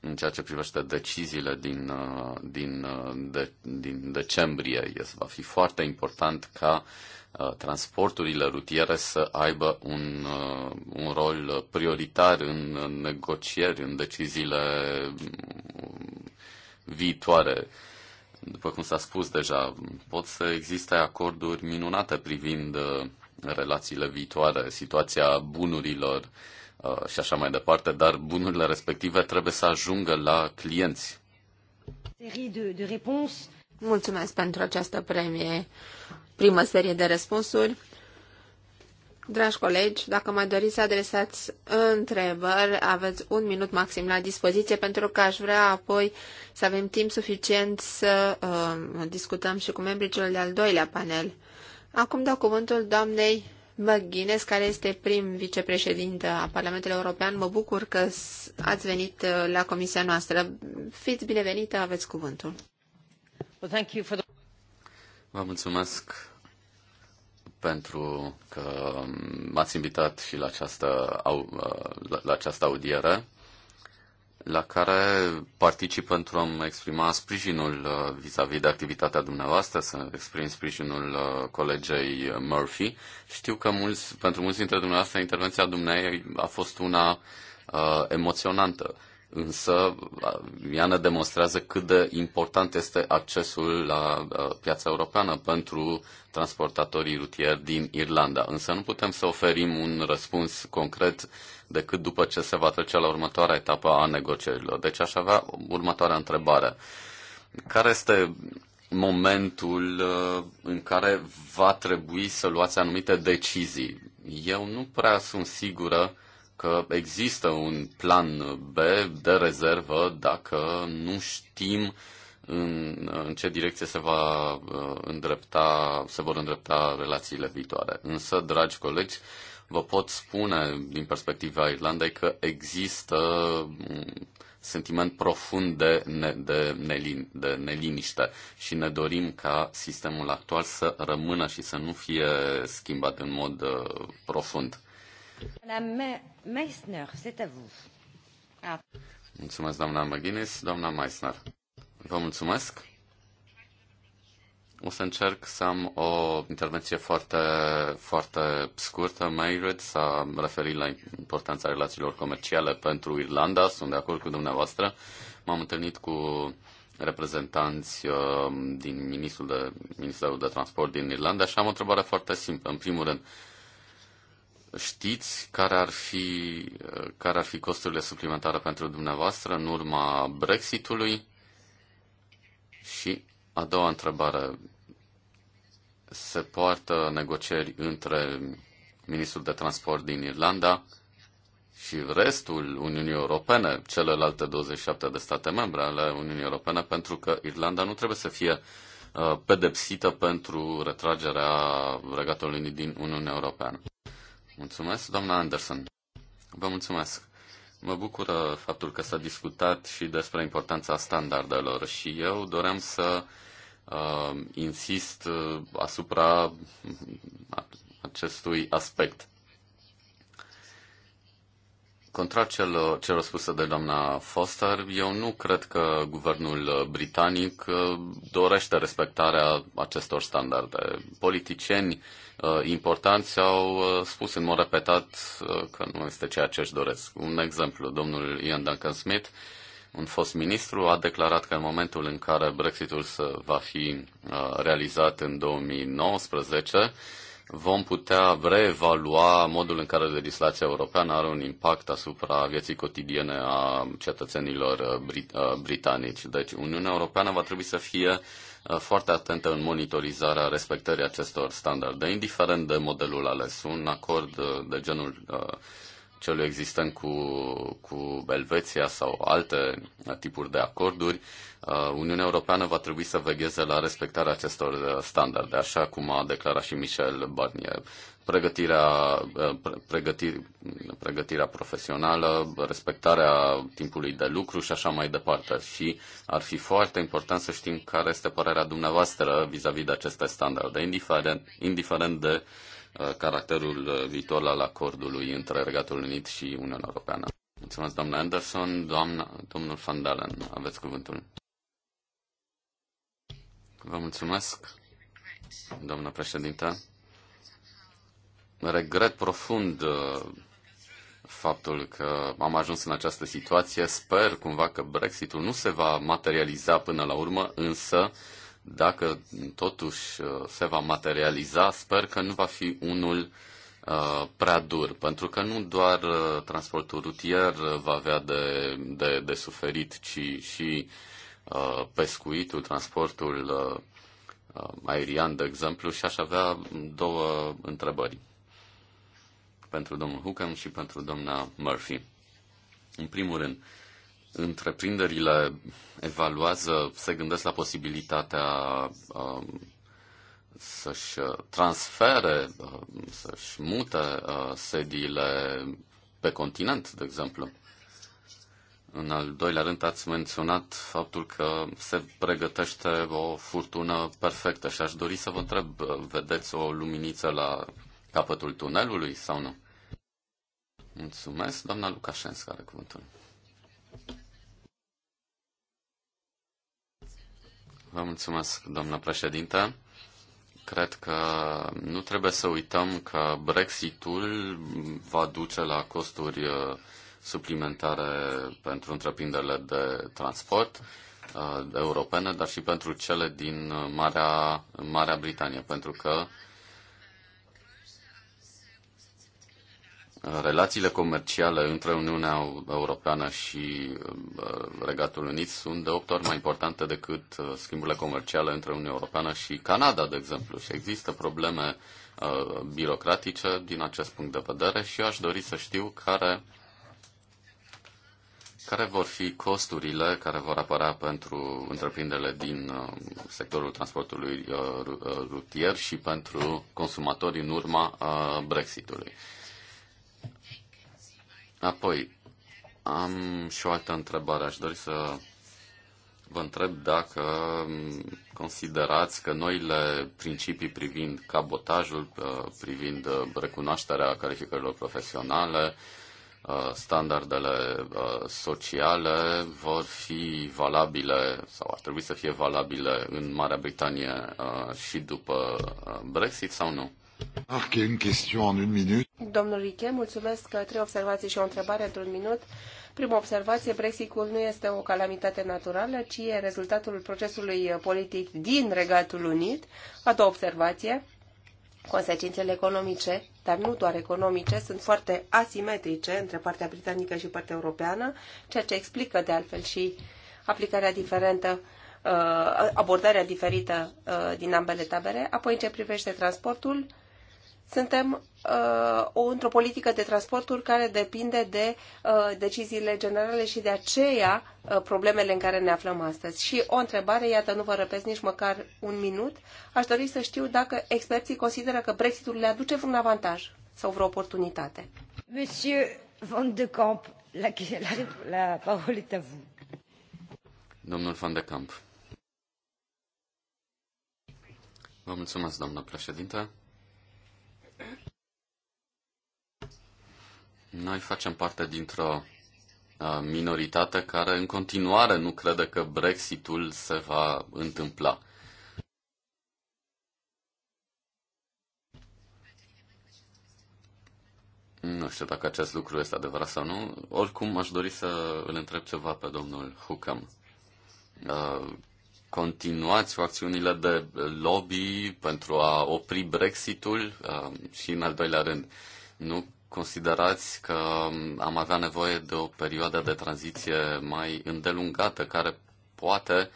C: în ceea ce privește deciziile din, uh, din, uh, de, din decembrie, este, va fi foarte important ca uh, transporturile rutiere să aibă un, un rol prioritar în negocieri, în deciziile mm, viitoare. După cum s-a spus deja, pot să existe acorduri minunate privind relațiile viitoare, situația bunurilor uh, și așa mai departe, dar bunurile respective trebuie să ajungă la clienți.
A: Mulțumesc pentru această premie, primă serie de răspunsuri. Dragi colegi, dacă mai doriți să adresați întrebări, aveți un minut maxim la dispoziție pentru că aș vrea apoi să avem timp suficient să uh, discutăm și cu membrii celor de-al doilea panel. Acum dau cuvântul doamnei McGuinness, care este prim vicepreședintă a Parlamentului European. Mă bucur că ați venit uh, la comisia noastră. Fiți binevenită, aveți cuvântul.
C: Vă mulțumesc pentru că m-ați invitat și la această, la această audiere la care particip pentru a-mi exprima sprijinul uh, vis-a-vis -vis de activitatea dumneavoastră, să exprim sprijinul uh, colegei Murphy. Știu că mulți, pentru mulți dintre dumneavoastră intervenția dumneavoastră a fost una uh, emoționantă, însă uh, ea ne demonstrează cât de important este accesul la uh, piața europeană pentru transportatorii rutieri din Irlanda. Însă nu putem să oferim un răspuns concret uh, decât după ce se va trece la următoarea etapă a negocierilor. Deci aș avea următoarea întrebare. Care este momentul uh, în care va trebui să luați anumite decizii? Eu nu prea sunt sigură că există un plan B de rezervă dacă nu știm în, în ce direcție se, va uh, îndrepta, se vor îndrepta relațiile viitoare. Însă, dragi colegi, vă pot spune din perspectiva Irlandei că există un sentiment profund de, ne, de, nelin, de neliniște și ne dorim ca sistemul actual să rămână și să nu fie schimbat în mod uh, profund.
B: Meissner, à vous.
C: Mulțumesc, doamna McGuinness. Doamna Meissner, vă mulțumesc. O să încerc să am o intervenție foarte, foarte scurtă. Mayred s-a referit la importanța relațiilor comerciale pentru Irlanda. Sunt de acord cu dumneavoastră. M-am întâlnit cu reprezentanți uh, din ministrul de, Ministerul de Transport din Irlanda și am o întrebare foarte simplă. În primul rând, știți care ar fi, uh, care ar fi costurile suplimentare pentru dumneavoastră în urma Brexitului? Și a doua întrebare, se poartă negocieri între ministrul de transport din Irlanda și restul Uniunii Europene, celelalte 27 de state membre ale Uniunii Europene, pentru că Irlanda nu trebuie să fie uh, pedepsită pentru retragerea Regatului din Uniunea Europeană. Mulțumesc, doamna Anderson. Vă mulțumesc. Mă bucură faptul că s-a discutat și despre importanța standardelor și eu doream să Um, uh, insist asupra uh, acestui aspect. Contra celor, spuse de doamna Foster, eu nu cred că guvernul britanic uh, dorește respectarea acestor standarde. Politicieni uh, importanți au spus în mod repetat că nu este ceea ce își doresc. Un exemplu, domnul Ian Duncan Smith, un fost ministru a declarat că în momentul în care Brexitul va fi uh, realizat în 2019, vom putea reevalua modul în care legislația europeană are un impact asupra vieții cotidiene a cetățenilor uh, brit- uh, britanici. Deci Uniunea Europeană va trebui să fie foarte atentă în monitorizarea respectării acestor standarde, indiferent de modelul ales. Un acord de genul celui existent cu, cu Belveția sau alte tipuri de acorduri, uh, Uniunea Europeană va trebui să vegheze la respectarea acestor uh, standarde, așa cum a declarat și Michel Barnier. Pregătirea, uh, pregătirea, pregătirea profesională, respectarea timpului de lucru și așa mai departe. Și ar fi foarte important să știm care este părerea dumneavoastră vis-a-vis -vis de aceste standarde, indiferent, indiferent de uh, Uh, caracterul uh, viitor al acordului între Regatul Unit și Uniunea Europeană. Mulțumesc, doamna Anderson. Doamna, domnul Van Dalen, aveți cuvântul. Vă mulțumesc, doamna președintă. Regret profund uh, faptul că am ajuns în această situație. Sper cumva că Brexitul nu se va materializa până la urmă, însă dacă totuși uh, se va materializa, sper că nu va fi unul uh, prea dur, pentru că nu doar uh, transportul rutier va avea de, de, de suferit, ci și pescuitul, transportul aerian, de exemplu, și aș avea două întrebări pentru domnul Hucam și pentru doamna Murphy. În primul rând, uh, întreprinderile evaluează, se gândesc la posibilitatea um, să-și uh, transfere, uh, să-și mute uh, sediile pe continent, de exemplu. În al doilea rând, ați menționat faptul că se pregătește o furtună perfectă și aș dori să vă întreb, vedeți o luminiță la capătul tunelului sau nu? Mulțumesc, doamna Lucașens, are cuvântul. Vă mulțumesc, doamnă președintă. Cred că nu trebuie să uităm că Brexitul va duce la costuri uh, suplimentare pentru întreprinderile de transport uh, europene, dar și pentru cele din Marea, Marea Britanie, pentru că Relațiile comerciale între Uniunea Europeană și uh, Regatul Unit sunt de 8 ori mai importante decât uh, schimburile comerciale între Uniunea Europeană și Canada, de exemplu. Și există probleme uh, birocratice din acest punct de vedere și eu aș dori să știu care, care vor fi costurile care vor apărea pentru întreprinderile din sectorul transportului rutier și pentru consumatori în urma Brexitului. Apoi, am și o altă întrebare. Aș dori să vă întreb dacă considerați că noile principii privind cabotajul, uh, privind uh, recunoașterea calificărilor profesionale, uh, standardele sociale vor fi valabile sau ar trebui să fie valabile în Marea Britanie și după Brexit sau nu?
D: Domnul Riche, mulțumesc. Trei observații și o întrebare într-un minut. Prima observație, Brexitul nu este o calamitate naturală, ci e rezultatul procesului politic din Regatul Unit. A doua observație, consecințele economice, dar nu doar economice, sunt foarte asimetrice între partea britanică și partea europeană, ceea ce explică de altfel și aplicarea diferentă uh, abordarea diferită uh, din ambele tabere. Apoi, în ce privește transportul, suntem uh, într-o politică de transporturi care depinde de uh, deciziile generale și de aceea uh, problemele în care ne aflăm astăzi. Și o întrebare, iată, nu vă răpesc nici măcar un minut, aș dori să știu dacă experții consideră că Brexitul le aduce vreun avantaj sau vreo oportunitate. Monsieur Van de Camp, la, la, la parole est à vous.
C: Domnul Van de Camp. Vă mulțumesc, doamnă președinte. Noi facem parte dintr-o uh, minoritate care în continuare nu crede că Brexitul se va întâmpla. Nu știu dacă acest lucru este adevărat sau nu. Oricum, aș dori să îl întreb ceva pe domnul Hucam. Uh, continuați acțiunile de lobby pentru a opri Brexitul um, și, în al doilea rând, nu considerați că um, am avea nevoie de o perioadă de tranziție mai îndelungată, care poate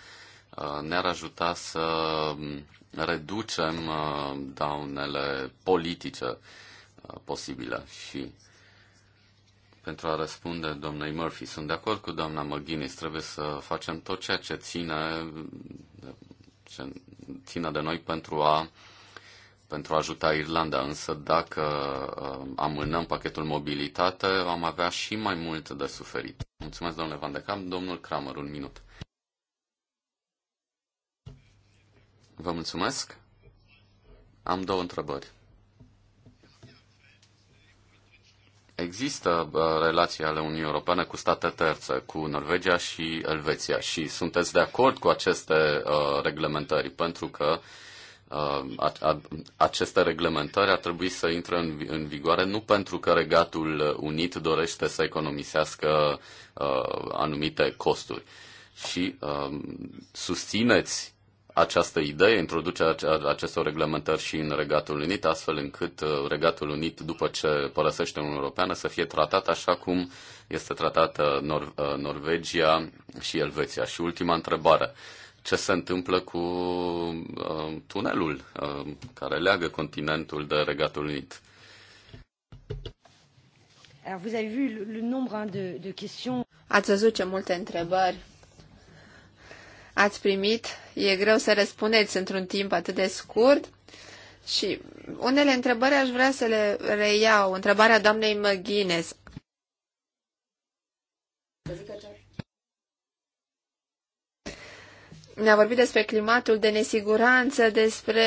C: uh, ne-ar ajuta să um, reducem uh, daunele politice uh, posibile și pentru a răspunde domnului Murphy. Sunt de acord cu doamna McGuinness, trebuie să facem tot ceea ce ține, ce ține de noi pentru a pentru a ajuta Irlanda, însă dacă uh, amânăm pachetul mobilitate, am avea și mai mult de suferit. Mulțumesc, domnule Van de Camp. Domnul Kramer, un minut. Vă mulțumesc. Am două întrebări. Există relații ale Uniunii Europene cu state terțe, cu Norvegia și Elveția și sunteți de acord cu aceste ă, reglementări pentru că ă, aceste reglementări ar trebui să intre în, în vigoare nu pentru că Regatul Unit dorește să economisească uh, anumite costuri. Și uh, susțineți această idee, introducerea acestor reglementări și în Regatul Unit, astfel încât uh, Regatul Unit, după ce părăsește Uniunea Europeană, să fie tratat așa cum este tratată Nor- uh, Norvegia și Elveția. Și ultima întrebare. Ce se întâmplă cu uh, tunelul uh, care leagă continentul de Regatul Unit?
A: Alors, vous avez vu le, le nombre hein, de, de questions. Ați văzut ce multe întrebări ați primit. E greu să răspundeți într-un timp atât de scurt. Și unele întrebări aș vrea să le reiau. Întrebarea doamnei Măghines. Ne-a vorbit despre climatul de nesiguranță, despre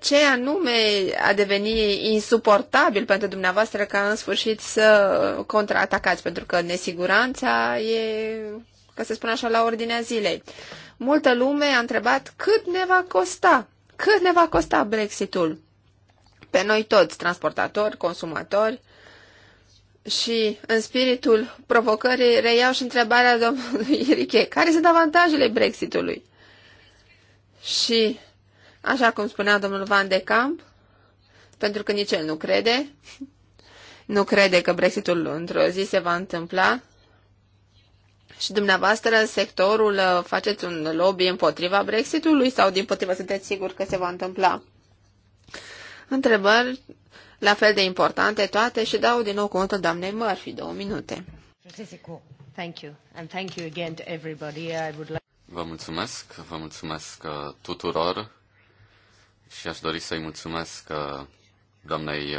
A: ce anume a devenit insuportabil pentru dumneavoastră ca în sfârșit să contraatacați, pentru că nesiguranța e ca să spun așa, la ordinea zilei. Multă lume a întrebat cât ne va costa, cât ne va costa Brexitul pe noi toți, transportatori, consumatori. Și în spiritul provocării reiau și întrebarea domnului Iriche, [laughs] care sunt avantajele Brexitului? Și, așa cum spunea domnul Van de Camp, pentru că nici el nu crede, [laughs] nu crede că Brexitul într-o zi se va întâmpla, și dumneavoastră, sectorul, uh, faceți un lobby împotriva Brexitului sau din potrivă sunteți sigur că se va întâmpla? Întrebări la fel de importante toate și dau din nou cuvântul doamnei Murphy, două minute.
C: Vă mulțumesc, vă mulțumesc uh, tuturor și aș dori să-i mulțumesc uh, doamnei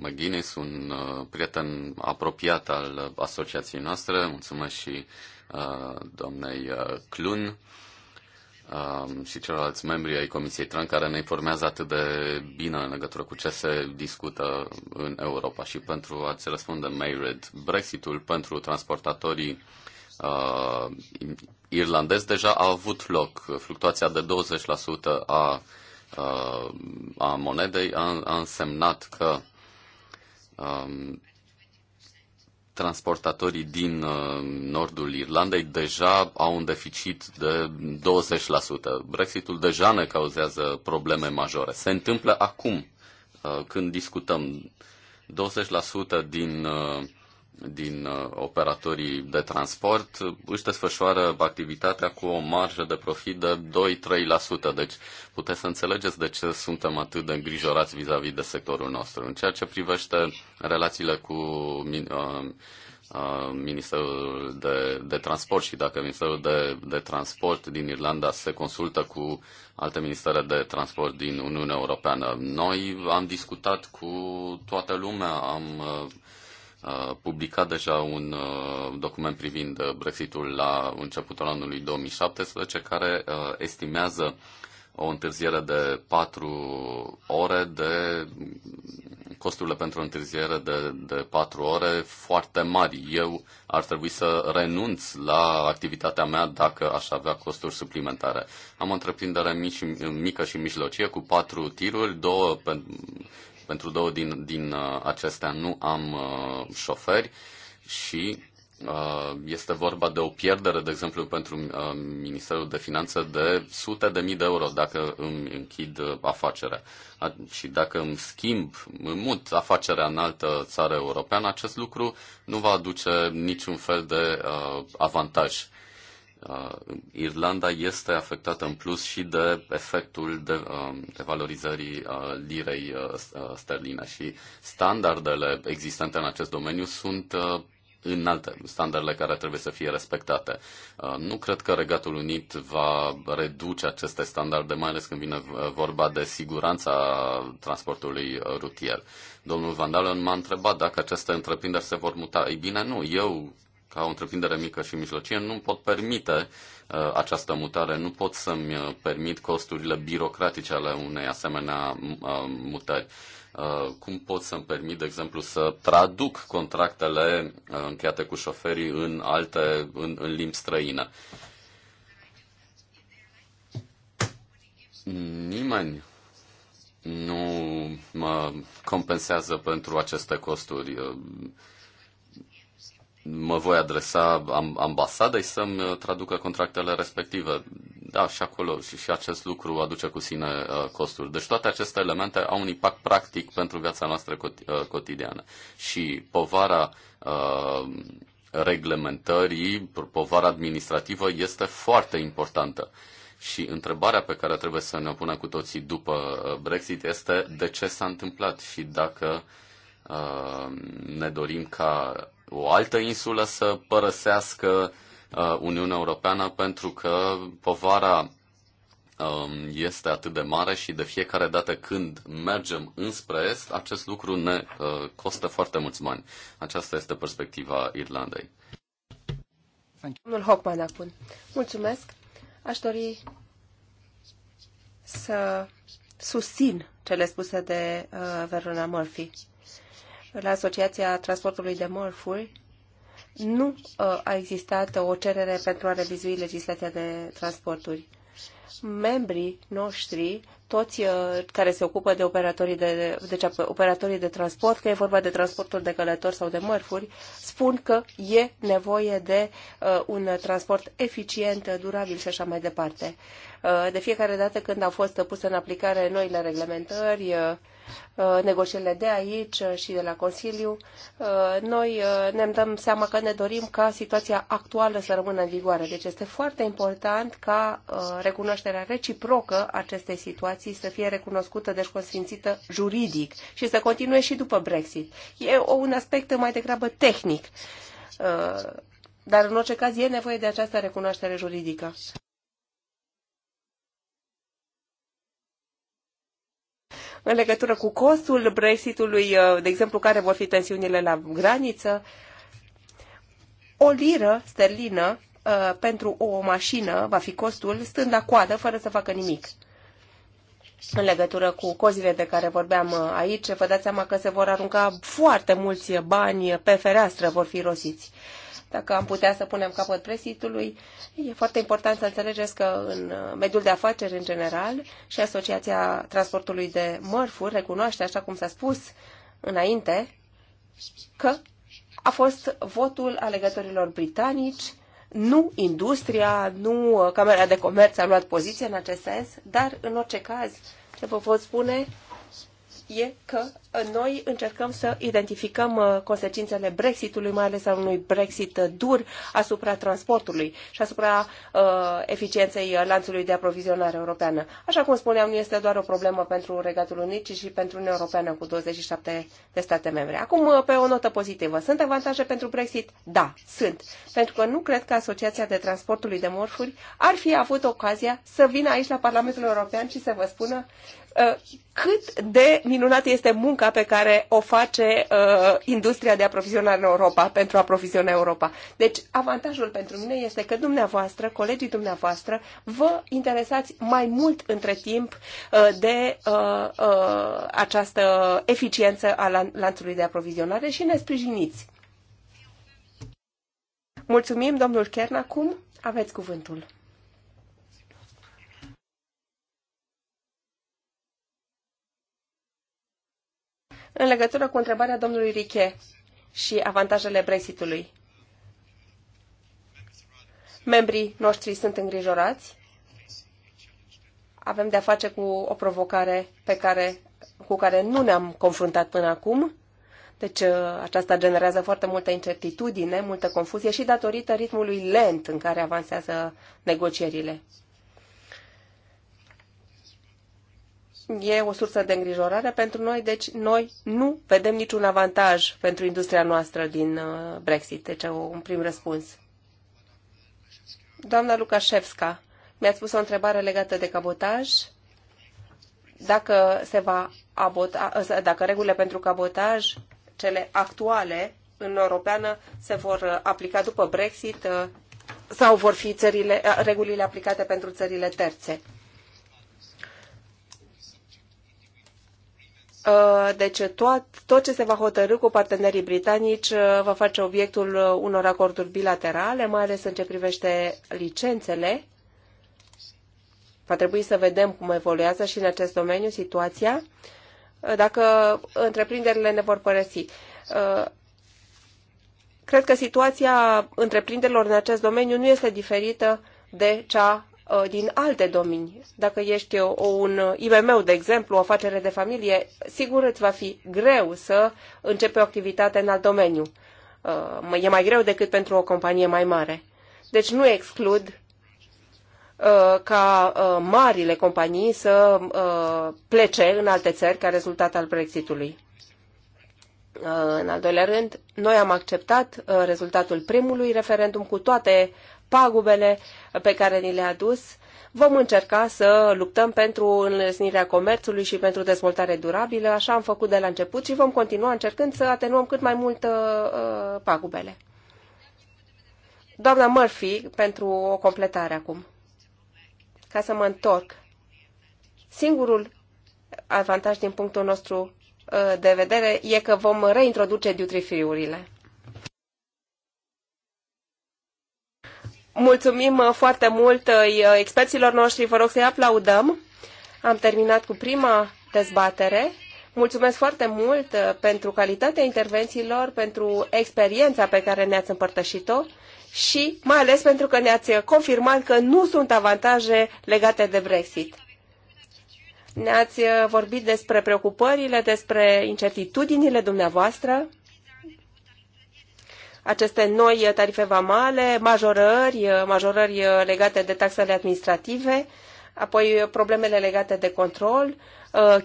C: McGuinness, un prieten apropiat al asociației noastre. Mulțumesc și doamnei Clun și celorlalți membri ai Comisiei Tran care ne informează atât de bine în legătură cu ce se discută în Europa. Și pentru a-ți răspunde, Mayred, Brexitul pentru transportatorii uh, irlandezi deja a avut loc. Fluctuația de 20% a, uh, a monedei a, a însemnat că um, transportatorii din uh, nordul Irlandei deja au un deficit de 20%. Brexitul deja ne cauzează probleme majore. Se întâmplă acum, uh, când discutăm. 20% din uh, din uh, operatorii de transport își desfășoară activitatea cu o marjă de profit de 2-3%. Deci puteți să înțelegeți de ce suntem atât de îngrijorați vis-a-vis -vis de sectorul nostru. În ceea ce privește relațiile cu uh, uh, Ministerul de, de Transport și dacă Ministerul de, de Transport din Irlanda se consultă cu alte ministere de transport din Uniunea Europeană. Noi am discutat cu toată lumea, am uh, publicat deja un document privind Brexitul la începutul anului 2017 care estimează o întârziere de 4 ore de costurile pentru o întârziere de, de 4 ore foarte mari. Eu ar trebui să renunț la activitatea mea dacă aș avea costuri suplimentare. Am o întreprindere mici, mică și mijlocie cu 4 tiruri, două pe, pentru două din, din uh, acestea nu am uh, șoferi și uh, este vorba de o pierdere, de exemplu, pentru Ministerul de Finanțe de sute de mii de euro dacă îmi închid afacerea. Și dacă îmi schimb, îmi mut afacerea în altă țară europeană, acest lucru nu va aduce niciun fel de avantaj. Uh, Irlanda este afectată în plus și de efectul de, um, de valorizării uh, lirei uh, sterline și standardele existente în acest domeniu sunt înalte, standardele care trebuie să fie respectate. Nu cred că Regatul Unit va reduce aceste standarde, mai ales când vine vorba de siguranța transportului rutier. Domnul Van Dalen m-a întrebat dacă aceste întreprinderi se vor muta. Ei bine, nu. Eu ca o întreprindere mică și mijlocie, nu pot permite uh, această mutare, nu pot să-mi uh, permit costurile birocratice ale unei asemenea uh, mutări. Uh, cum pot să-mi permit, de exemplu, să traduc contractele uh, încheiate cu șoferii în alte, în, în limbi străină? Nimeni nu mă compensează pentru aceste costuri. Uh, mă voi adresa ambasadei să-mi uh, traducă contractele respective. Da, și acolo și, și acest lucru aduce cu sine uh, costuri. Deci toate aceste elemente au un impact practic pentru viața noastră uh, cotidiană. Și povara uh, reglementării, povara administrativă este foarte importantă. Și întrebarea pe care trebuie să ne punem cu toții după Brexit este de ce s-a întâmplat și dacă uh, ne dorim ca o altă insulă să părăsească uh, Uniunea Europeană pentru că povara um, este atât de mare și de fiecare dată când mergem înspre est, acest lucru ne uh, costă foarte mulți bani. Aceasta este perspectiva Irlandei.
D: Domnul Hockman acum. Mulțumesc. Aș dori să susțin cele spuse de uh, Verona Murphy la Asociația Transportului de Mărfuri, nu uh, a existat o cerere pentru a revizui legislația de transporturi. Membrii noștri, toți uh, care se ocupă de operatorii de, deci operatorii de transport, că e vorba de transportul de călători sau de mărfuri, spun că e nevoie de uh, un transport eficient, durabil și așa mai departe. Uh, de fiecare dată când au fost puse în aplicare noile reglementări, uh, Uh, negocierile de aici și de la Consiliu, uh, noi uh, ne dăm seama că ne dorim ca situația actuală să rămână în vigoare. Deci este foarte important ca recunoașterea reciprocă acestei situații să fie recunoscută, deci consfințită juridic și să continue și după Brexit. E un aspect mai degrabă tehnic dar în orice caz e nevoie de această recunoaștere juridică. în legătură cu costul Brexitului, uh, de exemplu, care vor fi tensiunile la graniță. O liră sterlină uh, pentru o mașină va fi costul stând la coadă fără să facă nimic. În legătură cu cozile de care vorbeam uh, aici, vă dați seama că se vor arunca foarte mulți bani pe fereastră, vor fi rosiți dacă am putea să punem capăt presitului. E foarte important să înțelegeți că în uh, mediul de afaceri în general și Asociația Transportului de Mărfuri recunoaște, așa cum s-a spus înainte, că a fost votul alegătorilor britanici nu industria, nu uh, Camera de Comerț a luat poziție în acest sens, dar în orice caz, ce vă pot spune e că uh, noi încercăm să identificăm uh, consecințele Brexitului, mai ales al unui Brexit uh, dur asupra transportului și asupra uh, eficienței lanțului de aprovizionare europeană. Așa cum spuneam, nu este doar o problemă pentru Regatul Unit, ci și pentru Uniunea Europeană cu 27 de state membre. Acum, pe o notă pozitivă, sunt avantaje pentru Brexit? Da, sunt. Pentru că nu cred că Asociația de Transportului de Morfuri ar fi avut ocazia să vină aici la Parlamentul European și să vă spună Uh, cât de minunată este munca pe care o face uh, industria de aprovizionare în Europa, pentru a aproviziona Europa. Deci, avantajul pentru mine este că dumneavoastră, colegii dumneavoastră, vă interesați mai mult între timp uh, de uh, uh, această eficiență a lan- lanțului de aprovizionare și ne sprijiniți. Mulțumim, domnul Kern, acum aveți cuvântul. în legătură cu întrebarea domnului Riche și avantajele Brexitului. Membrii noștri sunt îngrijorați. Avem de-a face cu o provocare pe care, cu care nu ne-am confruntat până acum. Deci uh, aceasta generează foarte multă incertitudine, multă confuzie și datorită ritmului lent în care avansează negocierile. e o sursă de îngrijorare pentru noi, deci noi nu vedem niciun avantaj pentru industria noastră din uh, Brexit. Deci uh, un prim răspuns. Doamna Lukashevska mi-a spus o întrebare legată de cabotaj. Dacă se va abota, uh, dacă regulile pentru cabotaj, cele actuale în Europeană, se vor aplica după Brexit sau vor fi țările, regulile aplicate pentru țările terțe. Uh, deci tot, tot ce se va hotărâ cu partenerii britanici uh, va face obiectul uh, unor acorduri bilaterale, mai ales în ce privește licențele. Va trebui să vedem cum evoluează și în acest domeniu situația, dacă întreprinderile ne vor părăsi. Cred că situația întreprinderilor în acest domeniu nu este diferită de cea Uh, din alte domenii. Dacă ești uh, un uh, IMM, de exemplu, o afacere de familie, sigur îți va fi greu să începi o activitate în alt domeniu. E mai greu decât pentru o companie mai mare. Deci nu exclud ca marile companii să plece în alte țări ca rezultat al Brexitului. În al doilea rând, noi am acceptat rezultatul primului referendum cu toate pagubele pe care ni le-a adus. Vom încerca să luptăm pentru înlesnirea comerțului și pentru dezvoltare durabilă, așa am făcut de la început și vom continua încercând să atenuăm cât mai mult uh, uh pagubele. Doamna Murphy, pentru o completare acum, ca să mă întorc. Singurul avantaj din punctul nostru uh, de vedere e că vom reintroduce duty free-urile. Mulțumim uh, foarte mult uh, uh, experților noștri, vă rog să-i aplaudăm. Am terminat cu prima dezbatere. Mulțumesc foarte mult pentru calitatea intervențiilor, pentru experiența pe care ne-ați împărtășit-o și mai ales pentru că ne-ați confirmat că nu sunt avantaje legate de Brexit. Ne-ați vorbit despre preocupările, despre incertitudinile dumneavoastră aceste noi tarife vamale, majorări, majorări legate de taxele administrative, apoi problemele legate de control, Uh,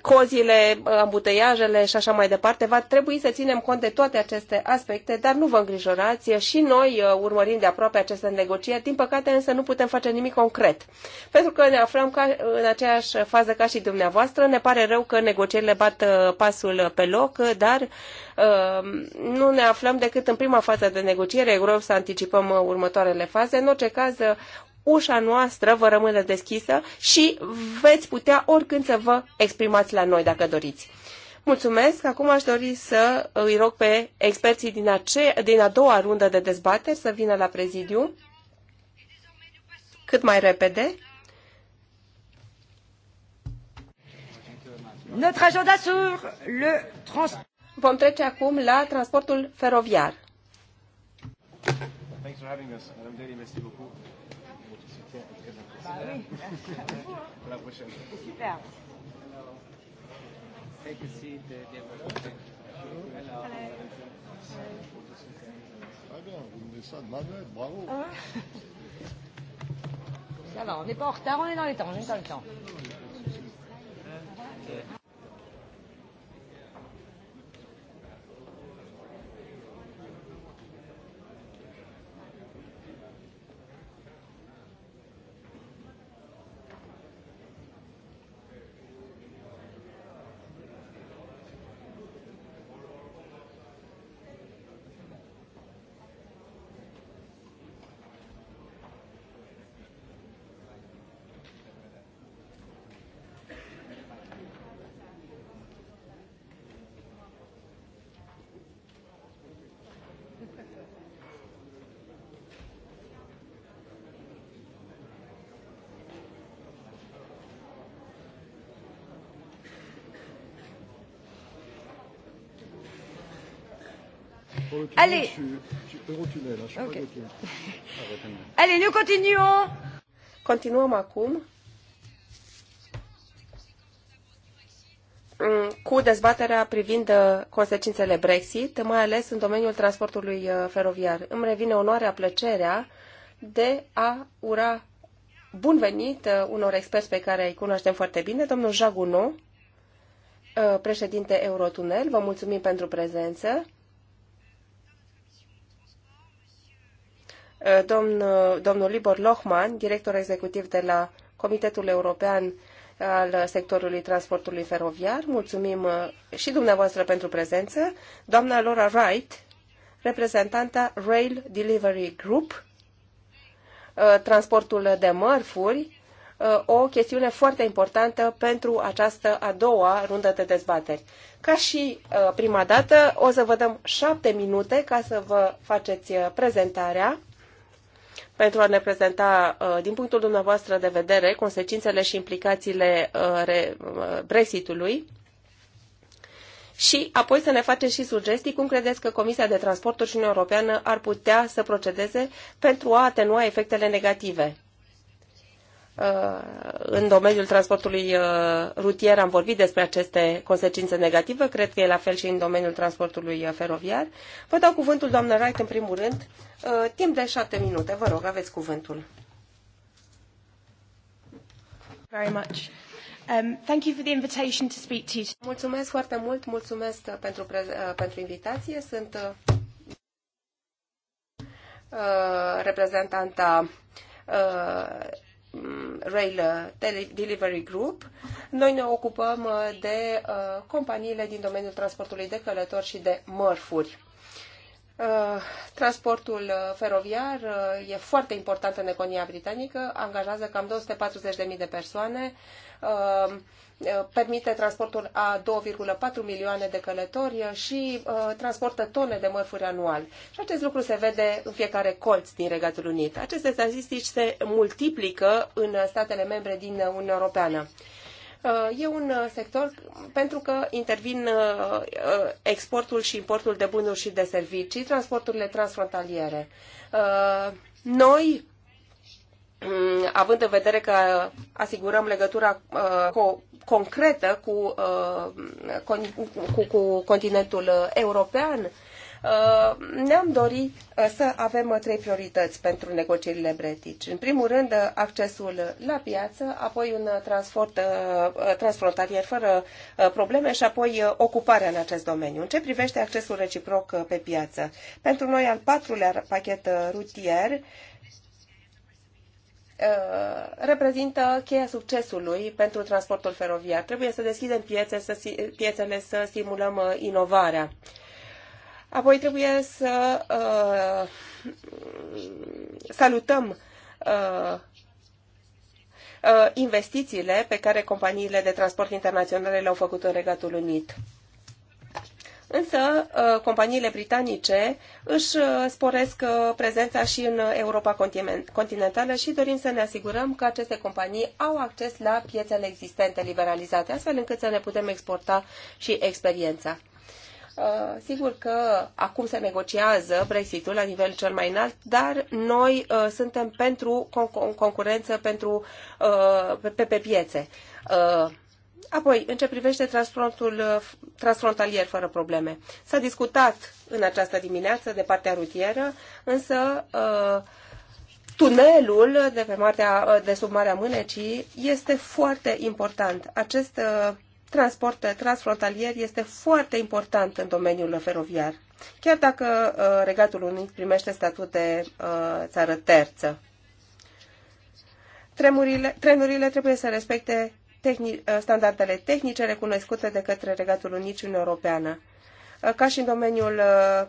D: cozile, uh, ambuteiajele și așa mai departe. Va trebui să ținem cont de toate aceste aspecte, dar nu vă îngrijorați. Și noi uh, urmărim de aproape aceste negocieri. Din păcate însă nu putem face nimic concret. Pentru că ne aflăm ca, în aceeași fază ca și dumneavoastră. Ne pare rău că negocierile bat pasul pe loc, dar nu ne aflăm decât în prima fază de negociere. E greu să anticipăm următoarele faze. În orice caz, ușa noastră vă rămâne deschisă și veți putea oricând să vă exprimați la noi dacă doriți. Mulțumesc. Acum aș dori să îi rog pe experții din, ace- din a doua rundă de dezbateri să vină la prezidiu cât mai repede. Notre agenda sur le trans... Vom trece acum la transportul feroviar.
B: Thanks for having us la Super. Take a seat. Alors, bravo. ça va, on n'est pas en retard, on est dans les temps, on est dans le temps. Allez. Okay.
D: [laughs] Allez, nous continuons. Continuăm acum mm, cu dezbaterea privind uh, consecințele Brexit, mai ales în domeniul transportului uh, feroviar. Îmi revine onoarea, plăcerea de a ura bun venit uh, unor experți pe care îi cunoaștem foarte bine, domnul Jagunot, președinte Eurotunel. Vă mulțumim pentru prezență. domnul, domnul Libor Lohman, director executiv de la Comitetul European al sectorului transportului feroviar. Mulțumim uh, și dumneavoastră pentru prezență. Doamna Laura Wright, reprezentanta Rail Delivery Group, uh, transportul de mărfuri, uh, o chestiune foarte importantă pentru această a doua rundă de dezbateri. Ca și prima dată, o să vă dăm șapte minute ca să vă faceți prezentarea pentru a ne prezenta, uh, din punctul dumneavoastră de vedere, consecințele și implicațiile uh, uh, Brexitului și apoi să ne faceți și sugestii cum credeți că Comisia de Transporturi și Uniunea Europeană ar putea să procedeze pentru a atenua efectele negative în domeniul transportului uh, rutier am vorbit despre aceste consecințe negative, cred că e la fel și în domeniul transportului uh, feroviar. Vă dau cuvântul, doamnă Wright, în primul rând, uh, timp de șapte minute. Vă rog, aveți cuvântul. Very much. Um, thank you for the invitation to speak to you. Mulțumesc foarte mult, mulțumesc pentru, pentru invitație. Sunt uh, reprezentanta uh, Mm, rail uh, Delivery Group. Noi ne ocupăm uh, de uh, companiile din domeniul transportului de călători și de mărfuri. Transportul feroviar e foarte important în economia britanică, angajează cam 240.000 de persoane, Uh, permite transportul a 2,4 milioane de călători și uh, transportă tone de mărfuri anual. Și acest lucru se vede în fiecare colț din Regatul Unit. Aceste statistici se multiplică în statele membre din Uniunea Europeană. Uh, e un sector pentru că intervin exportul și importul de bunuri și de servicii, transporturile transfrontaliere. Noi Mm, având în vedere că asigurăm legătura uh, concretă cu, uh, con- cu, cu continentul uh, european, uh, ne-am dorit uh, să avem trei priorități pentru negocierile bretici. În primul rând, accesul la piață, apoi un transport transfrontalier fără probleme și apoi ocuparea în acest domeniu. În ce privește accesul reciproc pe piață? Pentru noi, al patrulea pachet rutier Uh, reprezintă cheia succesului pentru transportul feroviar. Trebuie să deschidem piețe, să, piețele, să stimulăm uh, inovarea. Apoi trebuie să uh, salutăm uh, uh, investițiile pe care companiile de transport internaționale le-au făcut în Regatul Unit însă uh, companiile britanice își uh, sporesc uh, prezența și în Europa continentală și dorim să ne asigurăm că aceste companii au acces la piețele existente liberalizate, astfel încât să ne putem exporta și experiența. Sigur că acum se negociază Brexitul la nivel cel mai înalt, dar noi suntem pentru concurență pentru, pe, pe piețe Apoi, în ce privește transportul uh, transfrontalier fără probleme. S-a discutat în această dimineață de partea rutieră, însă uh, tunelul de, pe Martea, uh, de sub Marea Mânecii este foarte important. Acest transport transfrontalier este foarte important în domeniul feroviar, chiar dacă Regatul Unit primește statut de țară terță. Tremurile, trenurile trebuie să respecte tehni, ă, standardele tehnice recunoscute de către Regatul Unit și Uniunea Europeană. Ă, ca și în domeniul ă,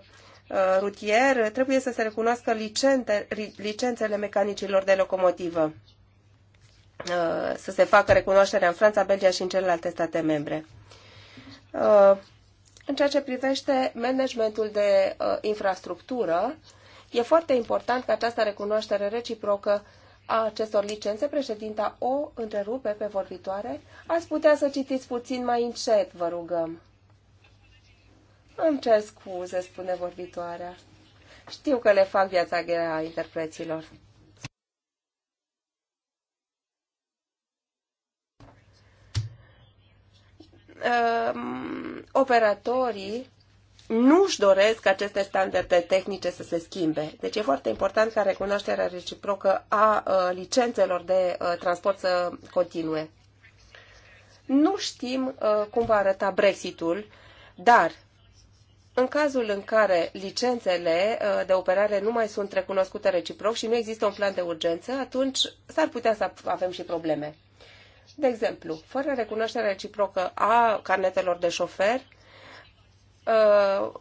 D: rutier, trebuie să se recunoască licente, licențele mecanicilor de locomotivă, să se facă recunoașterea în Franța, Belgia și în celelalte state membre. În ceea ce privește managementul de infrastructură, e foarte important ca această recunoaștere reciprocă a acestor licențe, președinta o întrerupe pe vorbitoare. Ați putea să citiți puțin mai încet, vă rugăm. Îmi cer scuze, spune vorbitoarea. Știu că le fac viața grea a interpreților. Uh, operatorii nu își doresc aceste standarde tehnice să se schimbe. Deci e foarte important ca recunoașterea reciprocă a uh, licențelor de uh, transport să continue. Nu știm uh, cum va arăta Brexitul, dar în cazul în care licențele de operare nu mai sunt recunoscute reciproc și nu există un plan de urgență, atunci s-ar putea să avem și probleme. De exemplu, fără recunoașterea reciprocă a carnetelor de șofer, Uh,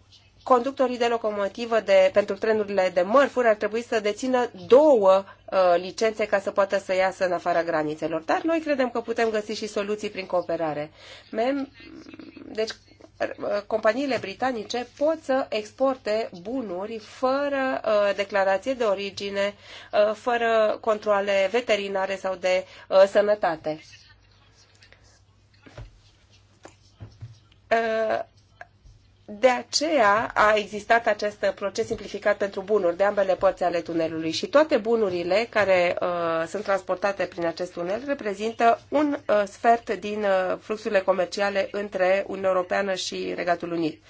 D: conductorii de locomotivă de, pentru trenurile de mărfuri ar trebui să dețină două uh, licențe ca să poată să iasă în afara granițelor. Dar noi credem că putem găsi și soluții prin cooperare. Mem, deci, uh, companiile britanice pot să exporte bunuri fără uh, declarație de origine, uh, fără controle veterinare sau de uh, sănătate. Uh, de aceea a existat acest proces simplificat pentru bunuri de ambele părți ale tunelului și toate bunurile care uh, sunt transportate prin acest tunel reprezintă un uh, sfert din uh, fluxurile comerciale între Uniunea Europeană și Regatul Unit.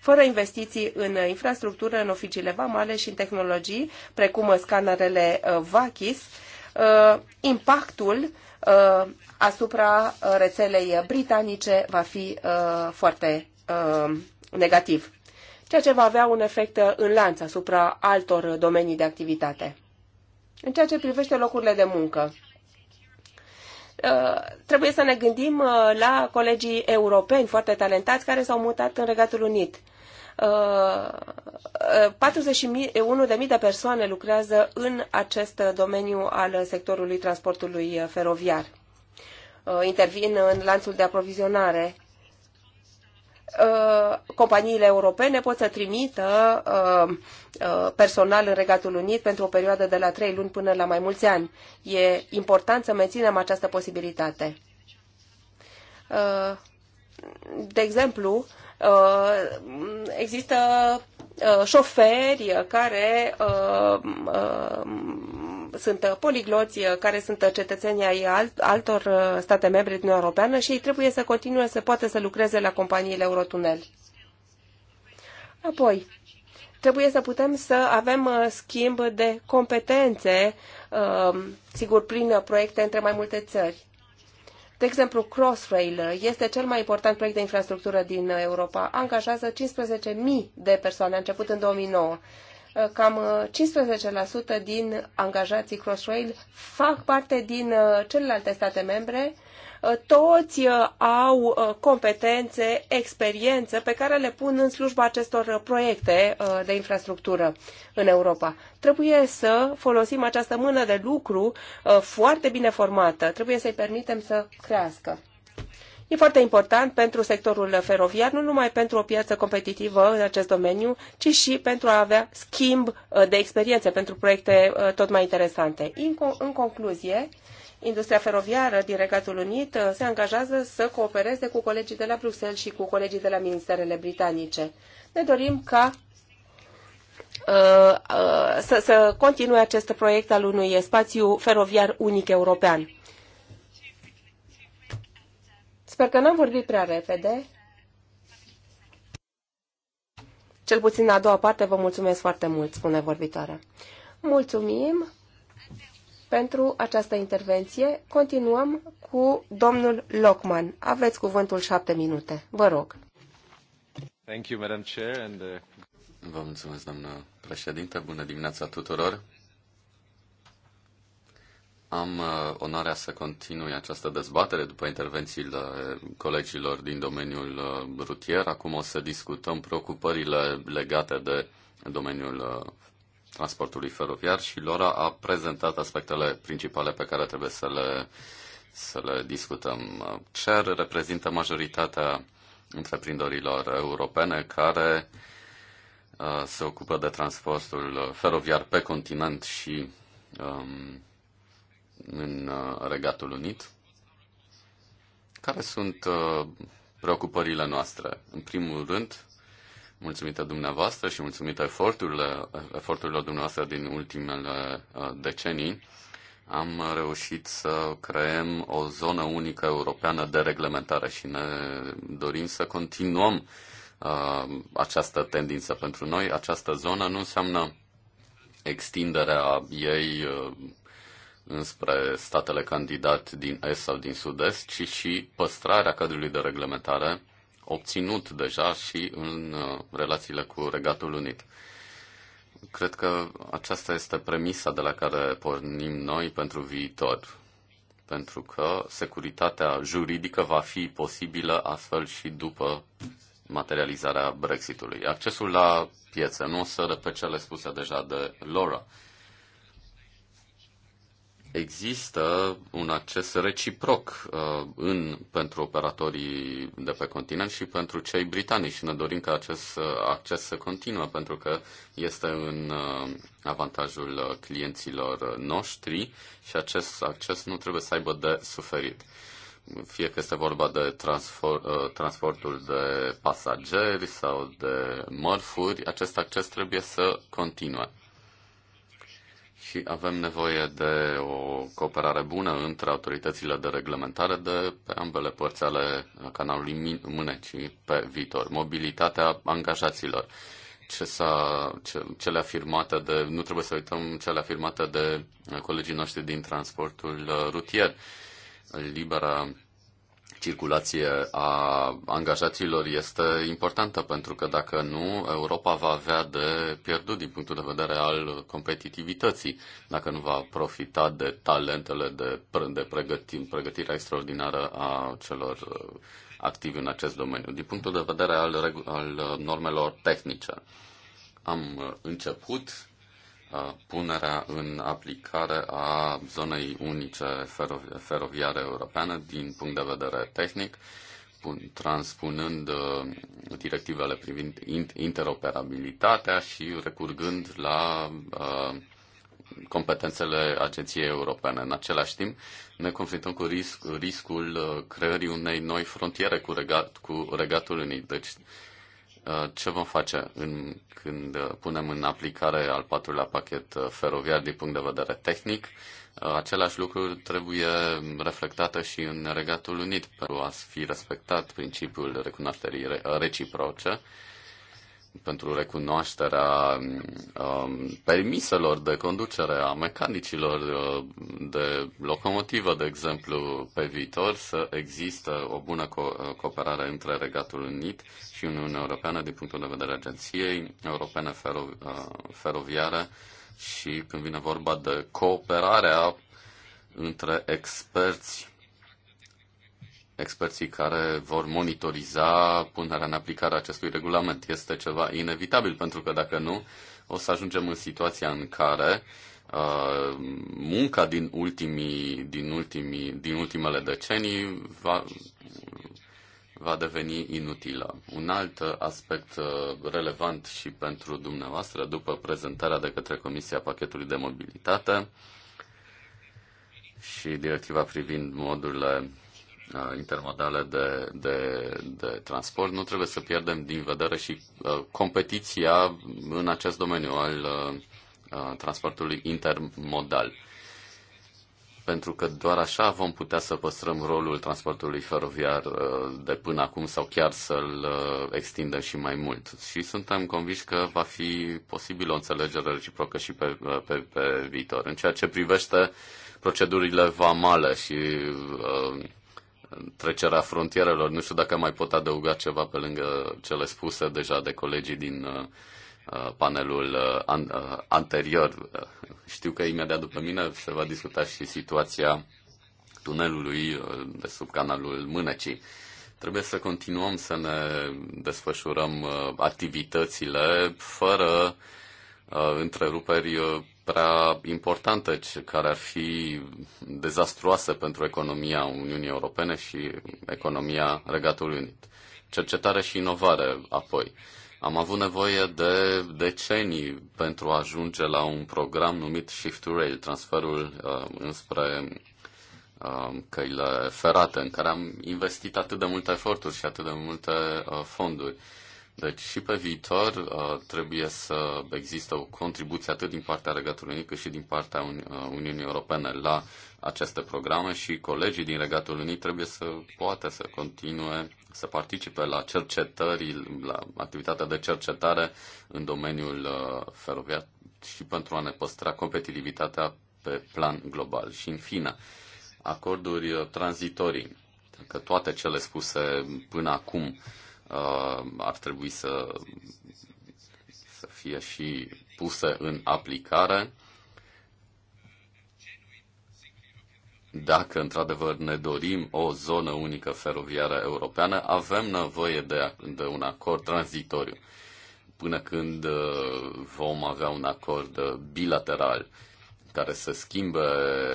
D: Fără investiții în infrastructură, în oficiile vamale și în tehnologii, precum scanarele uh, VACIS, uh, impactul uh, asupra uh, rețelei britanice va fi uh, foarte uh, negativ, ceea ce va avea un efect uh, în lanț asupra altor domenii de activitate. În ceea ce privește locurile de muncă, uh, trebuie să ne gândim uh, la colegii europeni foarte talentați care s-au mutat în Regatul Unit. 41.000 de persoane lucrează în acest domeniu al sectorului transportului feroviar. Intervin în lanțul de aprovizionare Uh, companiile europene pot să trimită uh, uh, personal în Regatul Unit pentru o perioadă de la trei luni până la mai mulți ani. E important să menținem această posibilitate. De exemplu, există șoferi care sunt poligloți uh, care sunt cetățenii ai altor uh, state membre din Uniunea Europeană și ei trebuie să continue să poată să lucreze la companiile Eurotunel. Apoi, trebuie să putem să avem uh, schimb de competențe, sigur, prin proiecte între mai multe țări. De exemplu, Crossrail este cel mai important proiect de infrastructură din Europa. Angajează 15.000 de persoane, a început în 2009 cam 15% uh, din angajații Crossrail fac parte din uh, celelalte state membre. Uh, toți au competențe, experiență pe care le pun în slujba acestor proiecte de infrastructură în Europa. Trebuie să folosim această mână de lucru foarte bine formată. Trebuie să-i permitem să crească. E foarte important pentru sectorul feroviar, nu numai pentru o piață competitivă în acest domeniu, ci și pentru a avea schimb uh, de experiențe pentru proiecte uh, tot mai interesante. În concluzie, Industria feroviară din Regatul Unit uh, se angajează să coopereze cu colegii de la Bruxelles și cu colegii de la ministerele britanice. Ne dorim ca să, să continue acest proiect al unui spațiu feroviar unic european. Sper că n-am vorbit prea repede. Cel puțin a doua parte vă mulțumesc foarte mult, spune vorbitoarea. Mulțumim pentru această intervenție. Continuăm cu domnul Lockman. Aveți cuvântul șapte minute. Vă rog.
C: Thank you, Madam Chair, and, uh... Vă mulțumesc, doamnă președinte. Bună dimineața tuturor. Am uh, onoarea să continui această dezbatere după intervențiile colegilor din domeniul uh, rutier. Acum o să discutăm preocupările legate de domeniul uh, transportului feroviar și Lora a prezentat aspectele principale pe care trebuie să le, să le discutăm. CER reprezintă majoritatea întreprinderilor europene care se ocupă de transportul feroviar pe continent și um, în uh, Regatul Unit. Care sunt uh, preocupările noastre? În primul rând, mulțumită dumneavoastră și mulțumită eforturile, eforturilor dumneavoastră din ultimele uh, decenii, am reușit să creăm o zonă unică europeană de reglementare și ne dorim să continuăm uh, această tendință. Pentru noi, această zonă nu înseamnă extinderea ei înspre statele candidat din est sau din sud-est, ci și păstrarea cadrului de reglementare obținut deja și în uh, relațiile cu Regatul Unit. Cred că aceasta este premisa de la care pornim noi pentru viitor, pentru că securitatea juridică va fi posibilă astfel și după materializarea Brexitului. Accesul la piețe, nu o să repet cele spuse deja de Laura, există un acces reciproc uh, în, pentru operatorii de pe continent și pentru cei britanici și ne dorim ca acest uh, acces să continue pentru că este în uh, avantajul uh, clienților noștri și acest acces nu trebuie să aibă de suferit. Fie că este vorba de transport, uh, transportul de pasageri sau de mărfuri, acest acces trebuie să continue și avem nevoie de o cooperare bună între autoritățile de reglementare de pe ambele părți ale canalului Mânecii pe viitor. Mobilitatea angajaților. Ce s-a, ce, cele afirmate de, nu trebuie să uităm cele afirmate de colegii noștri din transportul uh, rutier. Libera circulație a angajaților este importantă, pentru că dacă nu, Europa va avea de pierdut din punctul de vedere al competitivității, dacă nu va profita de talentele de, de pregăti, pregătirea extraordinară a celor uh, activi în acest domeniu, din punctul de vedere al, al uh, normelor tehnice. Am uh, început punerea în aplicare a zonei unice feroviare europeană din punct de vedere tehnic, transpunând directivele privind interoperabilitatea și recurgând la competențele agenției europene. În același timp, ne confruntăm cu risc, riscul creării unei noi frontiere cu, regat, cu Regatul Unit. Deci, Uh, ce vom face în, când uh, punem în aplicare al patrulea pachet uh, feroviar din punct de vedere tehnic. Același lucru trebuie reflectată și în Regatul Unit pentru a fi respectat principiul recunoașterii reciproce pentru recunoașterea um, permiselor de conducere a mecanicilor uh, de locomotivă, de exemplu, pe viitor, să există o bună co- uh, cooperare între Regatul Unit și Uniunea Europeană din punctul de vedere Agenției Europene Fero- uh, Feroviare și când vine vorba de cooperarea între experți experții care vor monitoriza punerea în aplicare a acestui regulament. Este ceva inevitabil, pentru că dacă nu, o să ajungem în situația în care uh, munca din, ultimii, din, ultimii, din ultimele decenii va, va deveni inutilă. Un alt aspect uh, relevant și pentru dumneavoastră, după prezentarea de către Comisia Pachetului de Mobilitate și directiva privind modurile intermodale de, de, de transport, nu trebuie să pierdem din vedere și competiția în acest domeniu al transportului intermodal. Pentru că doar așa vom putea să păstrăm rolul transportului feroviar de până acum sau chiar să-l extindem și mai mult. Și suntem conviși că va fi posibil o înțelegere reciprocă și pe, pe, pe viitor. În ceea ce privește procedurile vamale și uh, trecerea frontierelor. Nu știu dacă mai pot adăuga ceva pe lângă cele spuse deja de colegii din uh, uh, panelul uh, anterior. Știu că imediat după mine se va discuta și situația tunelului de sub canalul Mânecii. Trebuie să continuăm să ne desfășurăm activitățile fără întreruperi prea importantă, care ar fi dezastruoasă pentru economia Uniunii Europene și economia Regatului Unit. Cercetare și inovare, apoi. Am avut nevoie de decenii pentru a ajunge la un program numit Shift to Rail, transferul uh, înspre uh, căile ferate, în care am investit atât de multe eforturi și atât de multe uh, fonduri. Uh, deci și pe viitor uh, trebuie să există o contribuție atât din partea Regatului Unit cât și din partea Uni- uh, Uniunii Europene la aceste programe și colegii din Regatul Unit trebuie să poată să continue să participe la cercetări, la activitatea de cercetare în domeniul uh, feroviar și pentru a ne păstra competitivitatea pe plan global. Și în fine, acorduri uh, tranzitorii, că toate cele spuse până acum uh, Uh, ar trebui să, să fie și puse în aplicare. Dacă într-adevăr ne dorim o zonă unică feroviară europeană, avem nevoie de, de un acord tranzitoriu până când uh, vom avea un acord uh, bilateral care să schimbe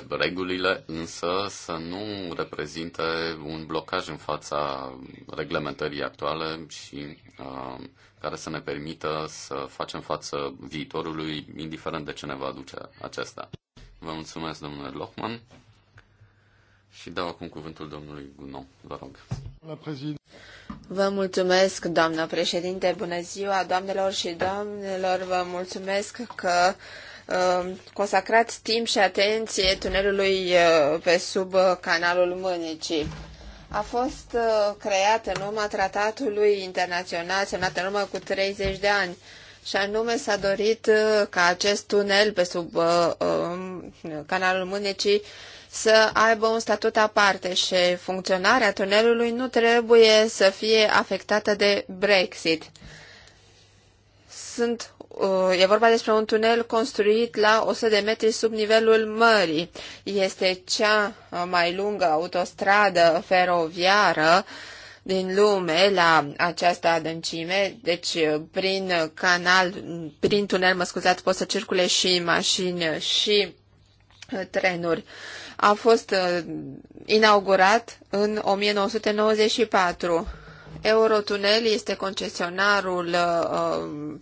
C: regulile, însă să nu reprezinte un blocaj în fața reglementării actuale și uh, care să ne permită să facem față viitorului, indiferent de ce ne va aduce acesta. Vă mulțumesc, domnule Lochman. Și dau acum cuvântul domnului Gunon, vă rog.
A: Vă mulțumesc, doamnă președinte, bună ziua, doamnelor și domnilor, vă mulțumesc că Um, consacrat timp și atenție tunelului uh, pe sub uh, canalul Mânicii. A fost uh, creat în urma tratatului internațional semnat în urmă cu 30 de ani și anume s-a dorit ca acest tunel pe sub um, canalul Mânecii să aibă un statut aparte și funcționarea tunelului nu trebuie să fie afectată de Brexit sunt, uh, e vorba despre un tunel construit la 100 de metri sub nivelul mării. Este cea uh, mai lungă autostradă feroviară din lume la această adâncime, deci uh, prin canal, prin tunel, mă scuzați, pot să circule și mașini și trenuri. A fost inaugurat în 1994. Eurotunel este concesionarul uh,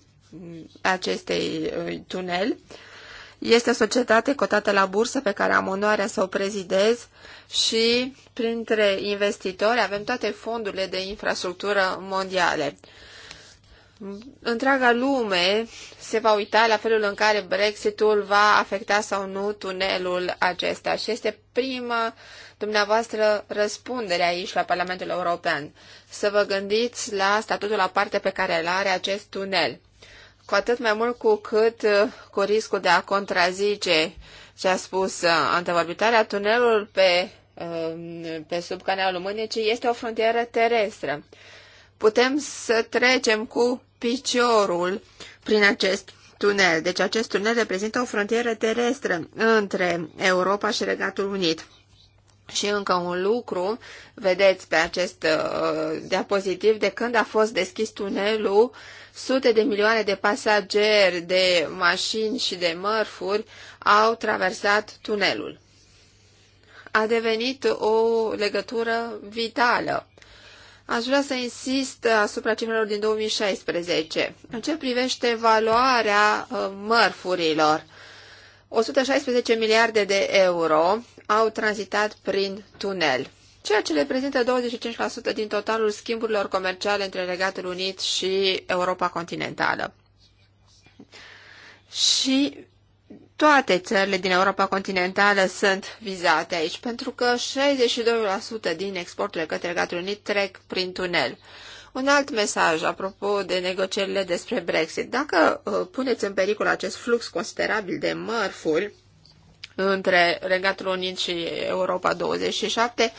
A: acestei uh, tunel. Este o societate cotată la bursă pe care am onoarea să o prezidez și printre investitori avem toate fondurile de infrastructură mondiale. Întreaga lume se va uita la felul în care Brexitul va afecta sau nu tunelul acesta și este prima dumneavoastră răspundere aici la Parlamentul European. Să vă gândiți la statutul aparte pe care îl are acest tunel cu atât mai mult cu cât uh, cu riscul de a contrazice ce a spus uh, antevorbitarea, tunelul pe, um, pe sub canalul Mânecii este o frontieră terestră. Putem să trecem cu piciorul prin acest tunel. Deci acest tunel reprezintă o frontieră terestră între Europa și Regatul Unit. Și încă un lucru, vedeți pe acest uh, diapozitiv, de când a fost deschis tunelul, uh, Sute de milioane de pasageri, de mașini și de mărfuri au traversat tunelul. A devenit o legătură vitală. Aș vrea să insist asupra cifrelor din 2016. În ce privește valoarea uh, mărfurilor, 116 miliarde de euro au tranzitat prin tunel ceea ce reprezintă 25% din totalul schimburilor comerciale între Regatul Unit și Europa continentală. Și toate țările din Europa continentală sunt vizate aici, pentru că 62% din exporturile către Regatul Unit trec prin tunel. Un alt mesaj apropo de negocierile despre Brexit. Dacă uh, puneți în pericol acest flux considerabil de mărfuri între Regatul Unit și Europa 27,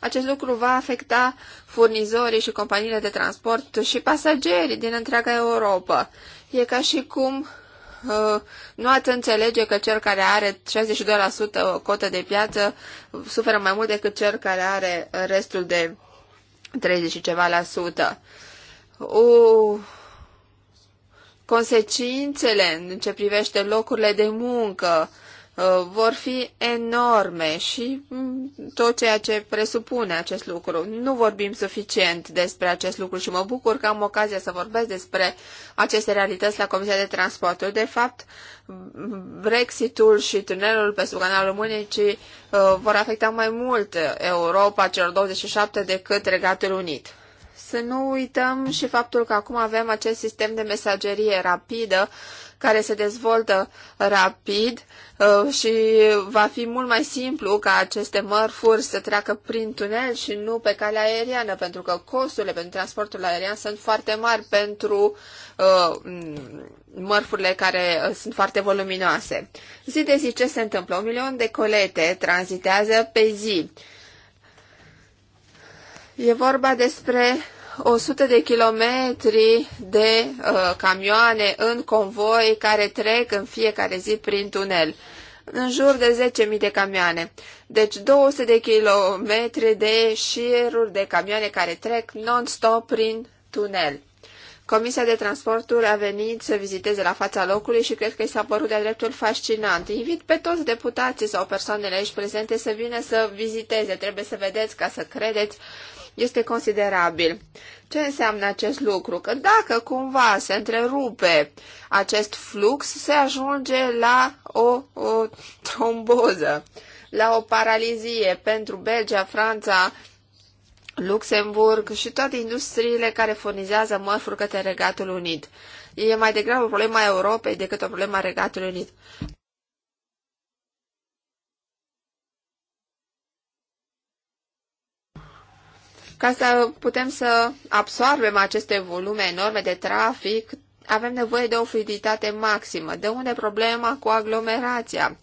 A: acest lucru va afecta furnizorii și companiile de transport și pasagerii din întreaga Europa. E ca și cum uh, nu ați înțelege că cel care are 62% cotă de piață suferă mai mult decât cel care are restul de 30 și ceva la sută. Uh, consecințele în ce privește locurile de muncă, uh, Uh, vor fi enorme și mm, tot ceea ce presupune acest lucru. Nu vorbim suficient despre acest lucru și mă bucur că am ocazia să vorbesc despre aceste realități la Comisia de Transporturi. De fapt, Brexitul și tunelul pe sub canalul Mânecii uh, vor afecta mai mult Europa celor 27 decât Regatul Unit. Să nu uităm și faptul că acum avem acest sistem de mesagerie rapidă care se dezvoltă rapid uh, și va fi mult mai simplu ca aceste mărfuri să treacă prin tunel și nu pe calea aeriană, pentru că costurile pentru transportul aerian sunt foarte mari pentru uh, mărfurile care uh, sunt foarte voluminoase. Zi de zi ce se întâmplă? Un milion de colete tranzitează pe zi. E vorba despre 100 de kilometri de uh, camioane în convoi care trec în fiecare zi prin tunel. În jur de 10.000 de camioane. Deci 200 de kilometri de șiruri de camioane care trec non-stop prin tunel. Comisia de Transporturi a venit să viziteze la fața locului și cred că i s-a părut de-a dreptul fascinant. Invit pe toți deputații sau persoanele aici prezente să vină să viziteze. Trebuie să vedeți ca să credeți este considerabil. Ce înseamnă acest lucru? Că dacă cumva se întrerupe acest flux, se ajunge la o, o tromboză, la o paralizie pentru Belgia, Franța, Luxemburg și toate industriile care furnizează mărfuri către Regatul Unit. E mai degrabă o problemă a Europei decât o problemă a Regatului Unit. Ca să putem să absorbem aceste volume enorme de trafic, avem nevoie de o fluiditate maximă, de unde problema cu aglomerația.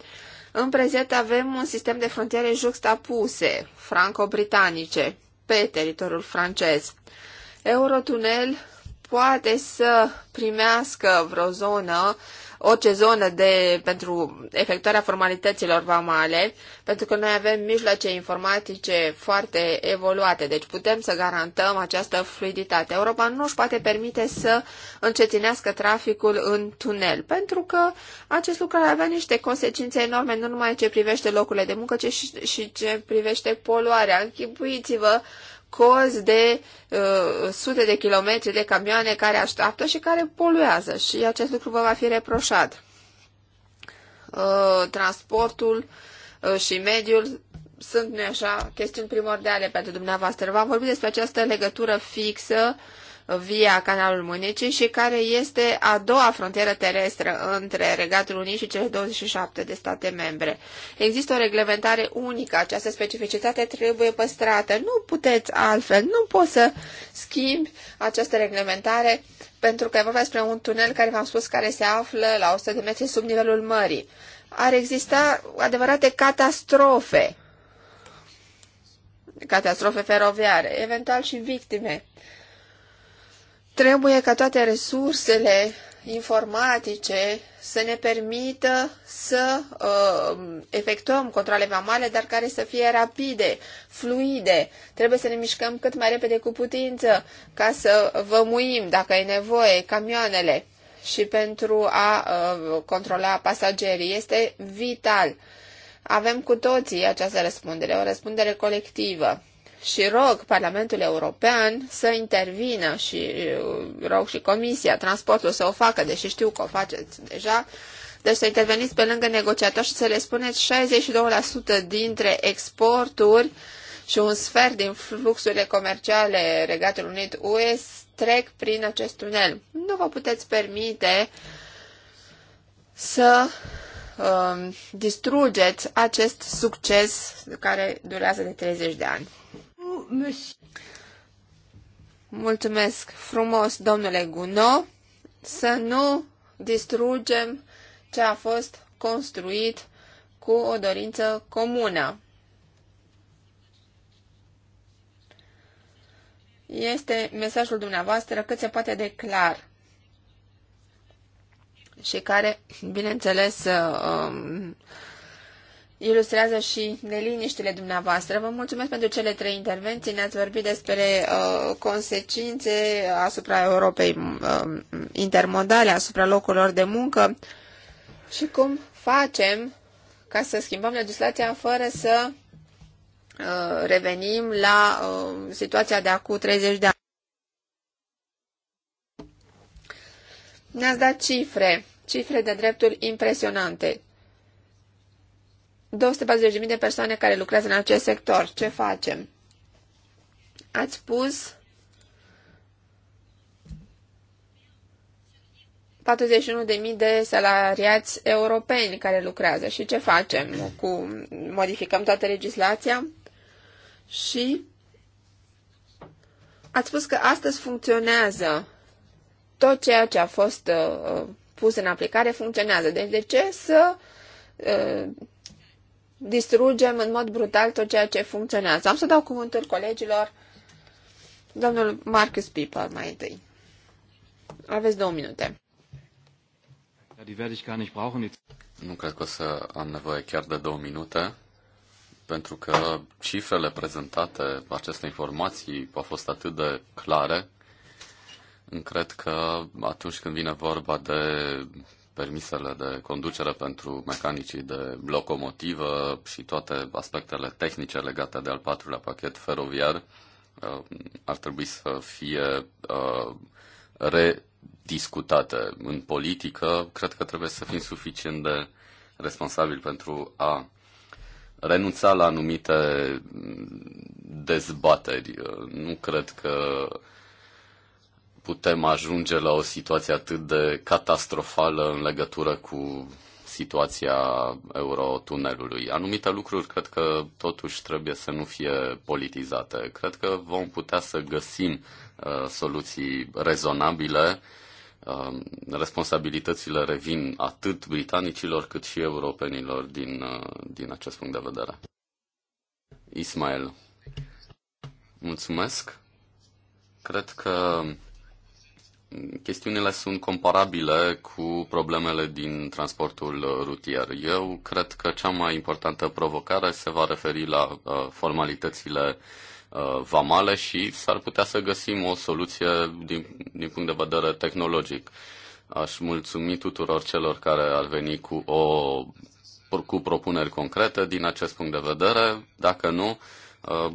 A: În prezent avem un sistem de frontiere juxtapuse, franco-britanice, pe teritoriul francez. Eurotunel poate să primească vreo zonă orice zonă de, pentru efectuarea formalităților vamale, pentru că noi avem mijloace informatice foarte evoluate, deci putem să garantăm această fluiditate. Europa nu își poate permite să încetinească traficul în tunel, pentru că acest lucru ar avea niște consecințe enorme, nu numai ce privește locurile de muncă, ci și, ce privește poluarea. Închipuiți-vă cozi de uh, sute de kilometri de camioane care așteaptă și care poluează și acest lucru vă va fi reproșat. Uh, transportul uh, și mediul sunt, nu așa, chestiuni primordiale pentru dumneavoastră. V-am vorbit despre această legătură fixă uh, via Canalul Mânecii și care este a doua frontieră terestră între Regatul Unii și cele 27 de state membre. Există o reglementare unică, această specificitate trebuie păstrată. Nu puteți altfel, nu poți să schimbi această reglementare pentru că e vorba despre un tunel care v-am spus care se află la 100 de metri sub nivelul mării. Ar exista adevărate catastrofe catastrofe feroviare, eventual și victime. Trebuie ca toate resursele informatice să ne permită să uh, efectuăm controle vamale, dar care să fie rapide, fluide. Trebuie să ne mișcăm cât mai repede cu putință ca să vămuim, dacă e nevoie, camioanele și pentru a uh, controla pasagerii. Este vital. Avem cu toții această răspundere, o răspundere colectivă și rog Parlamentul European să intervină și uh, rog și Comisia Transportul să o facă, deși știu că o faceți deja, deci să interveniți pe lângă negociator și să le spuneți 62% dintre exporturi și un sfert din fluxurile comerciale Regatul Unit UE trec prin acest tunel. Nu vă puteți permite să um, distrugeți acest succes care durează de 30 de ani. Mulțumesc frumos, domnule Guno, să nu distrugem ce a fost construit cu o dorință comună. Este mesajul dumneavoastră cât se poate de clar și care, bineînțeles, uh, um, ilustrează și neliniștile dumneavoastră. Vă mulțumesc pentru cele trei intervenții. Ne-ați vorbit despre uh, consecințe asupra Europei uh, intermodale, asupra locurilor de muncă și cum facem ca să schimbăm legislația fără să uh, revenim la uh, situația de acum 30 de ani. Ne-ați dat cifre, cifre de dreptul impresionante. 240.000 de persoane care lucrează în acest sector. Ce facem? Ați pus 41.000 de salariați europeni care lucrează. Și ce facem? Cu, modificăm toată legislația? Și ați spus că astăzi funcționează tot ceea ce a fost uh, pus în aplicare funcționează. Deci de ce să uh, distrugem în mod brutal tot ceea ce funcționează. Am să dau cuvântul colegilor. Domnul Marcus Piper, mai întâi. Aveți două minute.
C: Nu cred că o să am nevoie chiar de două minute, pentru că cifrele prezentate, aceste informații au fost atât de clare, încred că atunci când vine vorba de permisele de conducere pentru mecanicii de locomotivă și toate aspectele tehnice legate de al patrulea pachet feroviar uh, ar trebui să fie uh, rediscutate. În politică, cred că trebuie să fim suficient de responsabili pentru a renunța la anumite dezbateri. Uh, nu cred că putem ajunge la o situație atât de catastrofală în legătură cu situația eurotunelului. Anumite lucruri cred că totuși trebuie să nu fie politizate. Cred că vom putea să găsim uh, soluții rezonabile. Uh, responsabilitățile revin atât britanicilor cât și europenilor din, uh, din acest punct de vedere. Ismail, mulțumesc. Cred că chestiunile sunt comparabile cu problemele din transportul uh, rutier. Eu cred că cea mai importantă provocare se va referi la uh, formalitățile uh, vamale și s-ar putea să găsim o soluție din, din punct de vedere tehnologic. Aș mulțumi tuturor celor care ar veni cu, o, cu propuneri concrete din acest punct de vedere. Dacă nu,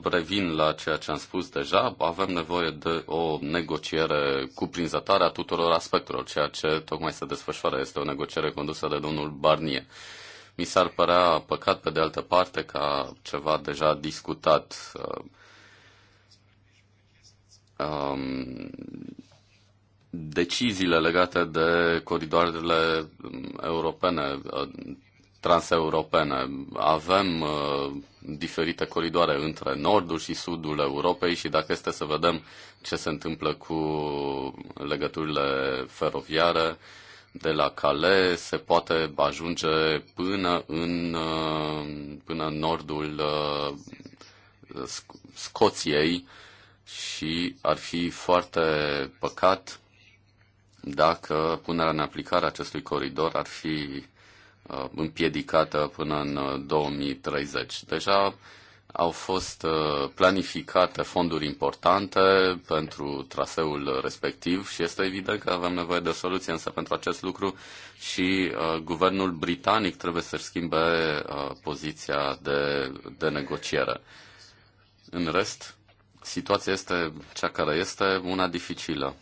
C: revin la ceea ce am spus deja, avem nevoie de o negociere cuprinzătoare a tuturor aspectelor, ceea ce tocmai se desfășoară este o negociere condusă de domnul Barnier. Mi s-ar părea păcat, pe de altă parte, ca ceva deja discutat uh, um, deciziile legate de coridoarele um, europene uh, transeuropene. Avem uh, diferite coridoare între nordul și sudul Europei și dacă este să vedem ce se întâmplă cu legăturile feroviare, de la Calais se poate ajunge până în, uh, până în nordul uh, Sc- Scoției și ar fi foarte păcat dacă punerea în aplicare acestui coridor ar fi Uh, împiedicată până în 2030. Uh, Deja au fost uh, planificate fonduri importante pentru traseul respectiv și este evident că avem nevoie de o soluție, însă pentru acest lucru și uh, guvernul britanic trebuie să-și schimbe uh, poziția de, de negociere. În rest, situația este cea care este, una dificilă.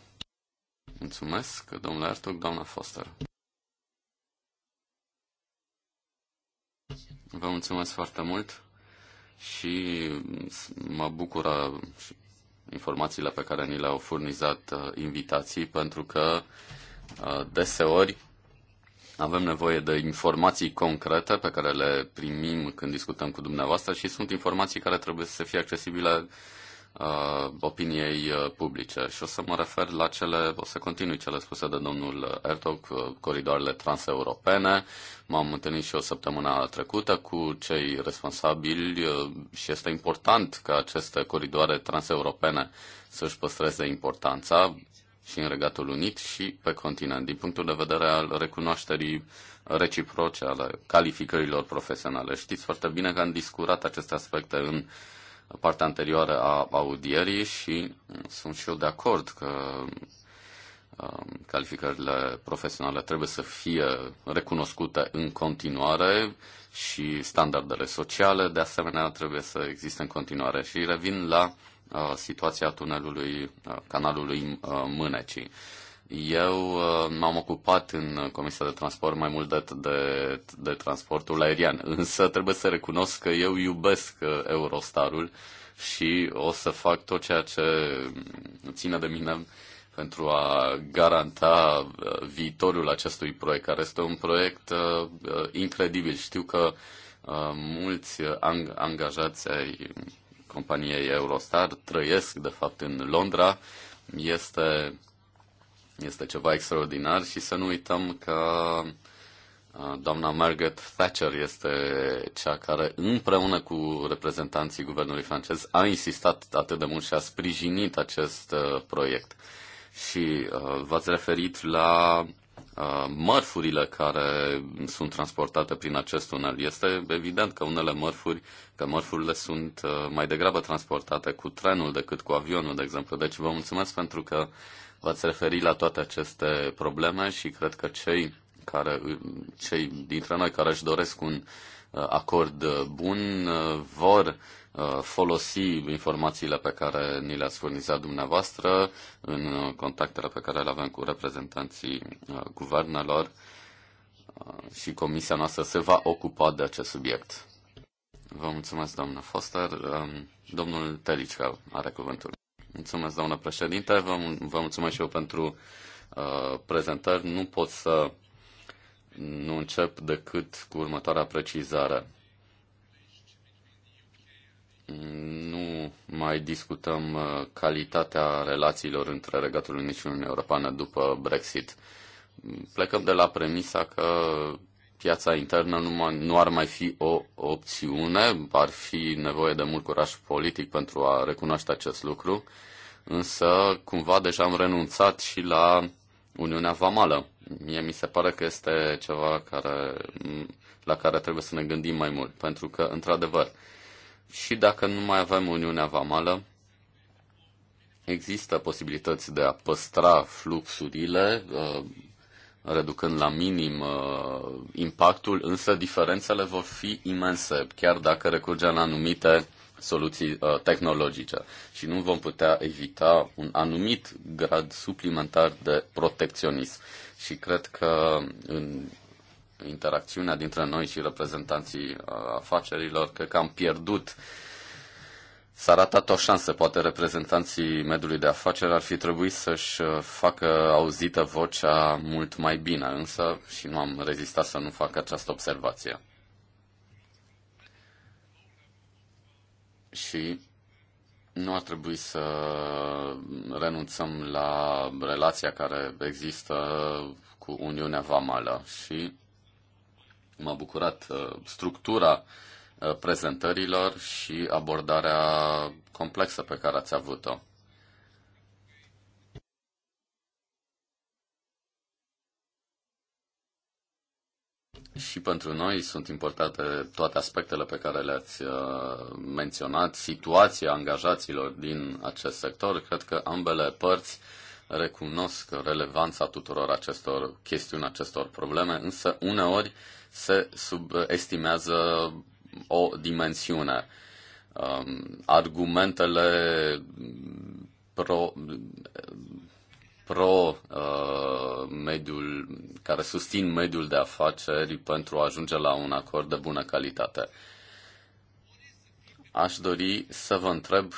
C: Mulțumesc, domnule Artuc, doamna Foster. Vă mulțumesc foarte mult și mă bucură uh, informațiile pe care ni le-au furnizat uh, invitații, pentru că uh, deseori avem nevoie de informații concrete pe care le primim când discutăm cu dumneavoastră și sunt informații care trebuie să fie accesibile uh, opiniei uh, publice. Și o să mă refer la cele, o să continui cele spuse de domnul Ertog, uh, coridoarele transeuropene. M-am întâlnit și o săptămână trecută cu cei responsabili uh, și este important ca aceste coridoare transeuropene să-și păstreze importanța și în Regatul Unit și pe continent, din punctul de vedere al recunoașterii reciproce ale calificărilor profesionale. Știți foarte bine că am discutat aceste aspecte în uh, partea anterioară a audierii și sunt și eu de acord că um, calificările profesionale trebuie să fie recunoscute în continuare și standardele sociale, de asemenea, trebuie să existe în continuare. Și revin la uh, situația tunelului, uh, canalului uh, Mânecii. Eu uh, m-am ocupat în Comisia de Transport mai mult de, de, de transportul aerian, [laughs] însă trebuie să recunosc că eu iubesc uh, Eurostarul și o să fac tot ceea ce ține de mine pentru a garanta uh, viitorul acestui proiect, care este un proiect incredibil. Știu că mulți ang- angajați ai companiei Eurostar trăiesc, de fapt, în Londra. Este este ceva extraordinar și să nu uităm că doamna Margaret Thatcher este cea care, împreună cu reprezentanții guvernului francez, a insistat atât de mult și a sprijinit acest proiect. Și uh, v-ați referit la uh, mărfurile care sunt transportate prin acest tunel. Este evident că unele mărfuri, că mărfurile sunt uh, mai degrabă transportate cu trenul decât cu avionul, de exemplu. Deci vă mulțumesc pentru că V-ați referit la toate aceste probleme și cred că cei, care, cei dintre noi care își doresc un uh, acord uh, bun uh, vor folosi informațiile pe care ni le-ați furnizat dumneavoastră în contactele pe care le avem cu reprezentanții guvernelor și comisia noastră se va ocupa de acest subiect. Vă mulțumesc, doamnă Foster. Um, domnul Telicca are cuvântul. Mulțumesc, doamnă președinte. Vă, vă mulțumesc și eu pentru uh, prezentări. Nu pot să nu încep decât cu următoarea precizare. Nu mai discutăm uh, calitatea relațiilor între Regatul Unit și Uniunea Europeană după Brexit. Plecăm de la premisa că piața internă nu, mai, nu ar mai fi o opțiune, ar fi nevoie de mult curaj politic pentru a recunoaște acest lucru, însă cumva deja am renunțat și la Uniunea Vamală. Mie mi se pare că este ceva care, la care trebuie să ne gândim mai mult, pentru că, într-adevăr, și dacă nu mai avem Uniunea Vamală, există posibilități de a păstra fluxurile, uh, reducând la minim uh, impactul, însă diferențele vor fi imense, chiar dacă recurgem la anumite soluții uh, tehnologice și nu vom putea evita un anumit grad suplimentar de protecționism. Și cred că în interacțiunea dintre noi și reprezentanții uh, afacerilor, cred că am pierdut uh, S-a ratat o șansă, poate reprezentanții mediului de afaceri ar fi trebuit să-și uh, facă auzită vocea mult mai bine, însă și nu am rezistat să nu fac această observație. Și nu ar trebui să renunțăm la relația care există cu Uniunea Vamală și m-a bucurat uh, structura uh, Uh, prezentărilor și abordarea complexă pe care ați avut-o. Și pentru noi sunt importante toate aspectele pe care le-ați uh, menționat, situația angajaților din acest sector. Cred că ambele părți recunosc relevanța tuturor acestor chestiuni, acestor probleme, însă uneori se subestimează o dimensiune. Um, argumentele pro, pro uh, mediul care susțin mediul de afaceri pentru a ajunge la un acord de bună calitate. Aș dori să vă întreb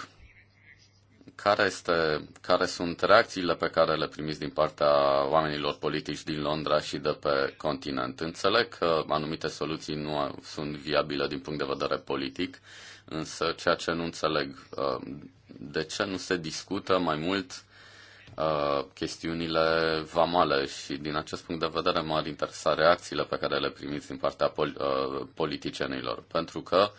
C: care, este, care sunt reacțiile pe care le primiți din partea oamenilor politici din Londra și de pe continent? Înțeleg că anumite soluții nu sunt viabile din punct de vedere politic, însă ceea ce nu înțeleg, uh, de ce nu se discută mai mult uh, chestiunile vamale și din acest punct de vedere m-ar interesa reacțiile pe care le primiți din partea pol- uh, politicienilor, pentru că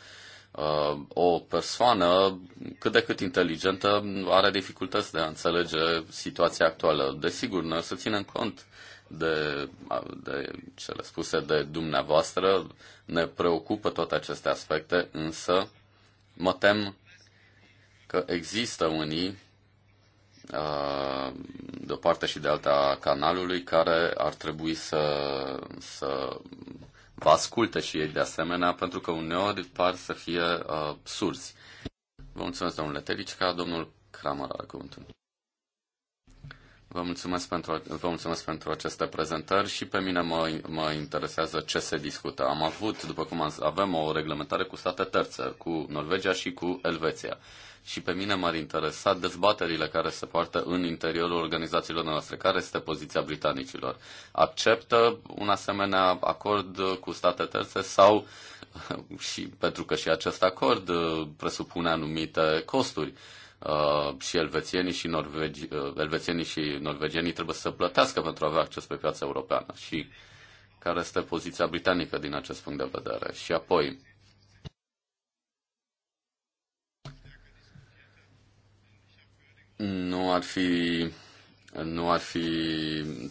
C: Uh, o persoană cât de cât inteligentă are dificultăți de a înțelege situația actuală. Desigur, noi să ținem cont de, de cele spuse de dumneavoastră, ne preocupă toate aceste aspecte, însă mă tem că există unii uh, de o parte și de alta canalului care ar trebui să, să vă ascultă și ei de asemenea, pentru că uneori par să fie uh, surzi. Vă mulțumesc, domnule Telicica, domnul Kramer are cuvântul. Vă mulțumesc pentru, vă mulțumesc pentru aceste prezentări și pe mine mă, mă interesează ce se discută. Am avut, după cum am, avem o reglementare cu state terțe, cu Norvegia și cu Elveția și pe mine m-ar interesa dezbaterile care se poartă în interiorul organizațiilor noastre. Care este poziția britanicilor? Acceptă un asemenea acord cu state terțe sau [laughs] și pentru că și acest acord uh, presupune anumite costuri. Uh, și elvețienii și, norvegi, uh, elvețienii și norvegienii trebuie să plătească pentru a avea acces pe piața europeană și care este poziția britanică din acest punct de vedere. Și apoi, ar fi nu ar fi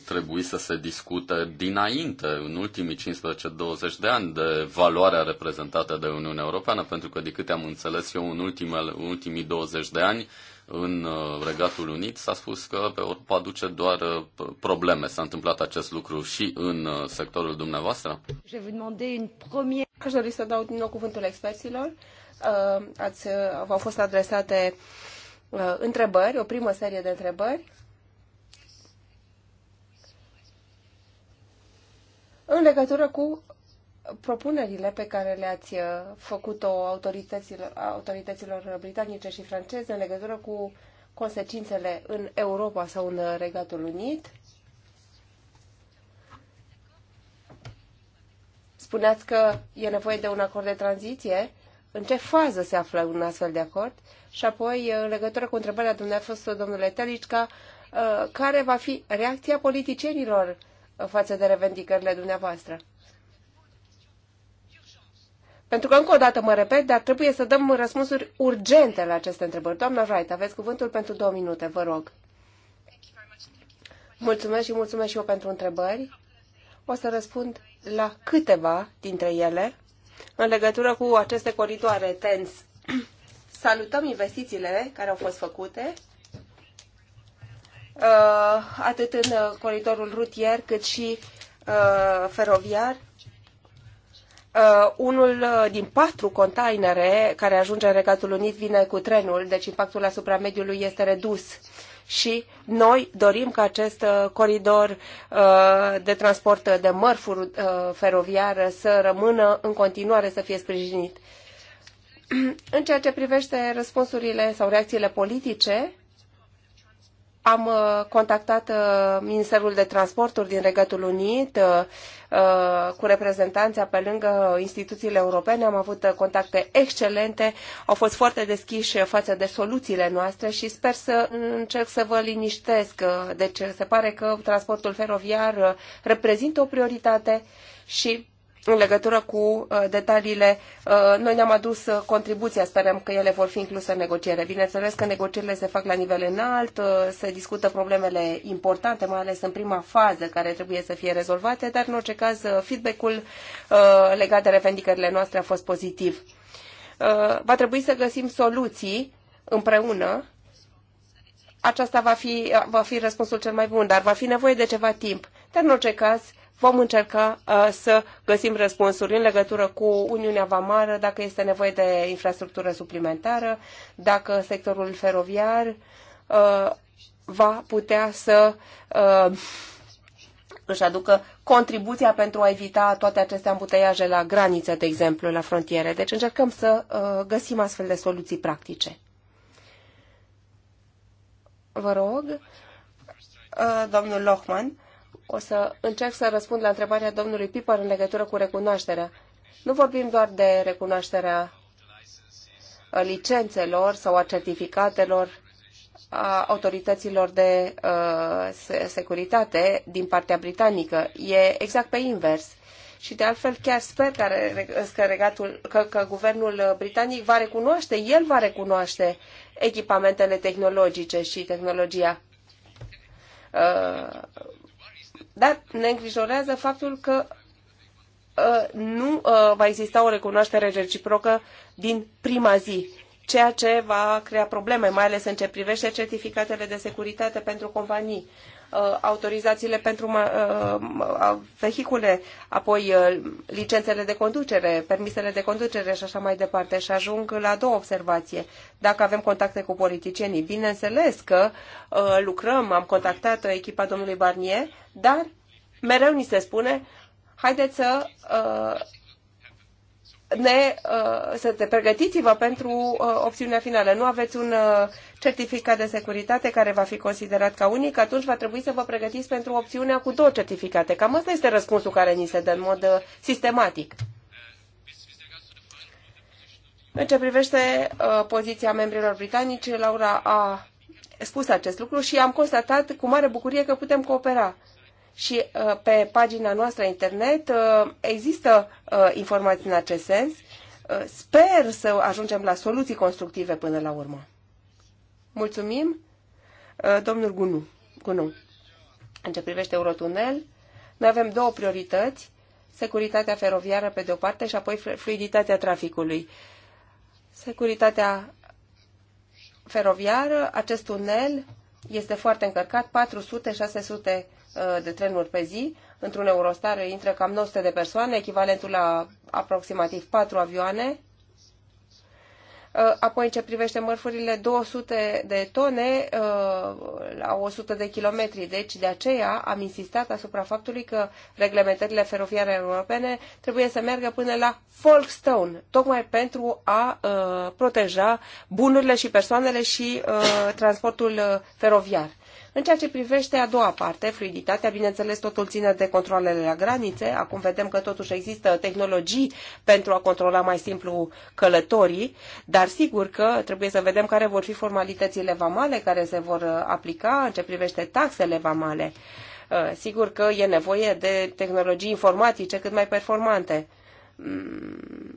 C: trebuit să se discute dinainte, în ultimii 15-20 de ani, de valoarea reprezentată de Uniunea Europeană, pentru că, de câte am înțeles eu, în ultimele, în ultimii 20 de ani, în uh, Regatul Unit s-a spus că Europa aduce doar uh, probleme. S-a întâmplat acest lucru și în uh, sectorul dumneavoastră?
D: Aș dori să dau din nou cuvântul experților. Ați, v-au fost adresate Uh, întrebări, o primă serie de întrebări în legătură cu propunerile pe care le-ați uh, făcut-o autorităților, autorităților britanice și franceze în legătură cu consecințele în Europa sau în Regatul Unit. Spuneați că e nevoie de un acord de tranziție în ce fază se află un astfel de acord și apoi, în legătură cu întrebarea dumneavoastră, domnule Telicca, uh, care va fi reacția politicienilor uh, față de revendicările dumneavoastră? Pentru că, încă o dată mă repet, dar trebuie să dăm răspunsuri urgente la aceste întrebări. Doamna Wright, aveți cuvântul pentru două minute, vă rog. Mulțumesc și mulțumesc și eu pentru întrebări. O să răspund la câteva dintre ele în legătură cu aceste coridoare TENS. [clears throat] Salutăm investițiile care au fost făcute, uh, atât în coridorul rutier cât și uh, feroviar. Uh, unul din patru containere care ajunge în Regatul Unit vine cu trenul, deci impactul asupra mediului este redus și noi dorim ca acest uh, coridor uh, de transport de mărfuri uh, feroviară să rămână în continuare să fie sprijinit. [clears throat] În ceea ce privește răspunsurile sau reacțiile politice, am uh, contactat uh, Ministerul de Transporturi din Regatul Unit uh, cu reprezentanții pe lângă instituțiile europene. Am avut contacte excelente, au fost foarte deschiși față de soluțiile noastre și sper să încerc să vă liniștesc. Deci se pare că transportul feroviar reprezintă o prioritate și în legătură cu uh, detaliile, uh, noi ne-am adus uh, contribuția, sperăm că ele vor fi incluse în negociere. Bineînțeles că negocierile se fac la nivel înalt, se discută problemele importante, mai ales în prima fază care trebuie să fie rezolvate, dar în orice caz feedback-ul legat de revendicările noastre a fost pozitiv. Va trebui să găsim soluții împreună. Aceasta va fi, va fi răspunsul cel mai bun, dar va fi nevoie de ceva timp. Dar în orice caz, vom încerca uh, să găsim răspunsuri în legătură cu Uniunea Vamară, dacă este nevoie de infrastructură suplimentară, dacă sectorul feroviar uh, va putea să uh, își aducă contribuția pentru a evita toate aceste ambuteiaje la graniță, de exemplu, la frontiere. Deci încercăm să găsim astfel de soluții practice. Vă rog, domnul Lohmann, o să încerc să răspund la întrebarea domnului Piper în legătură cu recunoașterea. Nu vorbim doar de recunoașterea uh, licențelor sau a certificatelor a autorităților de uh, securitate din partea britanică. E exact pe invers. Și de altfel chiar sper că, că, regatul, că, că guvernul britanic va recunoaște, el va recunoaște echipamentele tehnologice și tehnologia. Uh, dar ne îngrijorează faptul că uh, nu uh, va exista o recunoaștere reciprocă din prima zi, ceea ce va crea probleme, mai ales în ce privește certificatele de securitate pentru companii. Uh, autorizațiile pentru uh, uh, vehicule, apoi licențele de conducere, permisele de conducere și așa mai departe. Și ajung la două observație. Dacă avem contacte cu politicienii, bineînțeles că lucrăm, am contactat echipa domnului Barnier, dar mereu ni se spune, haideți să ne, uh, să te pregătiți-vă pentru uh, opțiunea finală. Nu aveți un uh, certificat de securitate care va fi considerat ca unic, atunci va trebui să vă pregătiți pentru opțiunea cu două certificate. Cam asta este răspunsul care ni se dă în mod sistematic. În ce privește poziția membrilor britanici, Laura a spus acest lucru și am constatat cu mare bucurie că putem coopera și uh, pe pagina noastră internet uh, există uh, informații în acest sens. Sper să ajungem la soluții constructive până la urmă. Mulțumim, domnul Gunu. Gunu. În ce privește Eurotunel, noi avem două priorități, securitatea feroviară pe de o parte și apoi fluiditatea traficului. Securitatea feroviară, acest tunel este foarte încărcat, 400-600 Uh, de trenuri pe zi. Într-un Eurostar intră cam 900 de persoane, echivalentul la aproximativ 4 avioane. Uh, apoi, în ce privește mărfurile, 200 de tone uh, la 100 de kilometri. Deci, de aceea am insistat asupra faptului că reglementările feroviare europene trebuie să meargă până la Folkestone, tocmai pentru a proteja bunurile și persoanele și transportul feroviar. În ceea ce privește a doua parte, fluiditatea, bineînțeles, totul ține de controlele la granițe. Acum vedem că totuși există tehnologii pentru a controla mai simplu călătorii, dar sigur că trebuie să vedem care vor fi formalitățile vamale care se vor uh, aplica în ce privește taxele vamale. Uh, sigur că e nevoie de tehnologii informatice cât mai performante. Mm,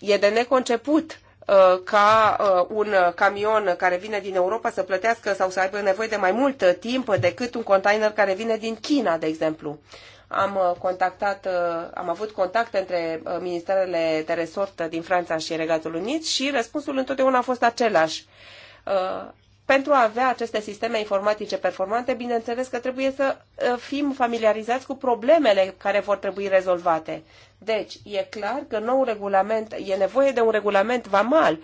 D: e de neconceput Uh, ca uh, un camion care vine din Europa să plătească sau să aibă nevoie de mai mult timp decât un container care vine din China, de exemplu. Am uh, contactat, am avut contact între ministerele de resort din Franța și Regatul Unit și răspunsul întotdeauna a fost același pentru a avea aceste sisteme informatice performante, bineînțeles că trebuie să uh, fim familiarizați cu problemele care vor trebui rezolvate. Deci, e clar că nou regulament, e nevoie de un regulament vamal,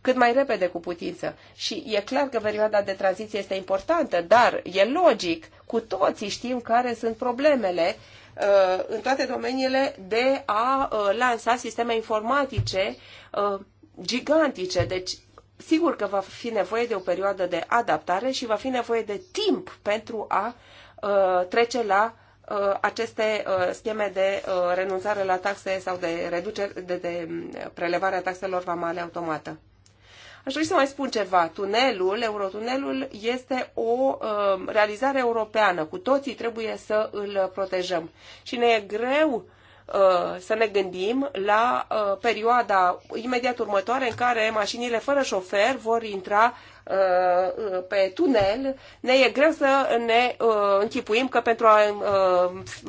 D: cât mai repede cu putință. Și e clar că perioada de tranziție este importantă, dar e logic, cu toții știm care sunt problemele uh, în toate domeniile de a uh, lansa sisteme informatice gigantice. Deci sigur că va fi nevoie de o perioadă de adaptare și va fi nevoie de timp pentru a uh, trece la uh, aceste uh, scheme de renunțare la taxe sau de, reducere, de, de mm, prelevarea taxelor vamale automată. Aș vrea să mai spun ceva. Tunelul, Eurotunelul, este o uh, realizare europeană. Cu toții trebuie să îl protejăm. Și ne e greu uh, Uh, să ne gândim la uh, perioada imediat următoare în care mașinile fără șofer vor intra uh, pe tunel. Ne e greu să ne închipuim că pentru a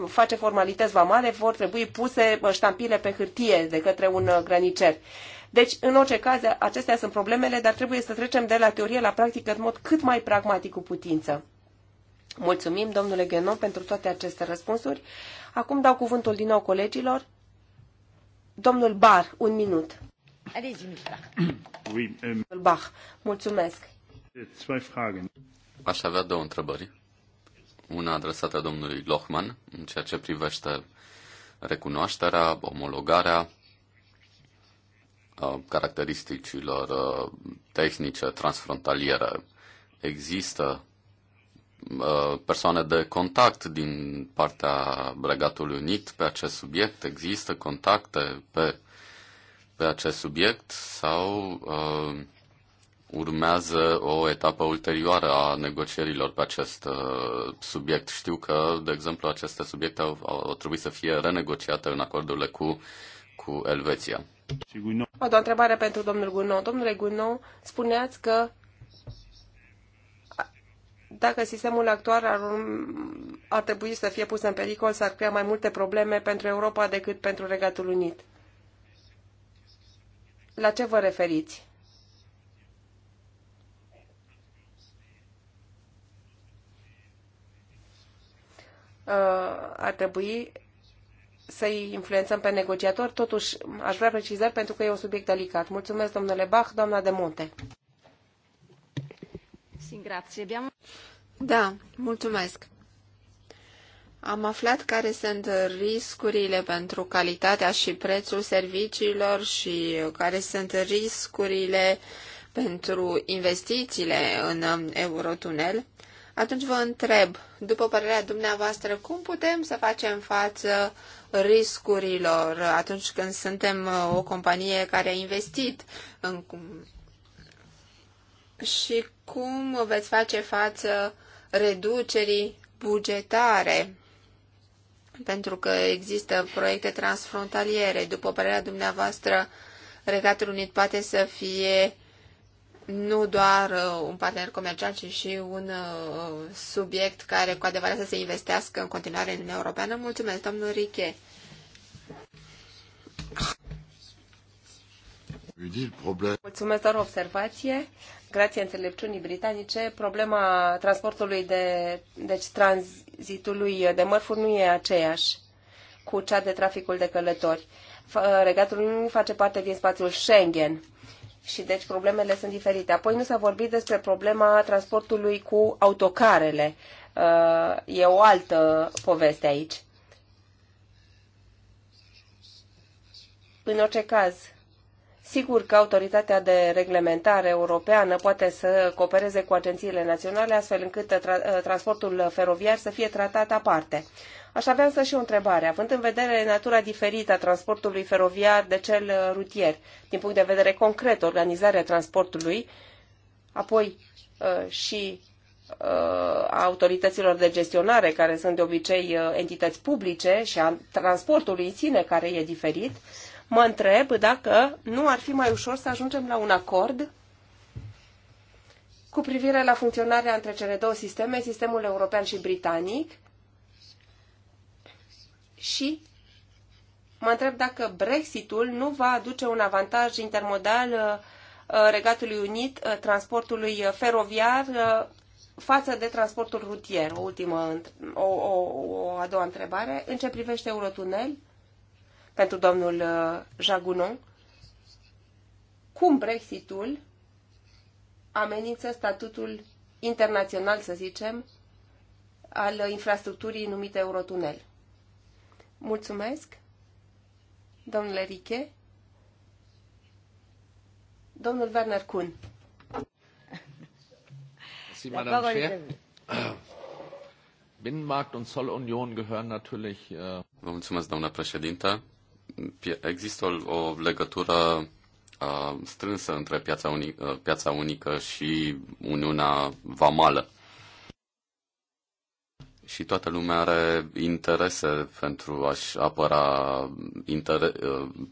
D: face formalități vamale vor trebui puse ștampile pe hârtie de către un granicer. Deci, în orice caz, acestea sunt problemele, dar trebuie să trecem de la teorie la practică în mod cât mai pragmatic cu putință. Mulțumim, domnule Genon, pentru toate aceste răspunsuri. Acum dau cuvântul din nou colegilor. Domnul Bar, un minut. Allez-y,
C: oui, um...
D: Bach, mulțumesc.
C: Aș avea două întrebări. Una adresată domnului Lohman, în ceea ce privește recunoașterea, omologarea uh, caracteristicilor uh, tehnice transfrontaliere. Există Uh, persoane de contact din partea Bregatului Unit pe acest subiect? Există contacte pe, pe acest subiect sau uh, urmează o etapă ulterioară a negocierilor pe acest uh, subiect? Știu că, de exemplu, aceste subiecte au, au trebuit să fie renegociate în acordurile cu, cu Elveția.
D: o întrebare pentru domnul Gunou. Domnule Gunou, spuneați că dacă sistemul actual ar, ar trebui să fie pus în pericol, s-ar crea mai multe probleme pentru Europa decât pentru Regatul Unit. La ce vă referiți? Uh, ar trebui să-i influențăm pe negociator. Totuși, aș vrea precizări pentru că e un subiect delicat. Mulțumesc, domnule Bach, doamna de Monte.
A: Sim, da, mulțumesc. Am aflat care sunt riscurile pentru calitatea și prețul serviciilor și care sunt riscurile pentru investițiile în Eurotunel. Atunci vă întreb, după părerea dumneavoastră, cum putem să facem față riscurilor atunci când suntem o companie care a investit în și cum veți face față reducerii bugetare? Pentru că există proiecte transfrontaliere. După părerea dumneavoastră, Regatul Unit poate să fie nu doar uh, un partener comercial, ci și un uh, subiect care cu adevărat să se investească în continuare în Uniunea Europeană. Mulțumesc, domnul Riche.
D: Mulțumesc, doar observație grație înțelepciunii britanice, problema transportului de, deci tranzitului de mărfuri nu e aceeași cu cea de traficul de călători. Regatul nu face parte din spațiul Schengen și deci problemele sunt diferite. Apoi nu s-a vorbit despre problema transportului cu autocarele. Uh, e o altă poveste aici. În orice caz, Sigur că autoritatea de reglementare europeană poate să coopereze cu agențiile naționale, astfel încât uh, tra- uh, transportul feroviar să fie tratat aparte. Aș avea însă și o întrebare. Având în vedere natura diferită a transportului feroviar de cel uh, rutier, din punct de vedere concret, organizarea transportului, apoi și a autorităților de gestionare, care sunt de obicei entități publice, și a transportului în sine, care e diferit, mă întreb dacă nu ar fi mai ușor să ajungem la un acord cu privire la funcționarea între cele două sisteme, sistemul european și britanic, și mă întreb dacă Brexitul nu va aduce un avantaj intermodal uh, uh, Regatului Unit uh, transportului feroviar față de transportul rutier. O ultimă, o, o, o a doua întrebare. În ce privește Eurotunel? pentru domnul uh, Jagunon, cum Brexitul amenință statutul internațional, să zicem, al uh, infrastructurii numite Eurotunel. Mulțumesc, domnule Riche. Domnul Werner Kuhn.
C: Sie, Madame Chair. [coughs] Binnenmarkt und Zollunion gehören natürlich. Äh, Vă mulțumesc, doamna președintă există o, o legătură strânsă între piața, uni, piața unică și Uniunea Vamală. Și toată lumea are interese pentru a-și apăra inter-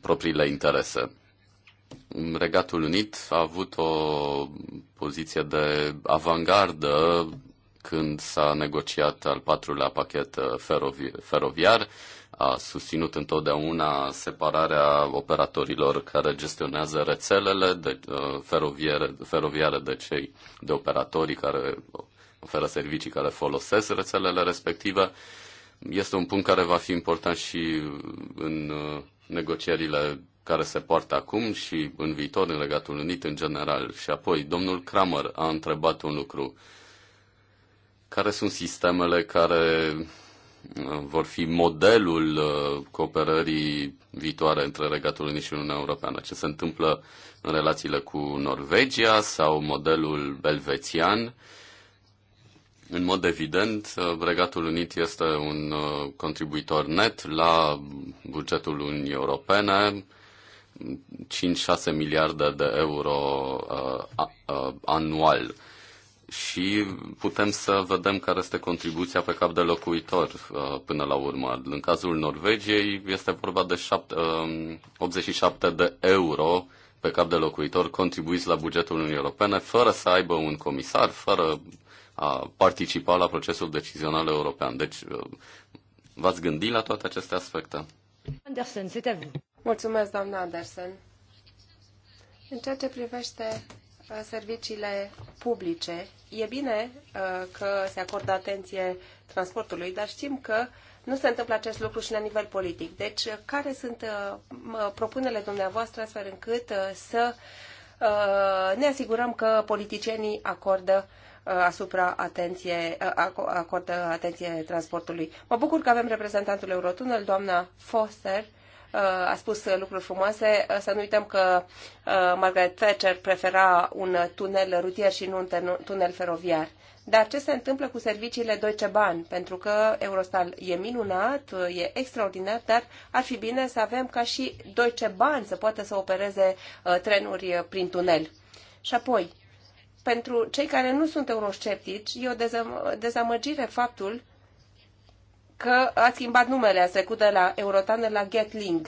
C: propriile interese. Regatul Unit a avut o poziție de avangardă când s-a negociat al patrulea pachet uh, ferovi- feroviar a susținut întotdeauna separarea operatorilor care gestionează rețelele de, uh, feroviere, feroviare de cei de operatorii care oferă servicii care folosesc rețelele respective. Este un punct care va fi important și în uh, negocierile care se poartă acum și în viitor în Regatul Unit în general. Și apoi, domnul Kramer a întrebat un lucru. Care sunt sistemele care vor fi modelul uh, cooperării viitoare între Regatul Unit și Uniunea Europeană? Ce se întâmplă în relațiile cu Norvegia sau modelul belvețian? În mod evident, uh, Regatul Unit este un uh, contribuitor net la bugetul Uniunii Europene, 5-6 miliarde de euro uh, uh, anual și putem să vedem care este contribuția pe cap de locuitor uh, până la urmă. În cazul Norvegiei este vorba de 87 uh, de euro pe cap de locuitor contribuiți la bugetul Uniunii Europene fără să aibă un comisar, fără a participa la procesul decizional european. Deci uh, v-ați gândit la toate aceste aspecte?
D: Anderson, Mulțumesc, doamna Anderson. În ceea ce privește serviciile publice. E bine uh, că se acordă atenție transportului, dar știm că nu se întâmplă acest lucru și la nivel politic. Deci, uh, care sunt uh, propunerile dumneavoastră astfel încât să ne asigurăm că politicienii acordă asupra atenție, acordă atenție transportului. Mă bucur că avem reprezentantul Eurotunnel, doamna Foster, a spus lucruri frumoase. Să nu uităm că uh, Margaret Thatcher prefera un tunel rutier și nu un tunel feroviar. Dar ce se întâmplă cu serviciile Deutsche Bahn? Pentru că Eurostal e minunat, uh, e extraordinar, dar ar fi bine să avem ca și Deutsche Bahn să poată să opereze uh, trenuri prin tunel. Și apoi, pentru cei care nu sunt eurosceptici, e o dezamăgire faptul că ați schimbat numele, a trecut de la Eurotunnel la Getlink.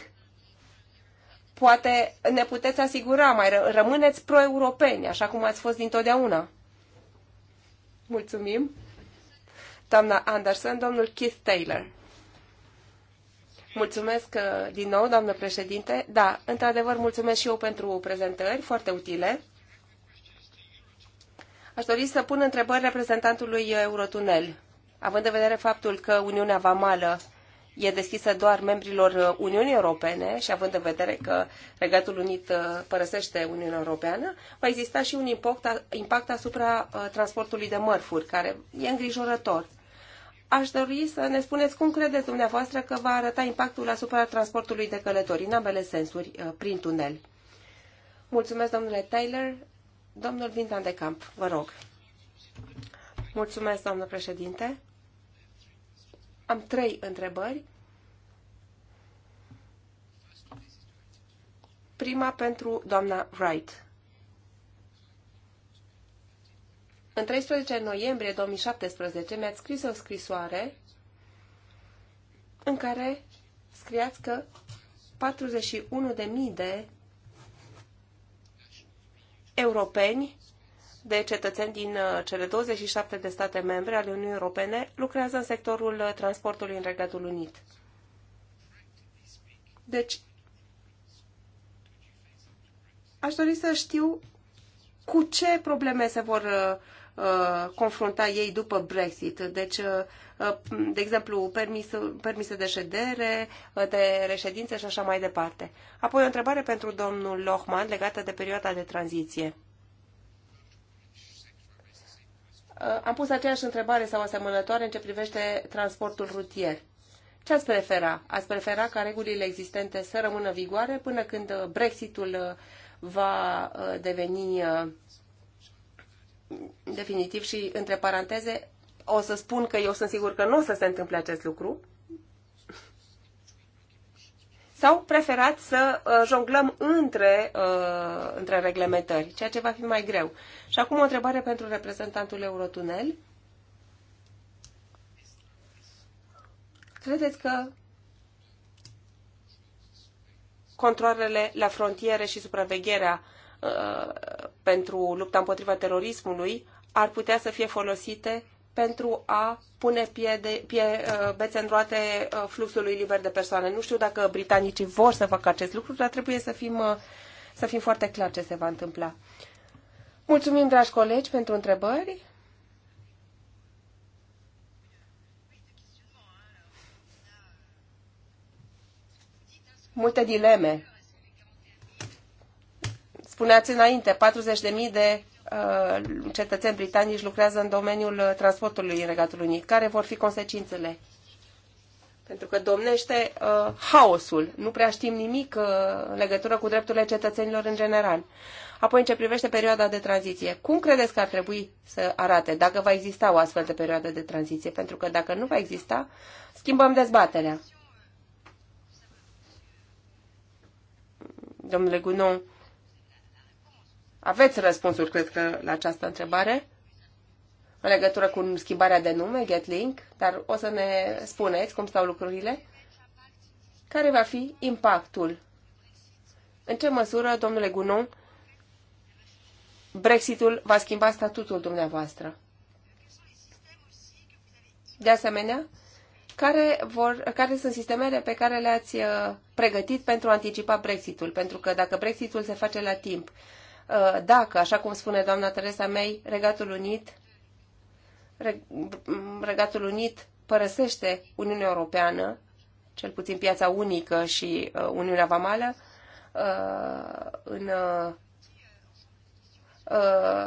D: Poate ne puteți asigura, mai ră, rămâneți pro-europeni, așa cum ați fost dintotdeauna. Mulțumim. Doamna Anderson, domnul Keith Taylor. Mulțumesc uh, din nou, doamnă președinte. Da, într-adevăr, mulțumesc și eu pentru prezentări foarte utile. Aș dori să pun întrebări reprezentantului Eurotunel având în vedere faptul că Uniunea Vamală e deschisă doar membrilor uh, Uniunii Europene și având în vedere că Regatul Unit uh, părăsește Uniunea Europeană, va exista și un impact, impact asupra uh, transportului de mărfuri, care e îngrijorător. Aș dori să ne spuneți cum credeți dumneavoastră că va arăta impactul asupra transportului de călătorii în ambele sensuri prin tunel. Mulțumesc, domnule Taylor. Domnul Vintan de Camp, vă rog. Mulțumesc, doamnă președinte. Am trei întrebări. Prima pentru doamna Wright. În 13 noiembrie 2017 mi-ați scris o scrisoare în care scriați că 41.000 de europeni de cetățeni din uh, cele 27 de state membre ale Uniunii Europene lucrează în sectorul uh, transportului în Regatul Unit. Deci, aș dori să știu cu ce probleme se vor uh, uh confrunta ei după Brexit. Deci, uh, de exemplu, permis permise de ședere, de reședințe și așa mai departe. Apoi o întrebare pentru domnul Lohman legată de perioada de tranziție. Uh, am pus aceeași întrebare sau asemănătoare în ce privește transportul rutier. Ce ați prefera? Ați prefera ca regulile existente să rămână vigoare până când uh, Brexitul uh, va deveni definitiv și, între paranteze, o să spun că eu sunt sigur că nu o să se întâmple acest lucru, sau preferat să uh, jonglăm între, uh, între reglementări, ceea ce va fi mai greu. Și acum o întrebare pentru reprezentantul Eurotunel. Credeți că controlele la frontiere și supravegherea uh, pentru lupta împotriva terorismului ar putea să fie folosite pentru a pune de, pie, uh, bețe în roate uh, fluxului liber de persoane. Nu știu dacă britanicii vor să facă acest lucru, dar trebuie să fim, uh, să fim foarte clar ce se va întâmpla. Mulțumim, dragi colegi, pentru întrebări. Multe dileme. Spuneați înainte, 40.000 de Uh, cetățeni britanici lucrează în domeniul transportului în Regatul Unit. Care vor fi consecințele? Pentru că domnește uh, haosul. Nu prea știm nimic uh, în legătură cu drepturile cetățenilor în general. Apoi, în ce privește perioada de tranziție, cum credeți că ar trebui să arate dacă va exista o astfel de perioadă de tranziție? Pentru că dacă nu va exista, schimbăm dezbaterea. Domnule Gunon, aveți răspunsuri cred că, la această întrebare în legătură cu schimbarea de nume, GetLink, dar o să ne spuneți cum stau lucrurile. Care va fi impactul? În ce măsură, domnule Gunon, Brexitul va schimba statutul dumneavoastră? De asemenea, care, vor, care sunt sistemele pe care le-ați uh, pregătit pentru a anticipa Brexitul? Pentru că dacă Brexitul se face la timp, Uh, dacă, așa cum spune doamna Teresa May, Regatul Unit, Regatul Unit părăsește Uniunea Europeană, cel puțin piața unică și uh, Uniunea Vamală, uh, în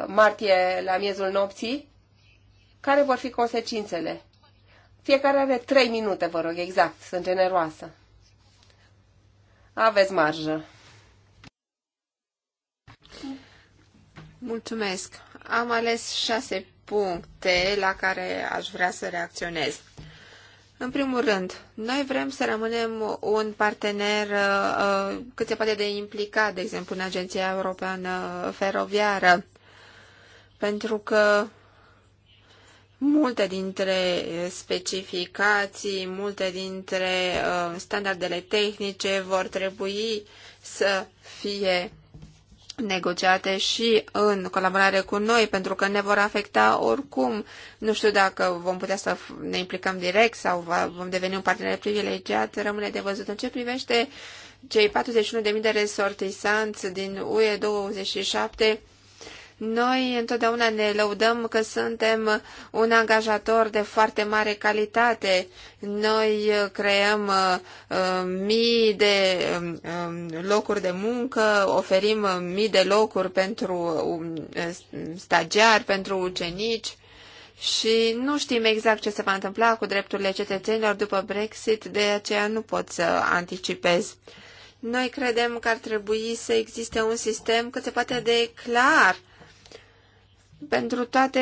D: martie la miezul nopții, care vor fi consecințele? Fiecare are trei minute, vă rog, exact, sunt generoasă.
A: Aveți marjă. Mulțumesc. Am ales șase puncte la care aș vrea să reacționez. În primul rând, noi vrem să rămânem un partener uh, cât se poate de implicat, de exemplu, în Agenția Europeană Feroviară, pentru că multe dintre specificații, multe dintre uh, standardele tehnice vor trebui să fie negociate și în colaborare cu noi, pentru că ne vor afecta oricum. Nu știu dacă vom putea să ne implicăm direct sau vom deveni un partener privilegiat, rămâne de văzut. În ce privește cei 41.000 de resortisanți din UE 27, noi întotdeauna ne lăudăm că suntem un angajator de foarte mare calitate. Noi uh, creăm uh, uh, mii de uh, locuri de muncă, oferim uh, mii de locuri pentru um, stagiari, pentru ucenici și nu știm exact ce se va întâmpla cu drepturile cetățenilor după Brexit, de aceea nu pot să anticipez. Noi credem că ar trebui să existe un sistem cât se poate de clar pentru toate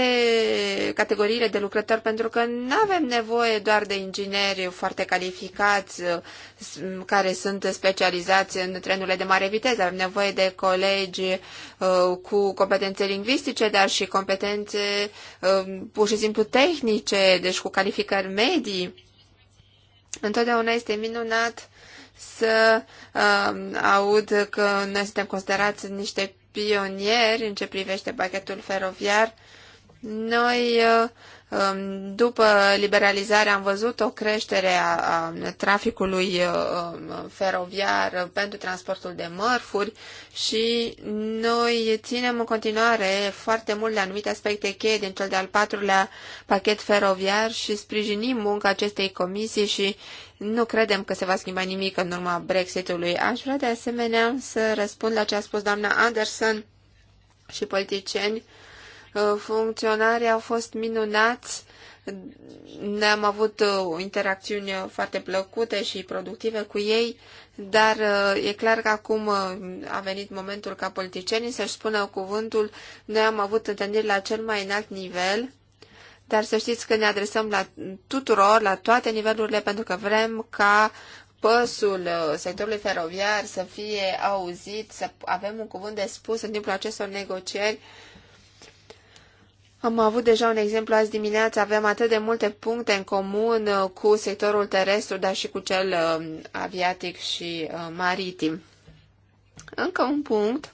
A: categoriile de lucrători, pentru că nu avem nevoie doar de ingineri foarte calificați uh, care sunt specializați în trenurile de mare viteză. Avem nevoie de colegi uh, cu competențe lingvistice, dar și competențe uh, pur și simplu tehnice, deci cu calificări medii. Întotdeauna este minunat să uh, aud că noi suntem considerați niște pionieri în ce privește pachetul feroviar. Noi, uh, um, după liberalizare, am văzut o creștere a, traficului uh, um, feroviar pentru transportul de mărfuri și noi ținem în continuare foarte mult de anumite aspecte cheie din cel de-al patrulea pachet feroviar și sprijinim munca acestei comisii și nu credem că se va schimba nimic în urma Brexitului. Aș vrea de asemenea să răspund la ce a spus doamna Anderson și politicieni. Uh, funcționarii au fost minunați. Ne-am avut o uh, interacțiune uh, foarte plăcute și productive cu ei, dar e clar că acum a venit momentul ca politicienii să-și spună cuvântul. Noi am avut întâlniri la cel mai înalt nivel dar să știți că ne adresăm la tuturor, la toate nivelurile, pentru că vrem ca păsul uh, sectorului feroviar să fie auzit, să avem un cuvânt de spus în timpul acestor negocieri. Am avut deja un exemplu azi dimineață, avem atât de multe puncte în comun uh, cu sectorul terestru, dar și cu cel uh, aviatic și maritim. Încă un punct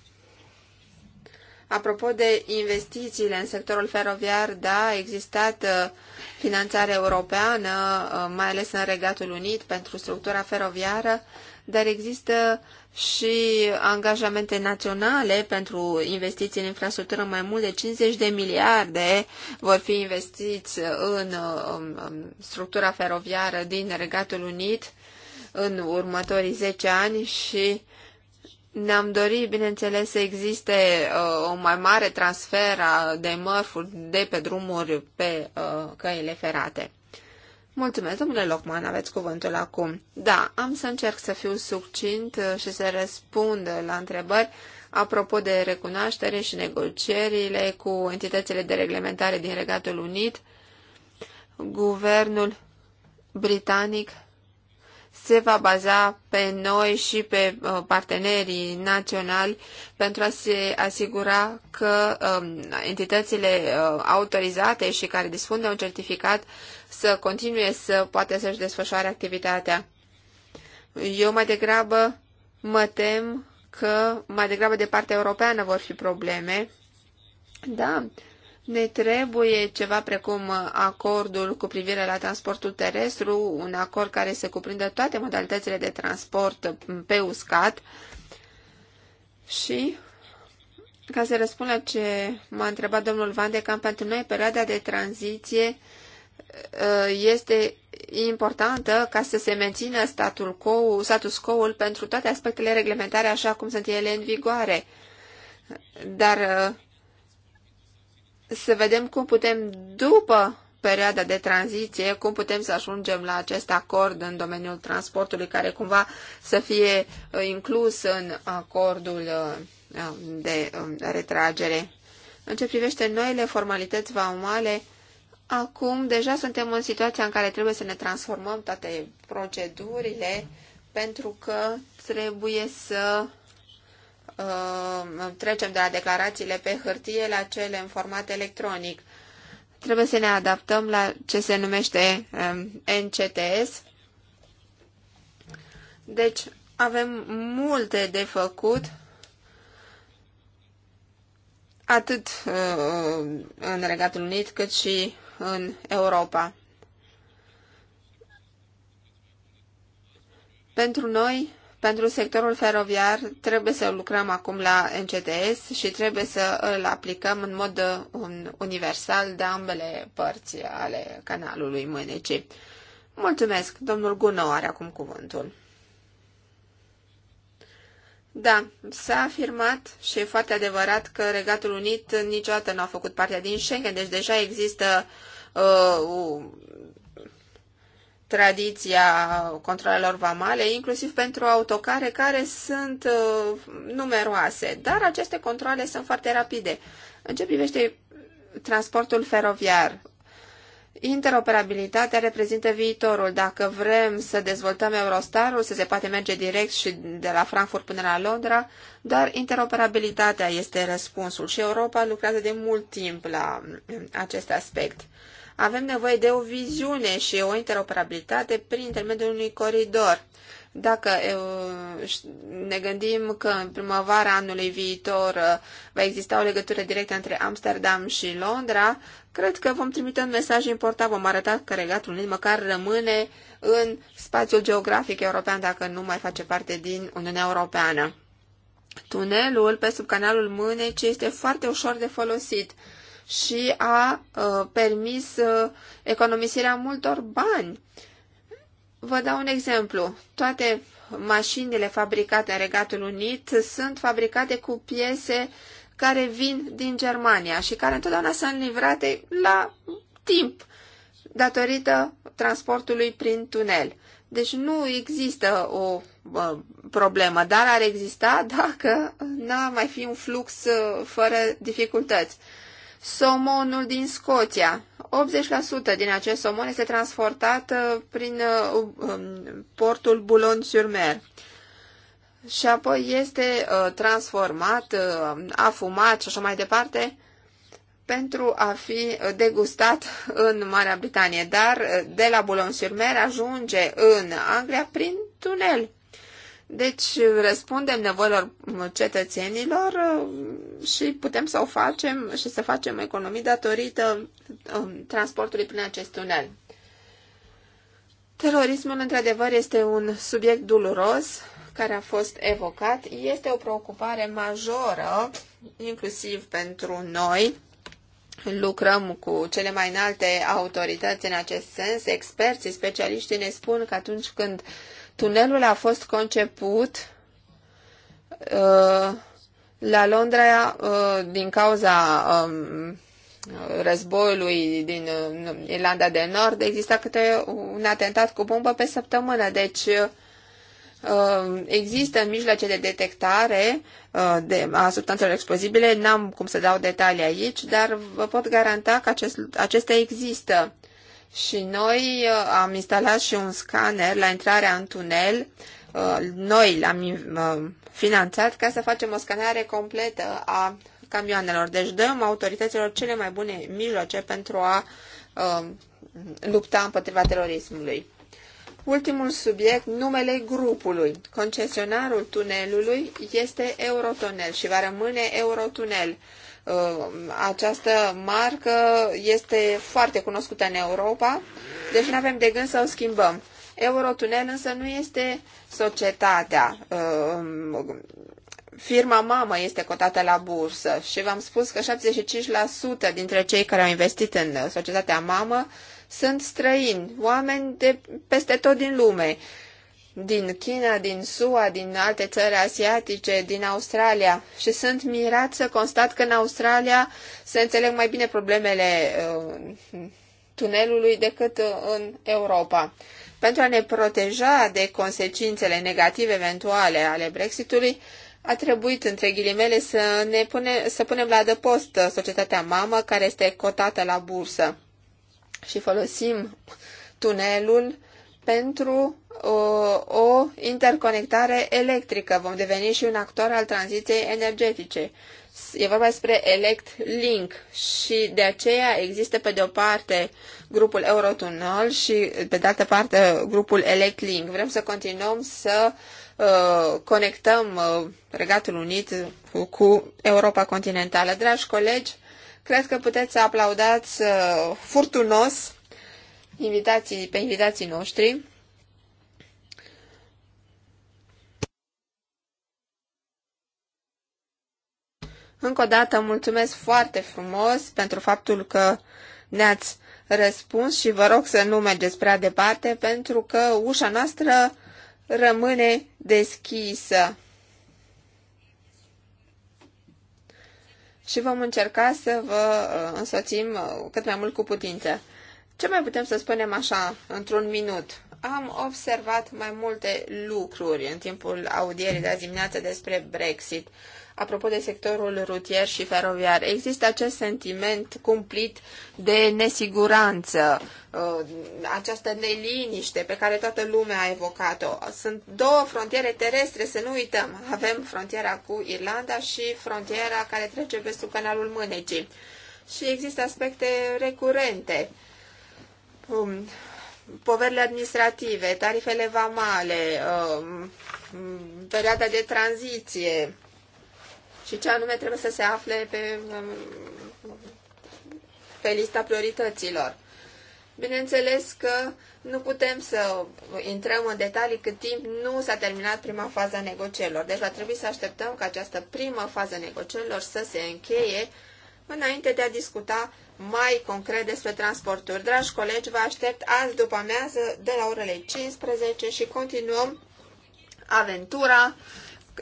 A: Apropo de investițiile în sectorul feroviar, da, a existat uh, finanțare europeană, uh, mai ales în Regatul Unit, pentru structura feroviară, dar există și angajamente naționale pentru investiții în infrastructură. Mai mult de 50 de miliarde vor fi investiți uh, în structura feroviară din Regatul Unit în următorii 10 ani și ne-am dorit, bineînțeles, să existe uh, o mai mare transfer de mărfuri de pe drumuri pe uh, căile ferate. Mulțumesc, domnule Locman, aveți cuvântul acum. Da, am să încerc să fiu succint uh, și să răspund la întrebări apropo de recunoaștere și negocierile cu entitățile de reglementare din Regatul Unit, guvernul britanic se va baza pe noi și pe uh, partenerii naționali pentru a se asigura că um, entitățile uh, autorizate și care dispun de un certificat să continue să poată să-și desfășoare activitatea. Eu mai degrabă mă tem că mai degrabă de partea europeană vor fi probleme. Da, ne trebuie ceva precum acordul cu privire la transportul terestru, un acord care să cuprindă toate modalitățile de transport pe uscat și ca să răspund la ce m-a întrebat domnul Van de Camp, pentru noi perioada de tranziție uh, este importantă ca să se mențină statul quo, status quo-ul pentru toate aspectele reglementare așa cum sunt ele în vigoare. Dar uh, să vedem cum putem, după perioada de tranziție, cum putem să ajungem la acest acord în domeniul transportului, care cumva să fie uh, inclus în acordul uh, de um, retragere. În ce privește noile formalități vaumale, acum deja suntem în situația în care trebuie să ne transformăm toate procedurile, pentru că trebuie să Uh, trecem de la declarațiile pe hârtie la cele în format electronic. Trebuie să ne adaptăm la ce se numește um, NCTS. Deci avem multe de făcut atât uh, în Regatul Unit cât și în Europa. Pentru noi, pentru sectorul feroviar trebuie să lucrăm acum la NCTS și trebuie să îl aplicăm în mod uh, universal de ambele părți ale canalului Mânecii. Mulțumesc, domnul Gunău are acum cuvântul. Da, s-a afirmat și e foarte adevărat că Regatul Unit niciodată nu a făcut parte din Schengen, deci deja există uh, tradiția controlelor vamale, inclusiv pentru autocare, care sunt uh, numeroase, dar aceste controle sunt foarte rapide. În ce privește transportul feroviar, interoperabilitatea reprezintă viitorul. Dacă vrem să dezvoltăm Eurostarul, să se poate merge direct și de la Frankfurt până la Londra, doar interoperabilitatea este răspunsul și Europa lucrează de mult timp la acest aspect. Avem nevoie de o viziune și o interoperabilitate prin intermediul unui coridor. Dacă ne gândim că în primăvara anului viitor uh, va exista o legătură directă între Amsterdam și Londra, cred că vom trimite un mesaj important, vom arăta că Regatul Unit măcar rămâne în spațiul geografic european dacă nu mai face parte din Uniunea Europeană. Tunelul pe sub canalul Mânecii este foarte ușor de folosit și a uh, permis uh, economisirea multor bani. Vă dau un exemplu. Toate mașinile fabricate în Regatul Unit sunt fabricate cu piese care vin din Germania și care întotdeauna sunt livrate la timp datorită transportului prin tunel. Deci nu există o problemă, dar ar exista dacă n-ar mai fi un flux uh, fără dificultăți somonul din Scoția. 80% din acest somon este transportat uh, prin uh, um, portul Boulogne-sur-Mer și apoi este uh, transformat, afumat și așa mai departe pentru a fi degustat în Marea Britanie, dar de la Boulogne-sur-Mer ajunge în Anglia prin tunel. Deci răspundem nevoilor cetățenilor uh, și putem să o facem și să facem economii datorită um, transportului prin acest tunel. Terorismul, într-adevăr, este un subiect duluros care a fost evocat. Este o preocupare majoră, inclusiv pentru noi. Lucrăm cu cele mai înalte autorități în acest sens. Experții, specialiștii ne spun că atunci când uh, Tunelul a fost conceput uh, la Londra uh, din cauza um, războiului din uh, Irlanda de Nord, exista câte un atentat cu bombă pe săptămână. Deci uh, există mijloace de detectare uh, de, a substanțelor explozibile, n-am cum să dau detalii aici, dar vă pot garanta că acest, acestea există și noi uh, am instalat și un scanner la intrarea în tunel. Uh, noi l-am uh, finanțat ca să facem o scanare completă a camioanelor. Deci dăm autorităților cele mai bune mijloace pentru a lupta împotriva terorismului. Ultimul subiect, numele grupului. Concesionarul tunelului este Eurotunel și va rămâne Eurotunel. Uh, această marcă este foarte cunoscută în Europa, deci nu avem de gând să o schimbăm. Eurotunel însă nu este societatea. Uh, firma mamă este cotată la bursă și v-am spus că 75% dintre cei care au investit în societatea mamă sunt străini, oameni de peste tot din lume din China, din SUA, din alte țări asiatice, din Australia și sunt mirat să constat că în Australia se înțeleg mai bine problemele uh, tunelului decât uh, în Europa. Pentru a ne proteja de consecințele negative eventuale ale Brexitului, a trebuit, între ghilimele, să, ne pune, să punem la adăpost uh, societatea mamă care este cotată la bursă și folosim tunelul pentru o interconectare electrică. Vom deveni și un actor al tranziției energetice. E vorba despre ElectLink și de aceea există pe de o parte grupul Eurotunnel și pe de altă parte grupul ElectLink. Vrem să continuăm să uh, conectăm uh, Regatul Unit cu Europa continentală. Dragi colegi, cred că puteți să aplaudați uh, furtunos invitații, pe invitații noștri. Încă o dată mulțumesc foarte frumos pentru faptul că ne-ați răspuns și vă rog să nu mergeți prea departe pentru că ușa noastră rămâne deschisă. Și vom încerca să vă uh, însoțim uh, cât mai mult cu putință. Ce mai putem să spunem așa, într-un minut? Am observat mai multe lucruri în timpul audierii de azi dimineață despre Brexit apropo de sectorul rutier și feroviar. Există acest sentiment cumplit de nesiguranță, uh, această neliniște pe care toată lumea a evocat-o. Sunt două frontiere terestre, să nu uităm. Avem frontiera cu Irlanda și frontiera care trece pe sub canalul Mânecii. Și există aspecte recurente. Um, poverile administrative, tarifele vamale, um, perioada de tranziție, și ce anume trebuie să se afle pe, um, pe lista priorităților. Bineînțeles că nu putem să intrăm în detalii cât timp nu s-a terminat prima fază a negocierilor. Deci va trebui să așteptăm ca această primă fază a negocierilor să se încheie înainte de a discuta mai concret despre transporturi. Dragi colegi, vă aștept azi după amiază de la orele 15 și continuăm aventura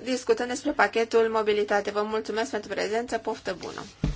A: discutăm despre pachetul mobilitate. Vă mulțumesc pentru prezență, poftă bună!